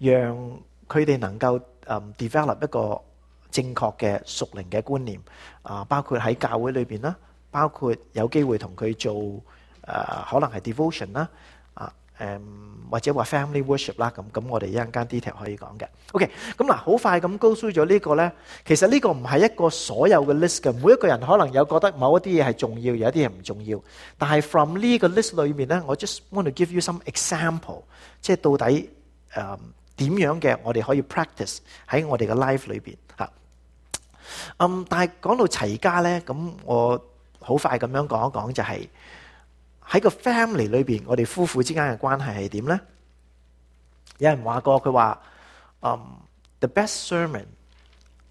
S1: 讓佢哋能夠嗯 develop 一個正確嘅屬靈嘅觀念啊，包括喺教會裏邊啦，包括有機會同佢做誒可能係 devotion 啦啊誒或者話 family worship 啦咁咁，我哋一陣間 detail 可以講嘅。OK，咁嗱，好快咁 go through 咗呢個咧，其實呢個唔係一個所有嘅 list 嘅，每一個人可能有覺得某一啲嘢係重要，有一啲嘢唔重要。但係 from 呢個 list 裏面咧，我 just want to give you some example，即係到底誒。點樣嘅我哋可以 practice 喺我哋嘅 life 裏邊嚇？嗯，但係講到齊家咧，咁我好快咁樣講一講就係喺個 family 裏邊，我哋夫婦之間嘅關係係點咧？有人話過佢話：嗯，The best sermon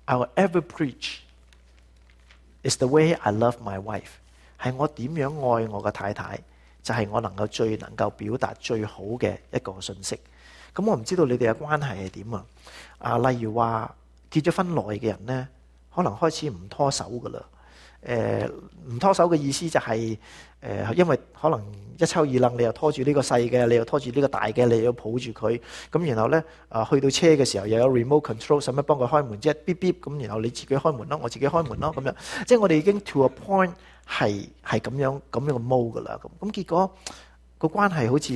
S1: I will ever preach is the way I love my wife，係我點樣愛我嘅太太，就係我能夠最能夠表達最好嘅一個信息。咁、嗯、我唔知道你哋嘅關係係點啊？啊，例如話結咗婚耐嘅人咧，可能開始唔拖手噶啦。誒、呃，唔拖手嘅意思就係、是、誒、呃，因為可能一抽二楞，你又拖住呢個細嘅，你又拖住呢個大嘅，你又要抱住佢。咁、嗯、然後咧，啊，去到車嘅時候又有 remote control，使乜幫佢開門？即係嗶嗶咁，然後你自己開門咯，我自己開門咯，咁樣。即係我哋已經 to a point 係係咁樣咁樣嘅 mode 噶啦。咁、嗯、咁結果、這個關係好似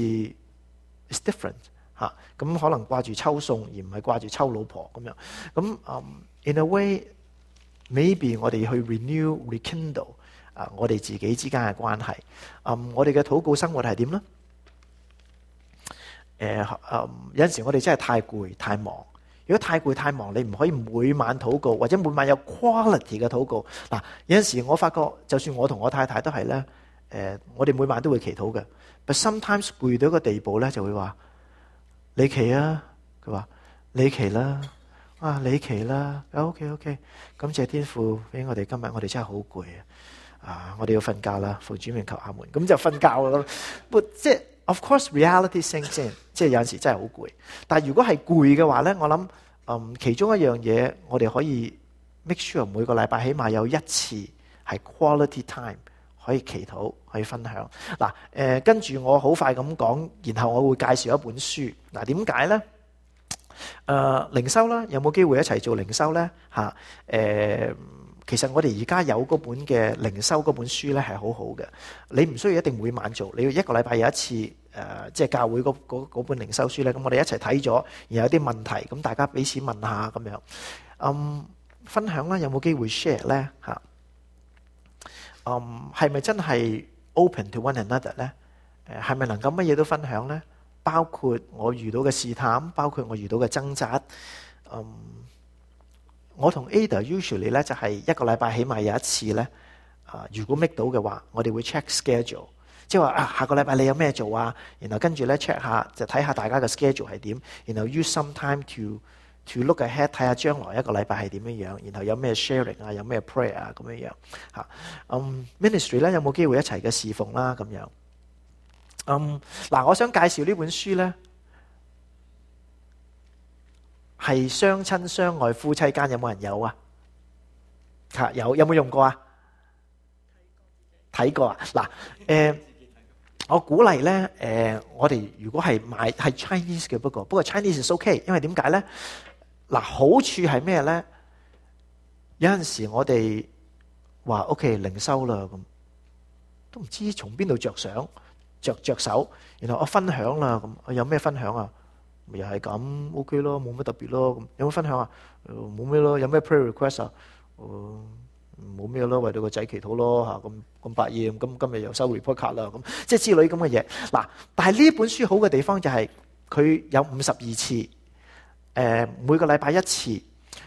S1: is different。吓、啊，咁可能掛住抽送而唔係掛住抽老婆咁樣。咁、um, in a way，maybe 我哋去 renew，rekindle 啊，我哋自己之間嘅關係、啊。我哋嘅禱告生活係點咧？誒、啊，嗯、啊，有陣時我哋真係太攰太忙。如果太攰太忙，你唔可以每晚禱告或者每晚有 quality 嘅禱告。嗱、啊，有陣時我發覺，就算我同我太太都係咧，誒、啊，我哋每晚都會祈禱嘅。But sometimes 攰到一個地步咧，就會話。李奇啊，佢話李奇啦，啊李奇啦，啊 OK OK，感謝天父。俾我哋今日我哋真係好攰啊，啊我哋要瞓覺啦，奉主名求下門，咁就瞓覺啦。不即係 Of course reality sinks in 即係即係有陣時真係好攰，但係如果係攰嘅話咧，我諗嗯其中一樣嘢我哋可以 make sure 每個禮拜起碼有一次係 quality time。可以祈禱，可以分享。嗱、啊，誒、呃，跟住我好快咁講，然後我會介紹一本書。嗱、啊，點解呢？誒、呃，靈修啦，有冇機會一齊做靈修呢？吓、啊，誒、呃，其實我哋而家有嗰本嘅靈修嗰本書呢，係好好嘅。你唔需要一定每晚做，你要一個禮拜有一次。誒、呃，即係教會嗰本，本靈修書呢。咁我哋一齊睇咗，然後有啲問題，咁大家彼此問下咁樣。嗯，分享啦，有冇機會 share 呢？吓、啊。嗯，係咪真係 open to one another 呢？誒，係咪能夠乜嘢都分享呢？包括我遇到嘅試探，包括我遇到嘅掙扎。Um, 我同 Ada usually 呢，就係一個禮拜起碼有一次呢。如果 make 到嘅話，我哋會 check schedule，即係話啊，下個禮拜你有咩做啊？然後跟住呢 check 下就睇下大家嘅 schedule 係點，然後 use some time to to look ahead，睇下將來一個禮拜係點樣樣，然後有咩 sharing 啊，有咩 prayer 啊，咁樣樣嚇。嗯，ministry 咧，有冇機會一齊嘅侍奉啦，咁樣。嗯，嗱，我想介紹呢本書咧，係相親相愛夫妻間，有冇人有啊？嚇，有，有冇用過啊？睇過啊？嗱，誒，我鼓勵咧，誒，我哋如果係買係 Chinese 嘅，不過不過 Chinese 係 OK，因為點解咧？嗱，好處係咩咧？有陣時我哋話屋企靈修啦，咁都唔知從邊度着想，着着手，然後我分享啦，咁有咩分享啊？咪又係咁 O K 咯，冇乜特別咯，咁有冇分享啊？冇咩咯，有咩 pray request 啊？冇咩咯，為到個仔祈禱咯，吓咁咁百厭，咁今日又收 report 卡啦。咁即係之類咁嘅嘢。嗱，但係呢本書好嘅地方就係佢有五十二次。誒，每個禮拜一次，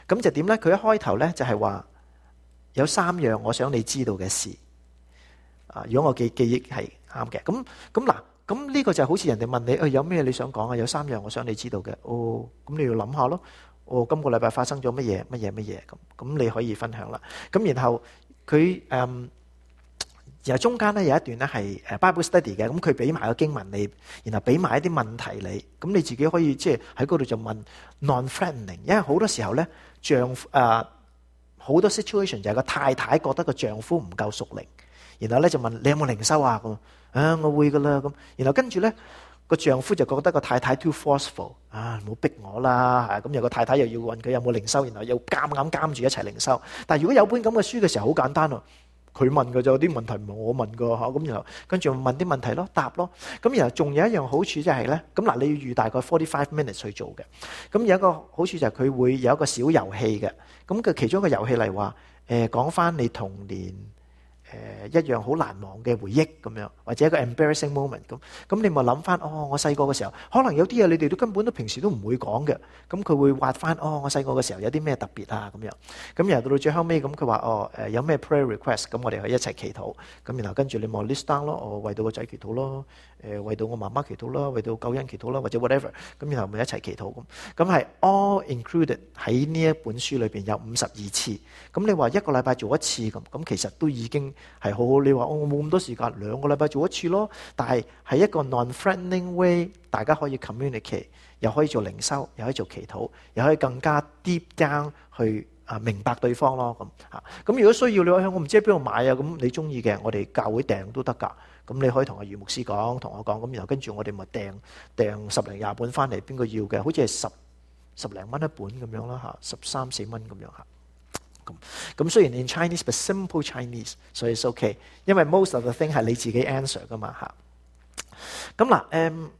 S1: 咁就點咧？佢一開頭咧就係話有三樣我想你知道嘅事，啊，如果我記記憶係啱嘅，咁咁嗱，咁呢個就好似人哋問你，誒，有咩你想講啊？有三樣我想你知道嘅，哦，咁你要諗下咯，哦，今個禮拜發生咗乜嘢，乜嘢乜嘢咁，咁你可以分享啦。咁然後佢誒。然後中間咧有一段咧係誒 Bible Study 嘅，咁佢俾埋個經文給你，然後俾埋一啲問題你，咁你自己可以即係喺嗰度就問 non-threatening 因為好多時候咧丈夫誒好、呃、多 situation 就係個太太覺得個丈夫唔夠熟靈，然後咧就問你有冇靈修啊咁，啊我會噶啦咁，然後跟住咧個丈夫就覺得個太,太太 too forceful，啊冇逼我啦，咁又個太太又要問佢有冇靈修？」然後又監硬監住一齊靈修。但係如果有本咁嘅書嘅時候好簡單喎、啊。佢問嘅有啲問題唔係我問嘅嚇，咁然後跟住問啲問題咯，答咯，咁然後仲有一樣好處就係咧，咁嗱你要預大概 forty five minutes 去做嘅，咁有一個好處就係、是、佢會有一個小遊戲嘅，咁佢其中一個遊戲嚟，話誒講翻你童年。誒、呃，一樣好難忘嘅回憶咁樣，或者一個 embarrassing moment 咁，咁你咪諗翻哦，我細個嘅時候，可能有啲嘢你哋都根本都平時都唔會講嘅，咁佢會挖翻哦，我細個嘅時候有啲咩特別啊咁樣，咁然後到到最後尾咁佢話哦，誒、呃、有咩 prayer request，咁我哋去一齊祈禱，咁然後跟住你望 list down 咯、哦，哦為到個仔祈禱咯，誒、呃、為到我媽媽祈禱咯，為到救恩祈禱咯，或者 whatever，咁然後咪一齊祈禱咁，咁係 all included 喺呢一本書裏邊有五十二次，咁你話一個禮拜做一次咁，咁其實都已經。係好好，你話我冇咁多時間，兩個禮拜做一次咯。但係係一個 non-threatening way，大家可以 communicate，又可以做靈修，又可以做祈禱，又可以更加 deep down 去啊，明白對方咯咁吓。咁如果需要你話，我唔知喺邊度買啊？咁你中意嘅，我哋教會訂都得噶。咁你可以同阿余牧師講，同我講。咁然後跟住我哋咪訂訂十零廿本翻嚟，邊個要嘅？好似係十十零蚊一本咁樣啦吓，十三四蚊咁樣吓。咁咁雖然 in Chinese，but simple Chinese，所以係 okay。因為 most of the thing 係你自己 answer 噶嘛吓。咁嗱，誒、嗯，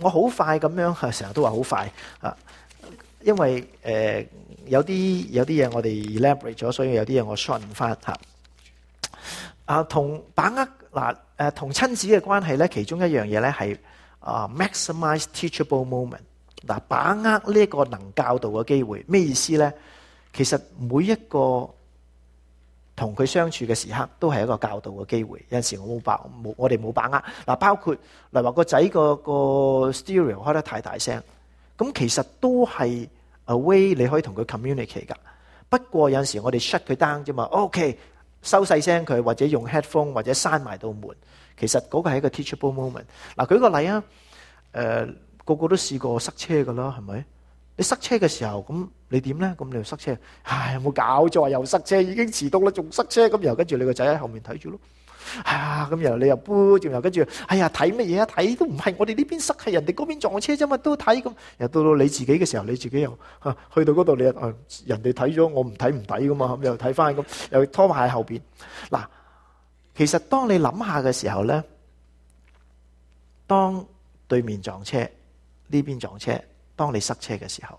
S1: 我好快咁樣，啊、成日都話好快啊。因為誒、呃，有啲有啲嘢我哋 elaborate 咗，所以有啲嘢我 short 唔翻吓。啊，同把握嗱誒、啊啊，同親子嘅關係咧，其中一樣嘢咧係啊 maximize teachable moment 嗱、啊，把握呢個能教導嘅機會，咩意思咧？其實每一個同佢相處嘅時刻，都係一個教導嘅機會。有陣時我冇把，冇我哋冇把握。嗱，包括例如話個仔個個 stereo 開得太大聲，咁其實都係 a way 你可以同佢 communicate 㗎。不過有陣時我哋 shut 佢 down 啫嘛。OK，收細聲佢，或者用 headphone，或者閂埋道門。其實嗰個係一個 teachable moment。嗱，舉個例啊，誒、呃，個個都試過塞車㗎啦，係咪？你塞車嘅時候咁。你點咧？咁你又塞車，唉，冇搞錯又塞車，已經遲到啦，仲塞車咁，又跟住你個仔喺後面睇住咯，啊咁，然後你又，仲又跟住，哎呀睇乜嘢啊？睇都唔係我哋呢邊塞，係人哋嗰邊撞車啫嘛，都睇咁。又到到你自己嘅時候，你自己又，去到嗰度你啊，人哋睇咗我唔睇唔抵㗎嘛，又睇返咁，又拖埋喺後邊。嗱，其實當你諗下嘅時候咧，當對面撞車，呢邊撞車，當你塞車嘅時候。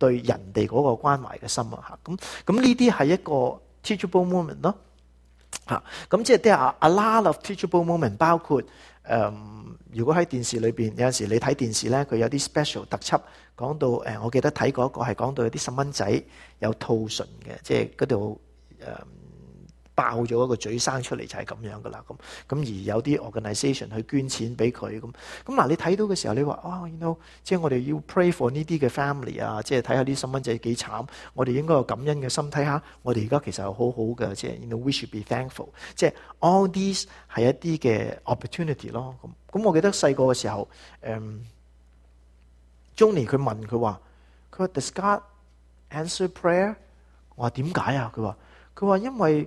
S1: 對人哋嗰個關懷嘅心啊嚇。咁咁呢啲係一個 teachable moment 咯嚇。咁即係啲啊 a lot of teachable moment，包括誒、呃，如果喺電視裏邊有時你睇電視咧，佢有啲 special 特輯講到誒、呃，我記得睇過一個係講到有啲細蚊仔有兔唇嘅，即係嗰度誒。呃爆咗一個嘴生出嚟就係咁樣噶啦，咁咁而有啲 organisation 去捐錢俾佢，咁咁嗱你睇到嘅時候你，你話哦，you know，即係我哋要 pray for 呢啲嘅 family 啊，即係睇下啲細蚊仔幾慘，我哋應該有感恩嘅心睇下，我哋而家其實係好好嘅，即係 you know，we should be thankful，即係 all these 係一啲嘅 opportunity 咯。咁咁我記得細個嘅時候，嗯，Johnny 佢問佢話，佢話 Does God answer prayer？我話點解啊？佢話佢話因為。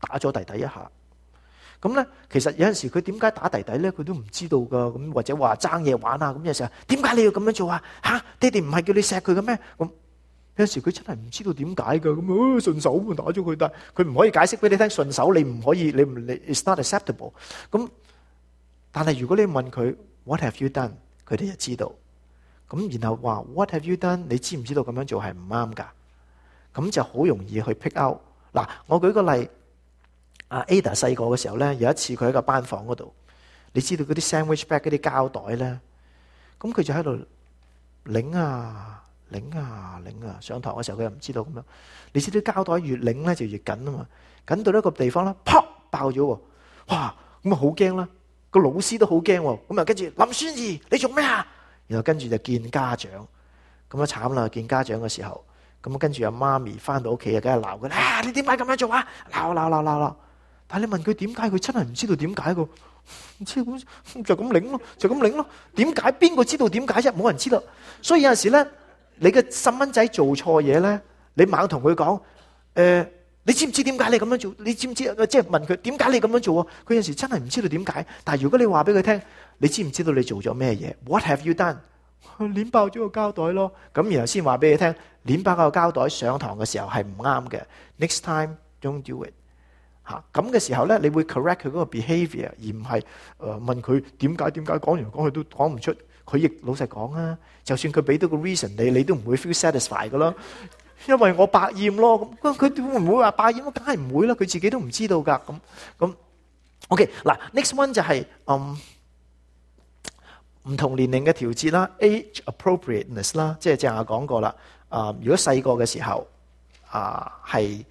S1: 打咗弟弟一下，咁咧，其實有陣時佢點解打弟弟咧，佢都唔知道噶，咁或者話爭嘢玩啊，咁嘅時候，點解你要咁樣做啊？吓，爹哋唔係叫你錫佢嘅咩？咁有陣時佢真係唔知道點解噶，咁啊順手咁打咗佢，但係佢唔可以解釋俾你聽順手，你唔可以，你唔，你 It's not acceptable。咁但係如果你問佢 What have you done？佢哋就知道。咁然後話 What have you done？你知唔知道咁樣做係唔啱噶？咁就好容易去 pick out。嗱，我舉個例。阿 Ada 細個嘅時候咧，有一次佢喺個班房嗰度，你知道嗰啲 sandwich bag 嗰啲膠袋咧，咁佢就喺度擰啊擰啊擰啊，上堂嘅時候佢又唔知道咁樣，你知道膠袋越擰咧就越緊啊嘛，緊到一個地方咧，砰爆咗喎，哇，咁啊好驚啦，個老師都好驚，咁啊跟住林宣儀你做咩啊？然後跟住就見家長，咁啊慘啦，見家長嘅時候，咁啊跟住阿媽咪翻到屋企又梗係鬧佢，啊你點解咁樣做啊？鬧鬧鬧鬧。但係你問佢點解，佢真係唔知道點解噶，唔知咁就咁領咯，就咁領咯。點解？邊個知道點解啫？冇人知道。所以有陣時咧，你嘅細蚊仔做錯嘢咧，你猛同佢講，誒、呃，你知唔知點解你咁樣做？你知唔知？即係問佢點解你咁樣做？佢有陣時真係唔知道點解。但係如果你話俾佢聽，你知唔知道你做咗咩嘢？What have you done？佢捏爆咗個膠袋咯。咁然後先話俾你聽，捏爆個膠袋上堂嘅時候係唔啱嘅。Next time don't do it。嚇咁嘅時候咧，你會 correct 佢嗰個 behaviour，而唔係誒問佢點解點解，講完講佢都講唔出。佢亦老實講啊，就算佢俾到個 reason 你，你都唔會 feel satisfied 噶啦，因為我百厭咯。咁佢佢會唔會話百厭？我梗係唔會啦，佢自己都唔知道噶。咁、嗯、咁，OK 嗱，next one 就係、是、唔、嗯、同年齡嘅調節啦，age appropriateness 啦，即係正話講過啦。啊，如果細個嘅時候啊，係、呃。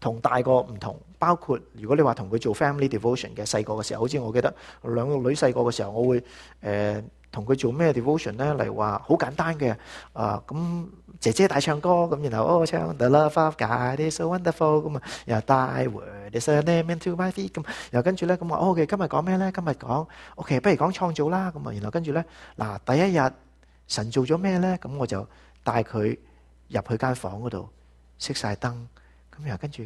S1: 同大個唔同，包括如果你話同佢做 family devotion 嘅細個嘅時候，好似我記得兩個女細個嘅時候，我會誒同佢做咩 devotion 咧例如話好簡單嘅啊，咁姐姐帶唱歌咁，然後哦唱 The Love of God is so wonderful 咁啊，然後帶回 Thy Word is a lamp unto my feet 咁，然後跟住咧咁話哦，OK 今日講咩咧？今日講 OK，不如講創造啦咁啊，然後跟住咧嗱，第一日神做咗咩咧？咁我就帶佢入去間房嗰度熄晒燈。咁又跟住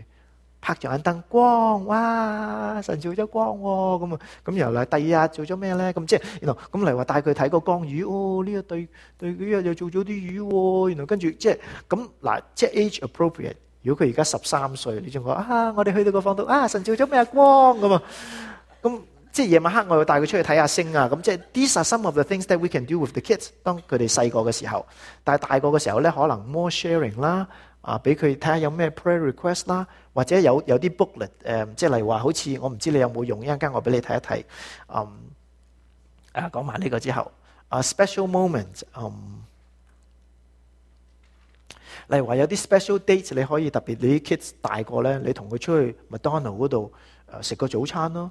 S1: 拍住盞燈光，哇！神照咗光喎，咁啊咁又嚟。第二日做咗咩咧？咁即係原來咁嚟話帶佢睇個光魚哦。呢個對對佢又又做咗啲魚。原來跟住即係咁嗱，即係 age appropriate。如果佢而家十三歲，你仲話啊，我哋去到個房度啊，神照咗咩光咁啊？咁即係夜晚黑我會帶佢出去睇下星啊。咁即係 These are some of the things that we can do with the kids 當佢哋細個嘅時候，但係大個嘅時候咧，可能 more sharing 啦。啊！俾佢睇下有咩 prayer request 啦，或者有有啲 booklet 誒、呃，即係例如話好似我唔知你有冇用，一陣間我俾你睇一睇。講埋呢個之後，啊，special moment，嗯，例如話有啲 special date，你可以特別你啲 kids 大個咧，你同佢出去麥當勞嗰度誒食個早餐咯。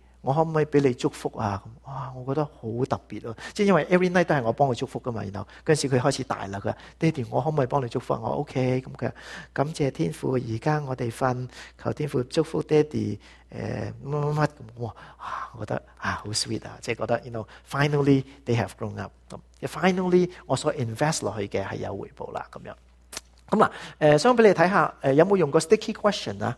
S1: 我可唔可以俾你祝福啊？哇，我覺得好特別咯、啊！即係因為 every night 都係我幫佢祝福㗎嘛。然後嗰陣時佢開始大啦，佢話：爹哋，我可唔可以幫你祝福我？OK，咁佢話感謝天父。而家我哋瞓，求天父祝福爹哋。誒乜乜乜咁，哇！我覺得啊好 sweet 啊，即係覺得 you know finally they have grown up。咁 finally 我所 invest 落去嘅係有回報啦咁樣。咁啦，誒、呃，想俾你睇下，誒、呃、有冇用過 sticky question 啊？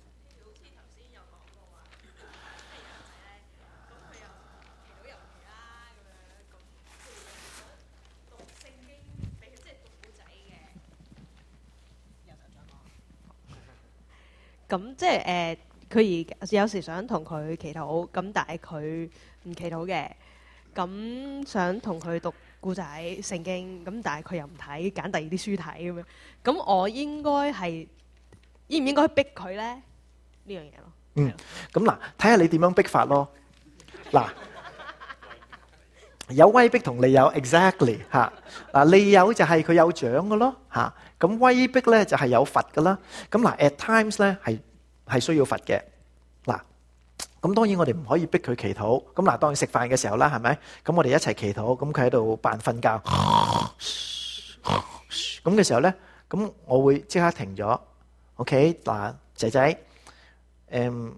S3: 咁即係誒，佢而有時想同佢祈禱，咁但係佢唔祈禱嘅。咁想同佢讀故仔聖經，咁但係佢又唔睇，揀第二啲書睇咁樣。咁我應該係應唔應該逼佢呢？呢樣嘢咯。嗯，
S1: 咁嗱，睇下你點樣逼法咯。嗱，有威逼同利誘，Exactly 嚇。嗱，利誘就係佢有獎嘅咯，嚇。咁威逼咧就係有罰㗎啦，咁嗱 at times 咧係係需要罰嘅，嗱，咁當然我哋唔可以逼佢祈禱，咁嗱當你食飯嘅時候啦，係咪？咁我哋一齊祈禱，咁佢喺度扮瞓覺，咁嘅時候咧，咁我會即刻停咗，OK 嗱仔仔，誒。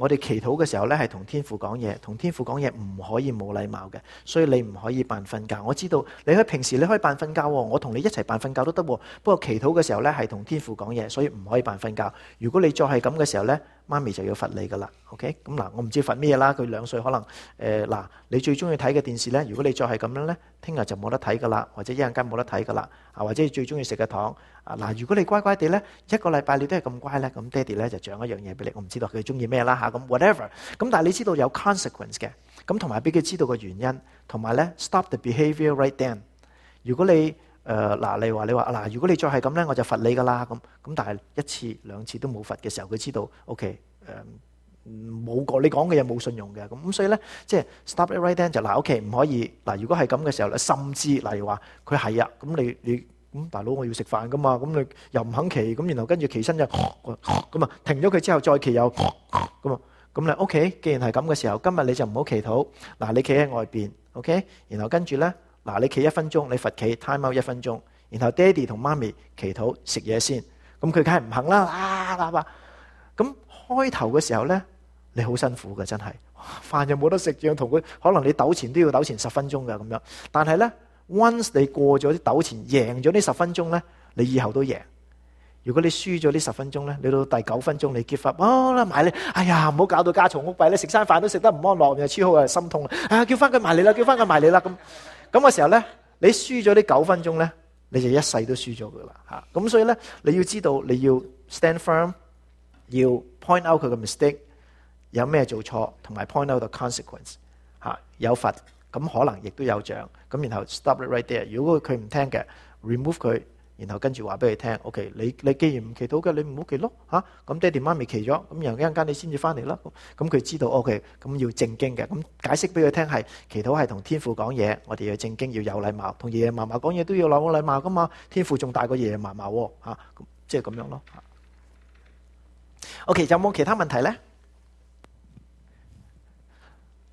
S1: 我哋祈禱嘅時候咧，係同天父講嘢，同天父講嘢唔可以冇禮貌嘅，所以你唔可以扮瞓覺。我知道你喺平時你可以扮瞓覺喎，哦，我同你一齊扮瞓覺都得喎。不過祈禱嘅時候咧，係同天父講嘢，所以唔可以扮瞓覺。如果你再係咁嘅時候咧，媽咪就要罰你噶啦。OK，咁、嗯、嗱，我唔知罰咩啦。佢兩歲可能誒嗱、呃，你最中意睇嘅電視咧，如果你再係咁樣咧，聽日就冇得睇噶啦，或者一陣間冇得睇噶啦，啊或者你最中意食嘅糖。嗱，如果你乖乖哋咧，一個禮拜你都係咁乖咧，咁爹哋咧就獎一樣嘢俾你。我唔知道佢中意咩啦吓，咁 whatever。咁但係你知道有 consequence 嘅，咁同埋俾佢知道個原因，同埋咧 stop the behaviour right then。如果你誒嗱，你話你話嗱，如果你再係咁咧，我就罰你噶啦咁。咁但係一次兩次都冇罰嘅時候，佢知道 OK 誒冇過你講嘅嘢冇信用嘅。咁咁所以咧，即係 stop it right then 就嗱 OK 唔可以嗱。如果係咁嘅時候咧，甚至例如話佢係啊，咁你你。咁大佬我要食飯噶嘛，咁你又唔肯企，咁然後跟住企身就咁啊，停咗佢之後再企又咁啊，咁咧，OK，既然係咁嘅時候，今日你就唔好祈禱，嗱，你企喺外邊，OK，然後跟住咧，嗱，你企一分鐘，你罰企 time out 一分鐘，然後爹哋同媽咪祈禱食嘢先，咁佢梗係唔肯啦，啊啦吧，咁開頭嘅時候咧，你好辛苦㗎真係，飯又冇得食，要同佢，可能你糾纏都要糾纏十分鐘噶咁樣，但係咧。Once 你過咗啲豆錢，贏咗呢十分鐘咧，你以後都贏。如果你輸咗呢十分鐘咧，你到第九分鐘你 give up 哦啦買你！哎呀唔好搞到家嘈屋閉咧，食餐飯都食得唔安樂，又超好又心痛啊、哎！叫翻佢埋你啦，叫翻佢埋你啦咁。咁嘅、那個、時候咧，你輸咗呢九分鐘咧，你就一世都輸咗佢啦嚇。咁、啊、所以咧，你要知道你要 stand firm，要 point out 佢嘅 mistake，有咩做錯，同埋 point out 個 consequence 嚇、啊，有罰。咁可能亦都有獎，咁然後 stop it right there。如果佢唔聽嘅，remove 佢，然後跟住話俾佢聽，OK，你你既然唔祈禱嘅，你唔好祈咯嚇。咁爹哋媽咪祈咗，咁又一陣間你先至翻嚟啦。咁佢知道 OK，咁要正經嘅，咁解釋俾佢聽係祈禱係同天父講嘢，我哋要正經，要有禮貌，同爺爺嫲嫲講嘢都要留個禮貌噶嘛。天父仲大過爺爺嫲嫲喎嚇，即係咁樣咯嚇。OK，有冇其他問題咧？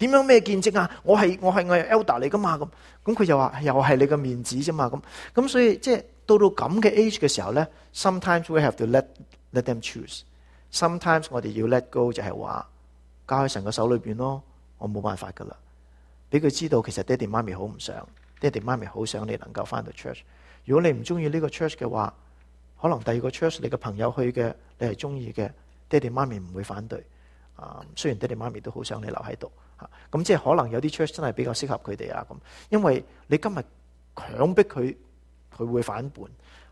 S1: 點樣咩見證啊？我係我係我係 elder 嚟噶嘛？咁咁佢就話又係你個面子啫嘛？咁咁所以即係、就是、到到咁嘅 age 嘅時候咧，sometimes we have to let let them choose。sometimes 我哋要 let go 就係話交喺神嘅手裏邊咯，我冇辦法噶啦。俾佢知道其實爹哋媽咪好唔想，爹哋媽咪好想你能夠翻到 church。如果你唔中意呢個 church 嘅話，可能第二個 church 你嘅朋友去嘅，你係中意嘅，爹哋媽咪唔會反對。啊，雖然爹哋媽咪都好想你留喺度。咁即係可能有啲 church 真係比較適合佢哋啊咁，因為你今日強迫佢，佢會反叛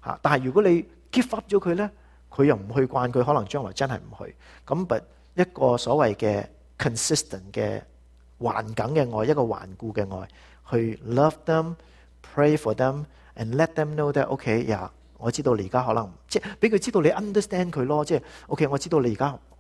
S1: 吓。但係如果你 give up 咗佢咧，佢又唔去慣，佢可能將來真係唔去。咁 but 一個所謂嘅 consistent 嘅環境嘅愛，一個頑固嘅愛，去 love them，pray for them，and let them know that OK，呀，yeah，我知道你而家可能即係俾佢知道你 understand 佢咯，即係 OK，我知道你而家。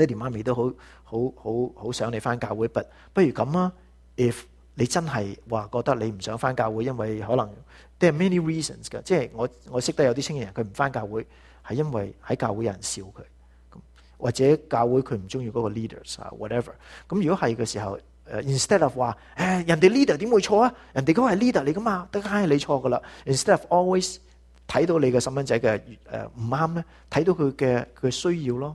S1: 爹哋媽咪都好好好好想你翻教會，But 不如咁啊？If 你真係話覺得你唔想翻教會，因為可能 there are many reasons 噶，即係我我識得有啲青年人，佢唔翻教會係因為喺教會有人笑佢，或者教會佢唔中意嗰個 leaders 啊，whatever。咁如果係嘅時候，誒 instead of 話誒人哋 leader 點會錯啊？人哋嗰個係 leader 嚟噶嘛，得梗係你錯噶啦。Instead of always 睇到你嘅細蚊仔嘅誒唔啱咧，睇到佢嘅佢需要咯。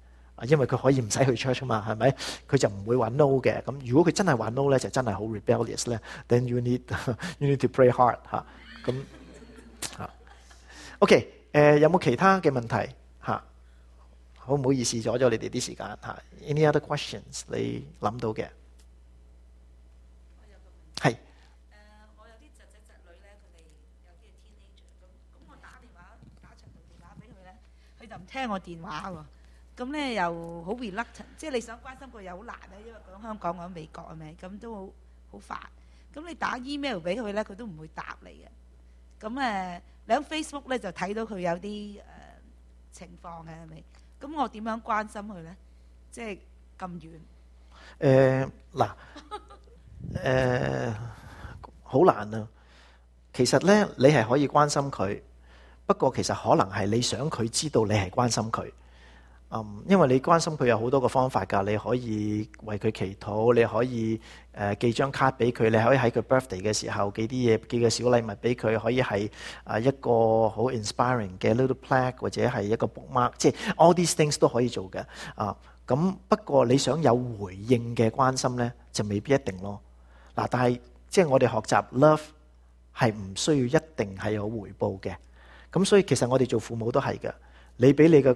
S1: 因為佢可以唔使去 church 啊嘛，係咪？佢就唔會話 no 嘅。咁如果佢真係話 no 咧，就真係好 rebellious 咧。Then you need you need to pray hard 嚇、啊。咁、啊、嚇。 OK，誒、呃、有冇其他嘅問題嚇、啊？好唔好意思，阻咗你哋啲時間嚇、啊。Any other questions？你諗到嘅係。我有啲、uh, 侄仔侄，侄女咧，佢哋有啲 teenager，咁咁我打電話打
S3: 長途電話俾佢咧，佢就唔聽我電話喎。咁咧又好 reluctant，即係你想關心佢又好難啊。因為講香港，講美國係咪？咁都好煩。咁你打 email 俾佢咧，佢都唔會答你嘅。咁誒，你喺 Facebook 咧就睇到佢有啲誒情況嘅係咪？咁我點樣關心佢咧？即係咁遠
S1: 誒嗱誒，好難啊。其實咧，你係可以關心佢，不過其實可能係你想佢知道你係關心佢。嗯、因為你關心佢有好多個方法㗎。你可以為佢祈禱，你可以誒、呃、寄張卡俾佢，你可以喺佢 birthday 嘅時候寄啲嘢，寄個小禮物俾佢，可以係啊一個好 inspiring 嘅 little plaque 或者係一個 bookmark，即係 all these things 都可以做嘅啊。咁不過你想有回應嘅關心呢，就未必一定咯嗱、啊。但係即係我哋學習 love 係唔需要一定係有回報嘅咁，所以其實我哋做父母都係嘅。你俾你嘅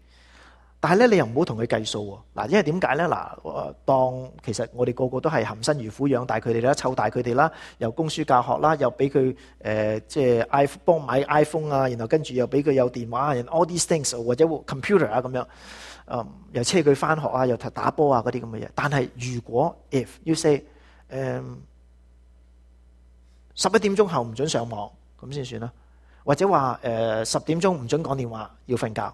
S1: 但係咧，你又唔好同佢計數喎。嗱，因為點解咧？嗱，當其實我哋個個都係含辛茹苦養大佢哋啦，湊大佢哋啦，又供書教學啦，又俾佢誒即係 iPhone 幫買 iPhone 啊，然後跟住又俾佢有電話啊，然後 all these things 或者 computer 啊咁樣，嗯、呃，又車佢翻學啊，又打波啊嗰啲咁嘅嘢。但係如果 if you say 誒十一點鐘後唔准上網，咁先算啦。或者話誒十點鐘唔准講電話，要瞓覺。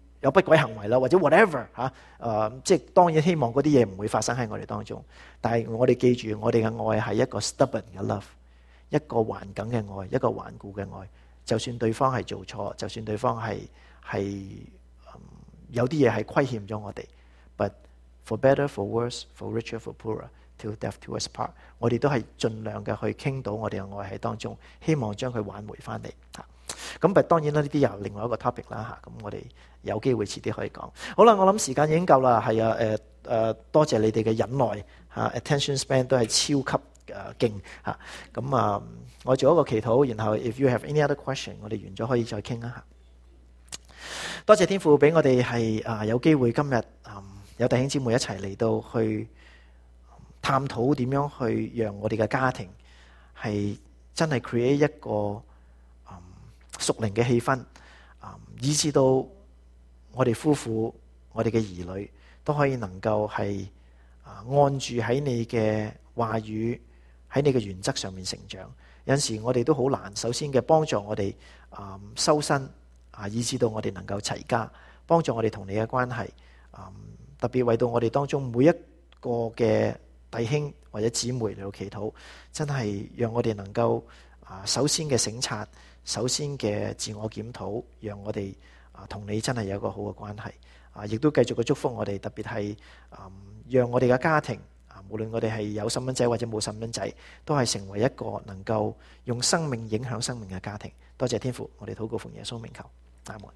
S1: 有不軌行為啦，或者 whatever 嚇、啊，誒、嗯，即係當然希望嗰啲嘢唔會發生喺我哋當中。但係我哋記住，我哋嘅愛係一個 stubborn 嘅 love，一個頑梗嘅愛，一個頑固嘅愛。就算對方係做錯，就算對方係係有啲嘢係虧欠咗我哋，but for better for worse for richer for poorer till death till us part，我哋都係盡量嘅去傾到我哋嘅愛喺當中，希望將佢挽回翻嚟嚇。咁咪當然啦，呢啲又另外一個 topic 啦吓，咁、啊、我哋有機會遲啲可以講。好啦，我諗時間已經夠啦，係啊，誒、呃、誒，多謝你哋嘅忍耐吓、啊、，attention span 都係超級誒勁吓。咁啊、啊，我做一個祈禱，然後 if you have any other question，我哋完咗可以再傾啦吓。多謝天父俾我哋係啊有機會今日、嗯、有弟兄姊妹一齊嚟到去探討點樣去讓我哋嘅家庭係真係 create 一個。屬靈嘅氣氛，啊，以致到我哋夫婦、我哋嘅兒女都可以能夠係啊，按住喺你嘅話語喺你嘅原則上面成長。有陣時我哋都好難，首先嘅幫助我哋啊，修身啊，以致到我哋能夠齊家，幫助我哋同你嘅關係啊，特別為到我哋當中每一個嘅弟兄或者姊妹嚟到祈禱，真係讓我哋能夠啊，首先嘅省察。首先嘅自我檢討，讓我哋啊同你真係有一個好嘅關係啊，亦都繼續嘅祝福我哋，特別係啊，讓我哋嘅家庭啊，無論我哋係有細蚊仔或者冇細蚊仔，都係成為一個能夠用生命影響生命嘅家庭。多謝天父，我哋禱告奉耶穌名求，阿門。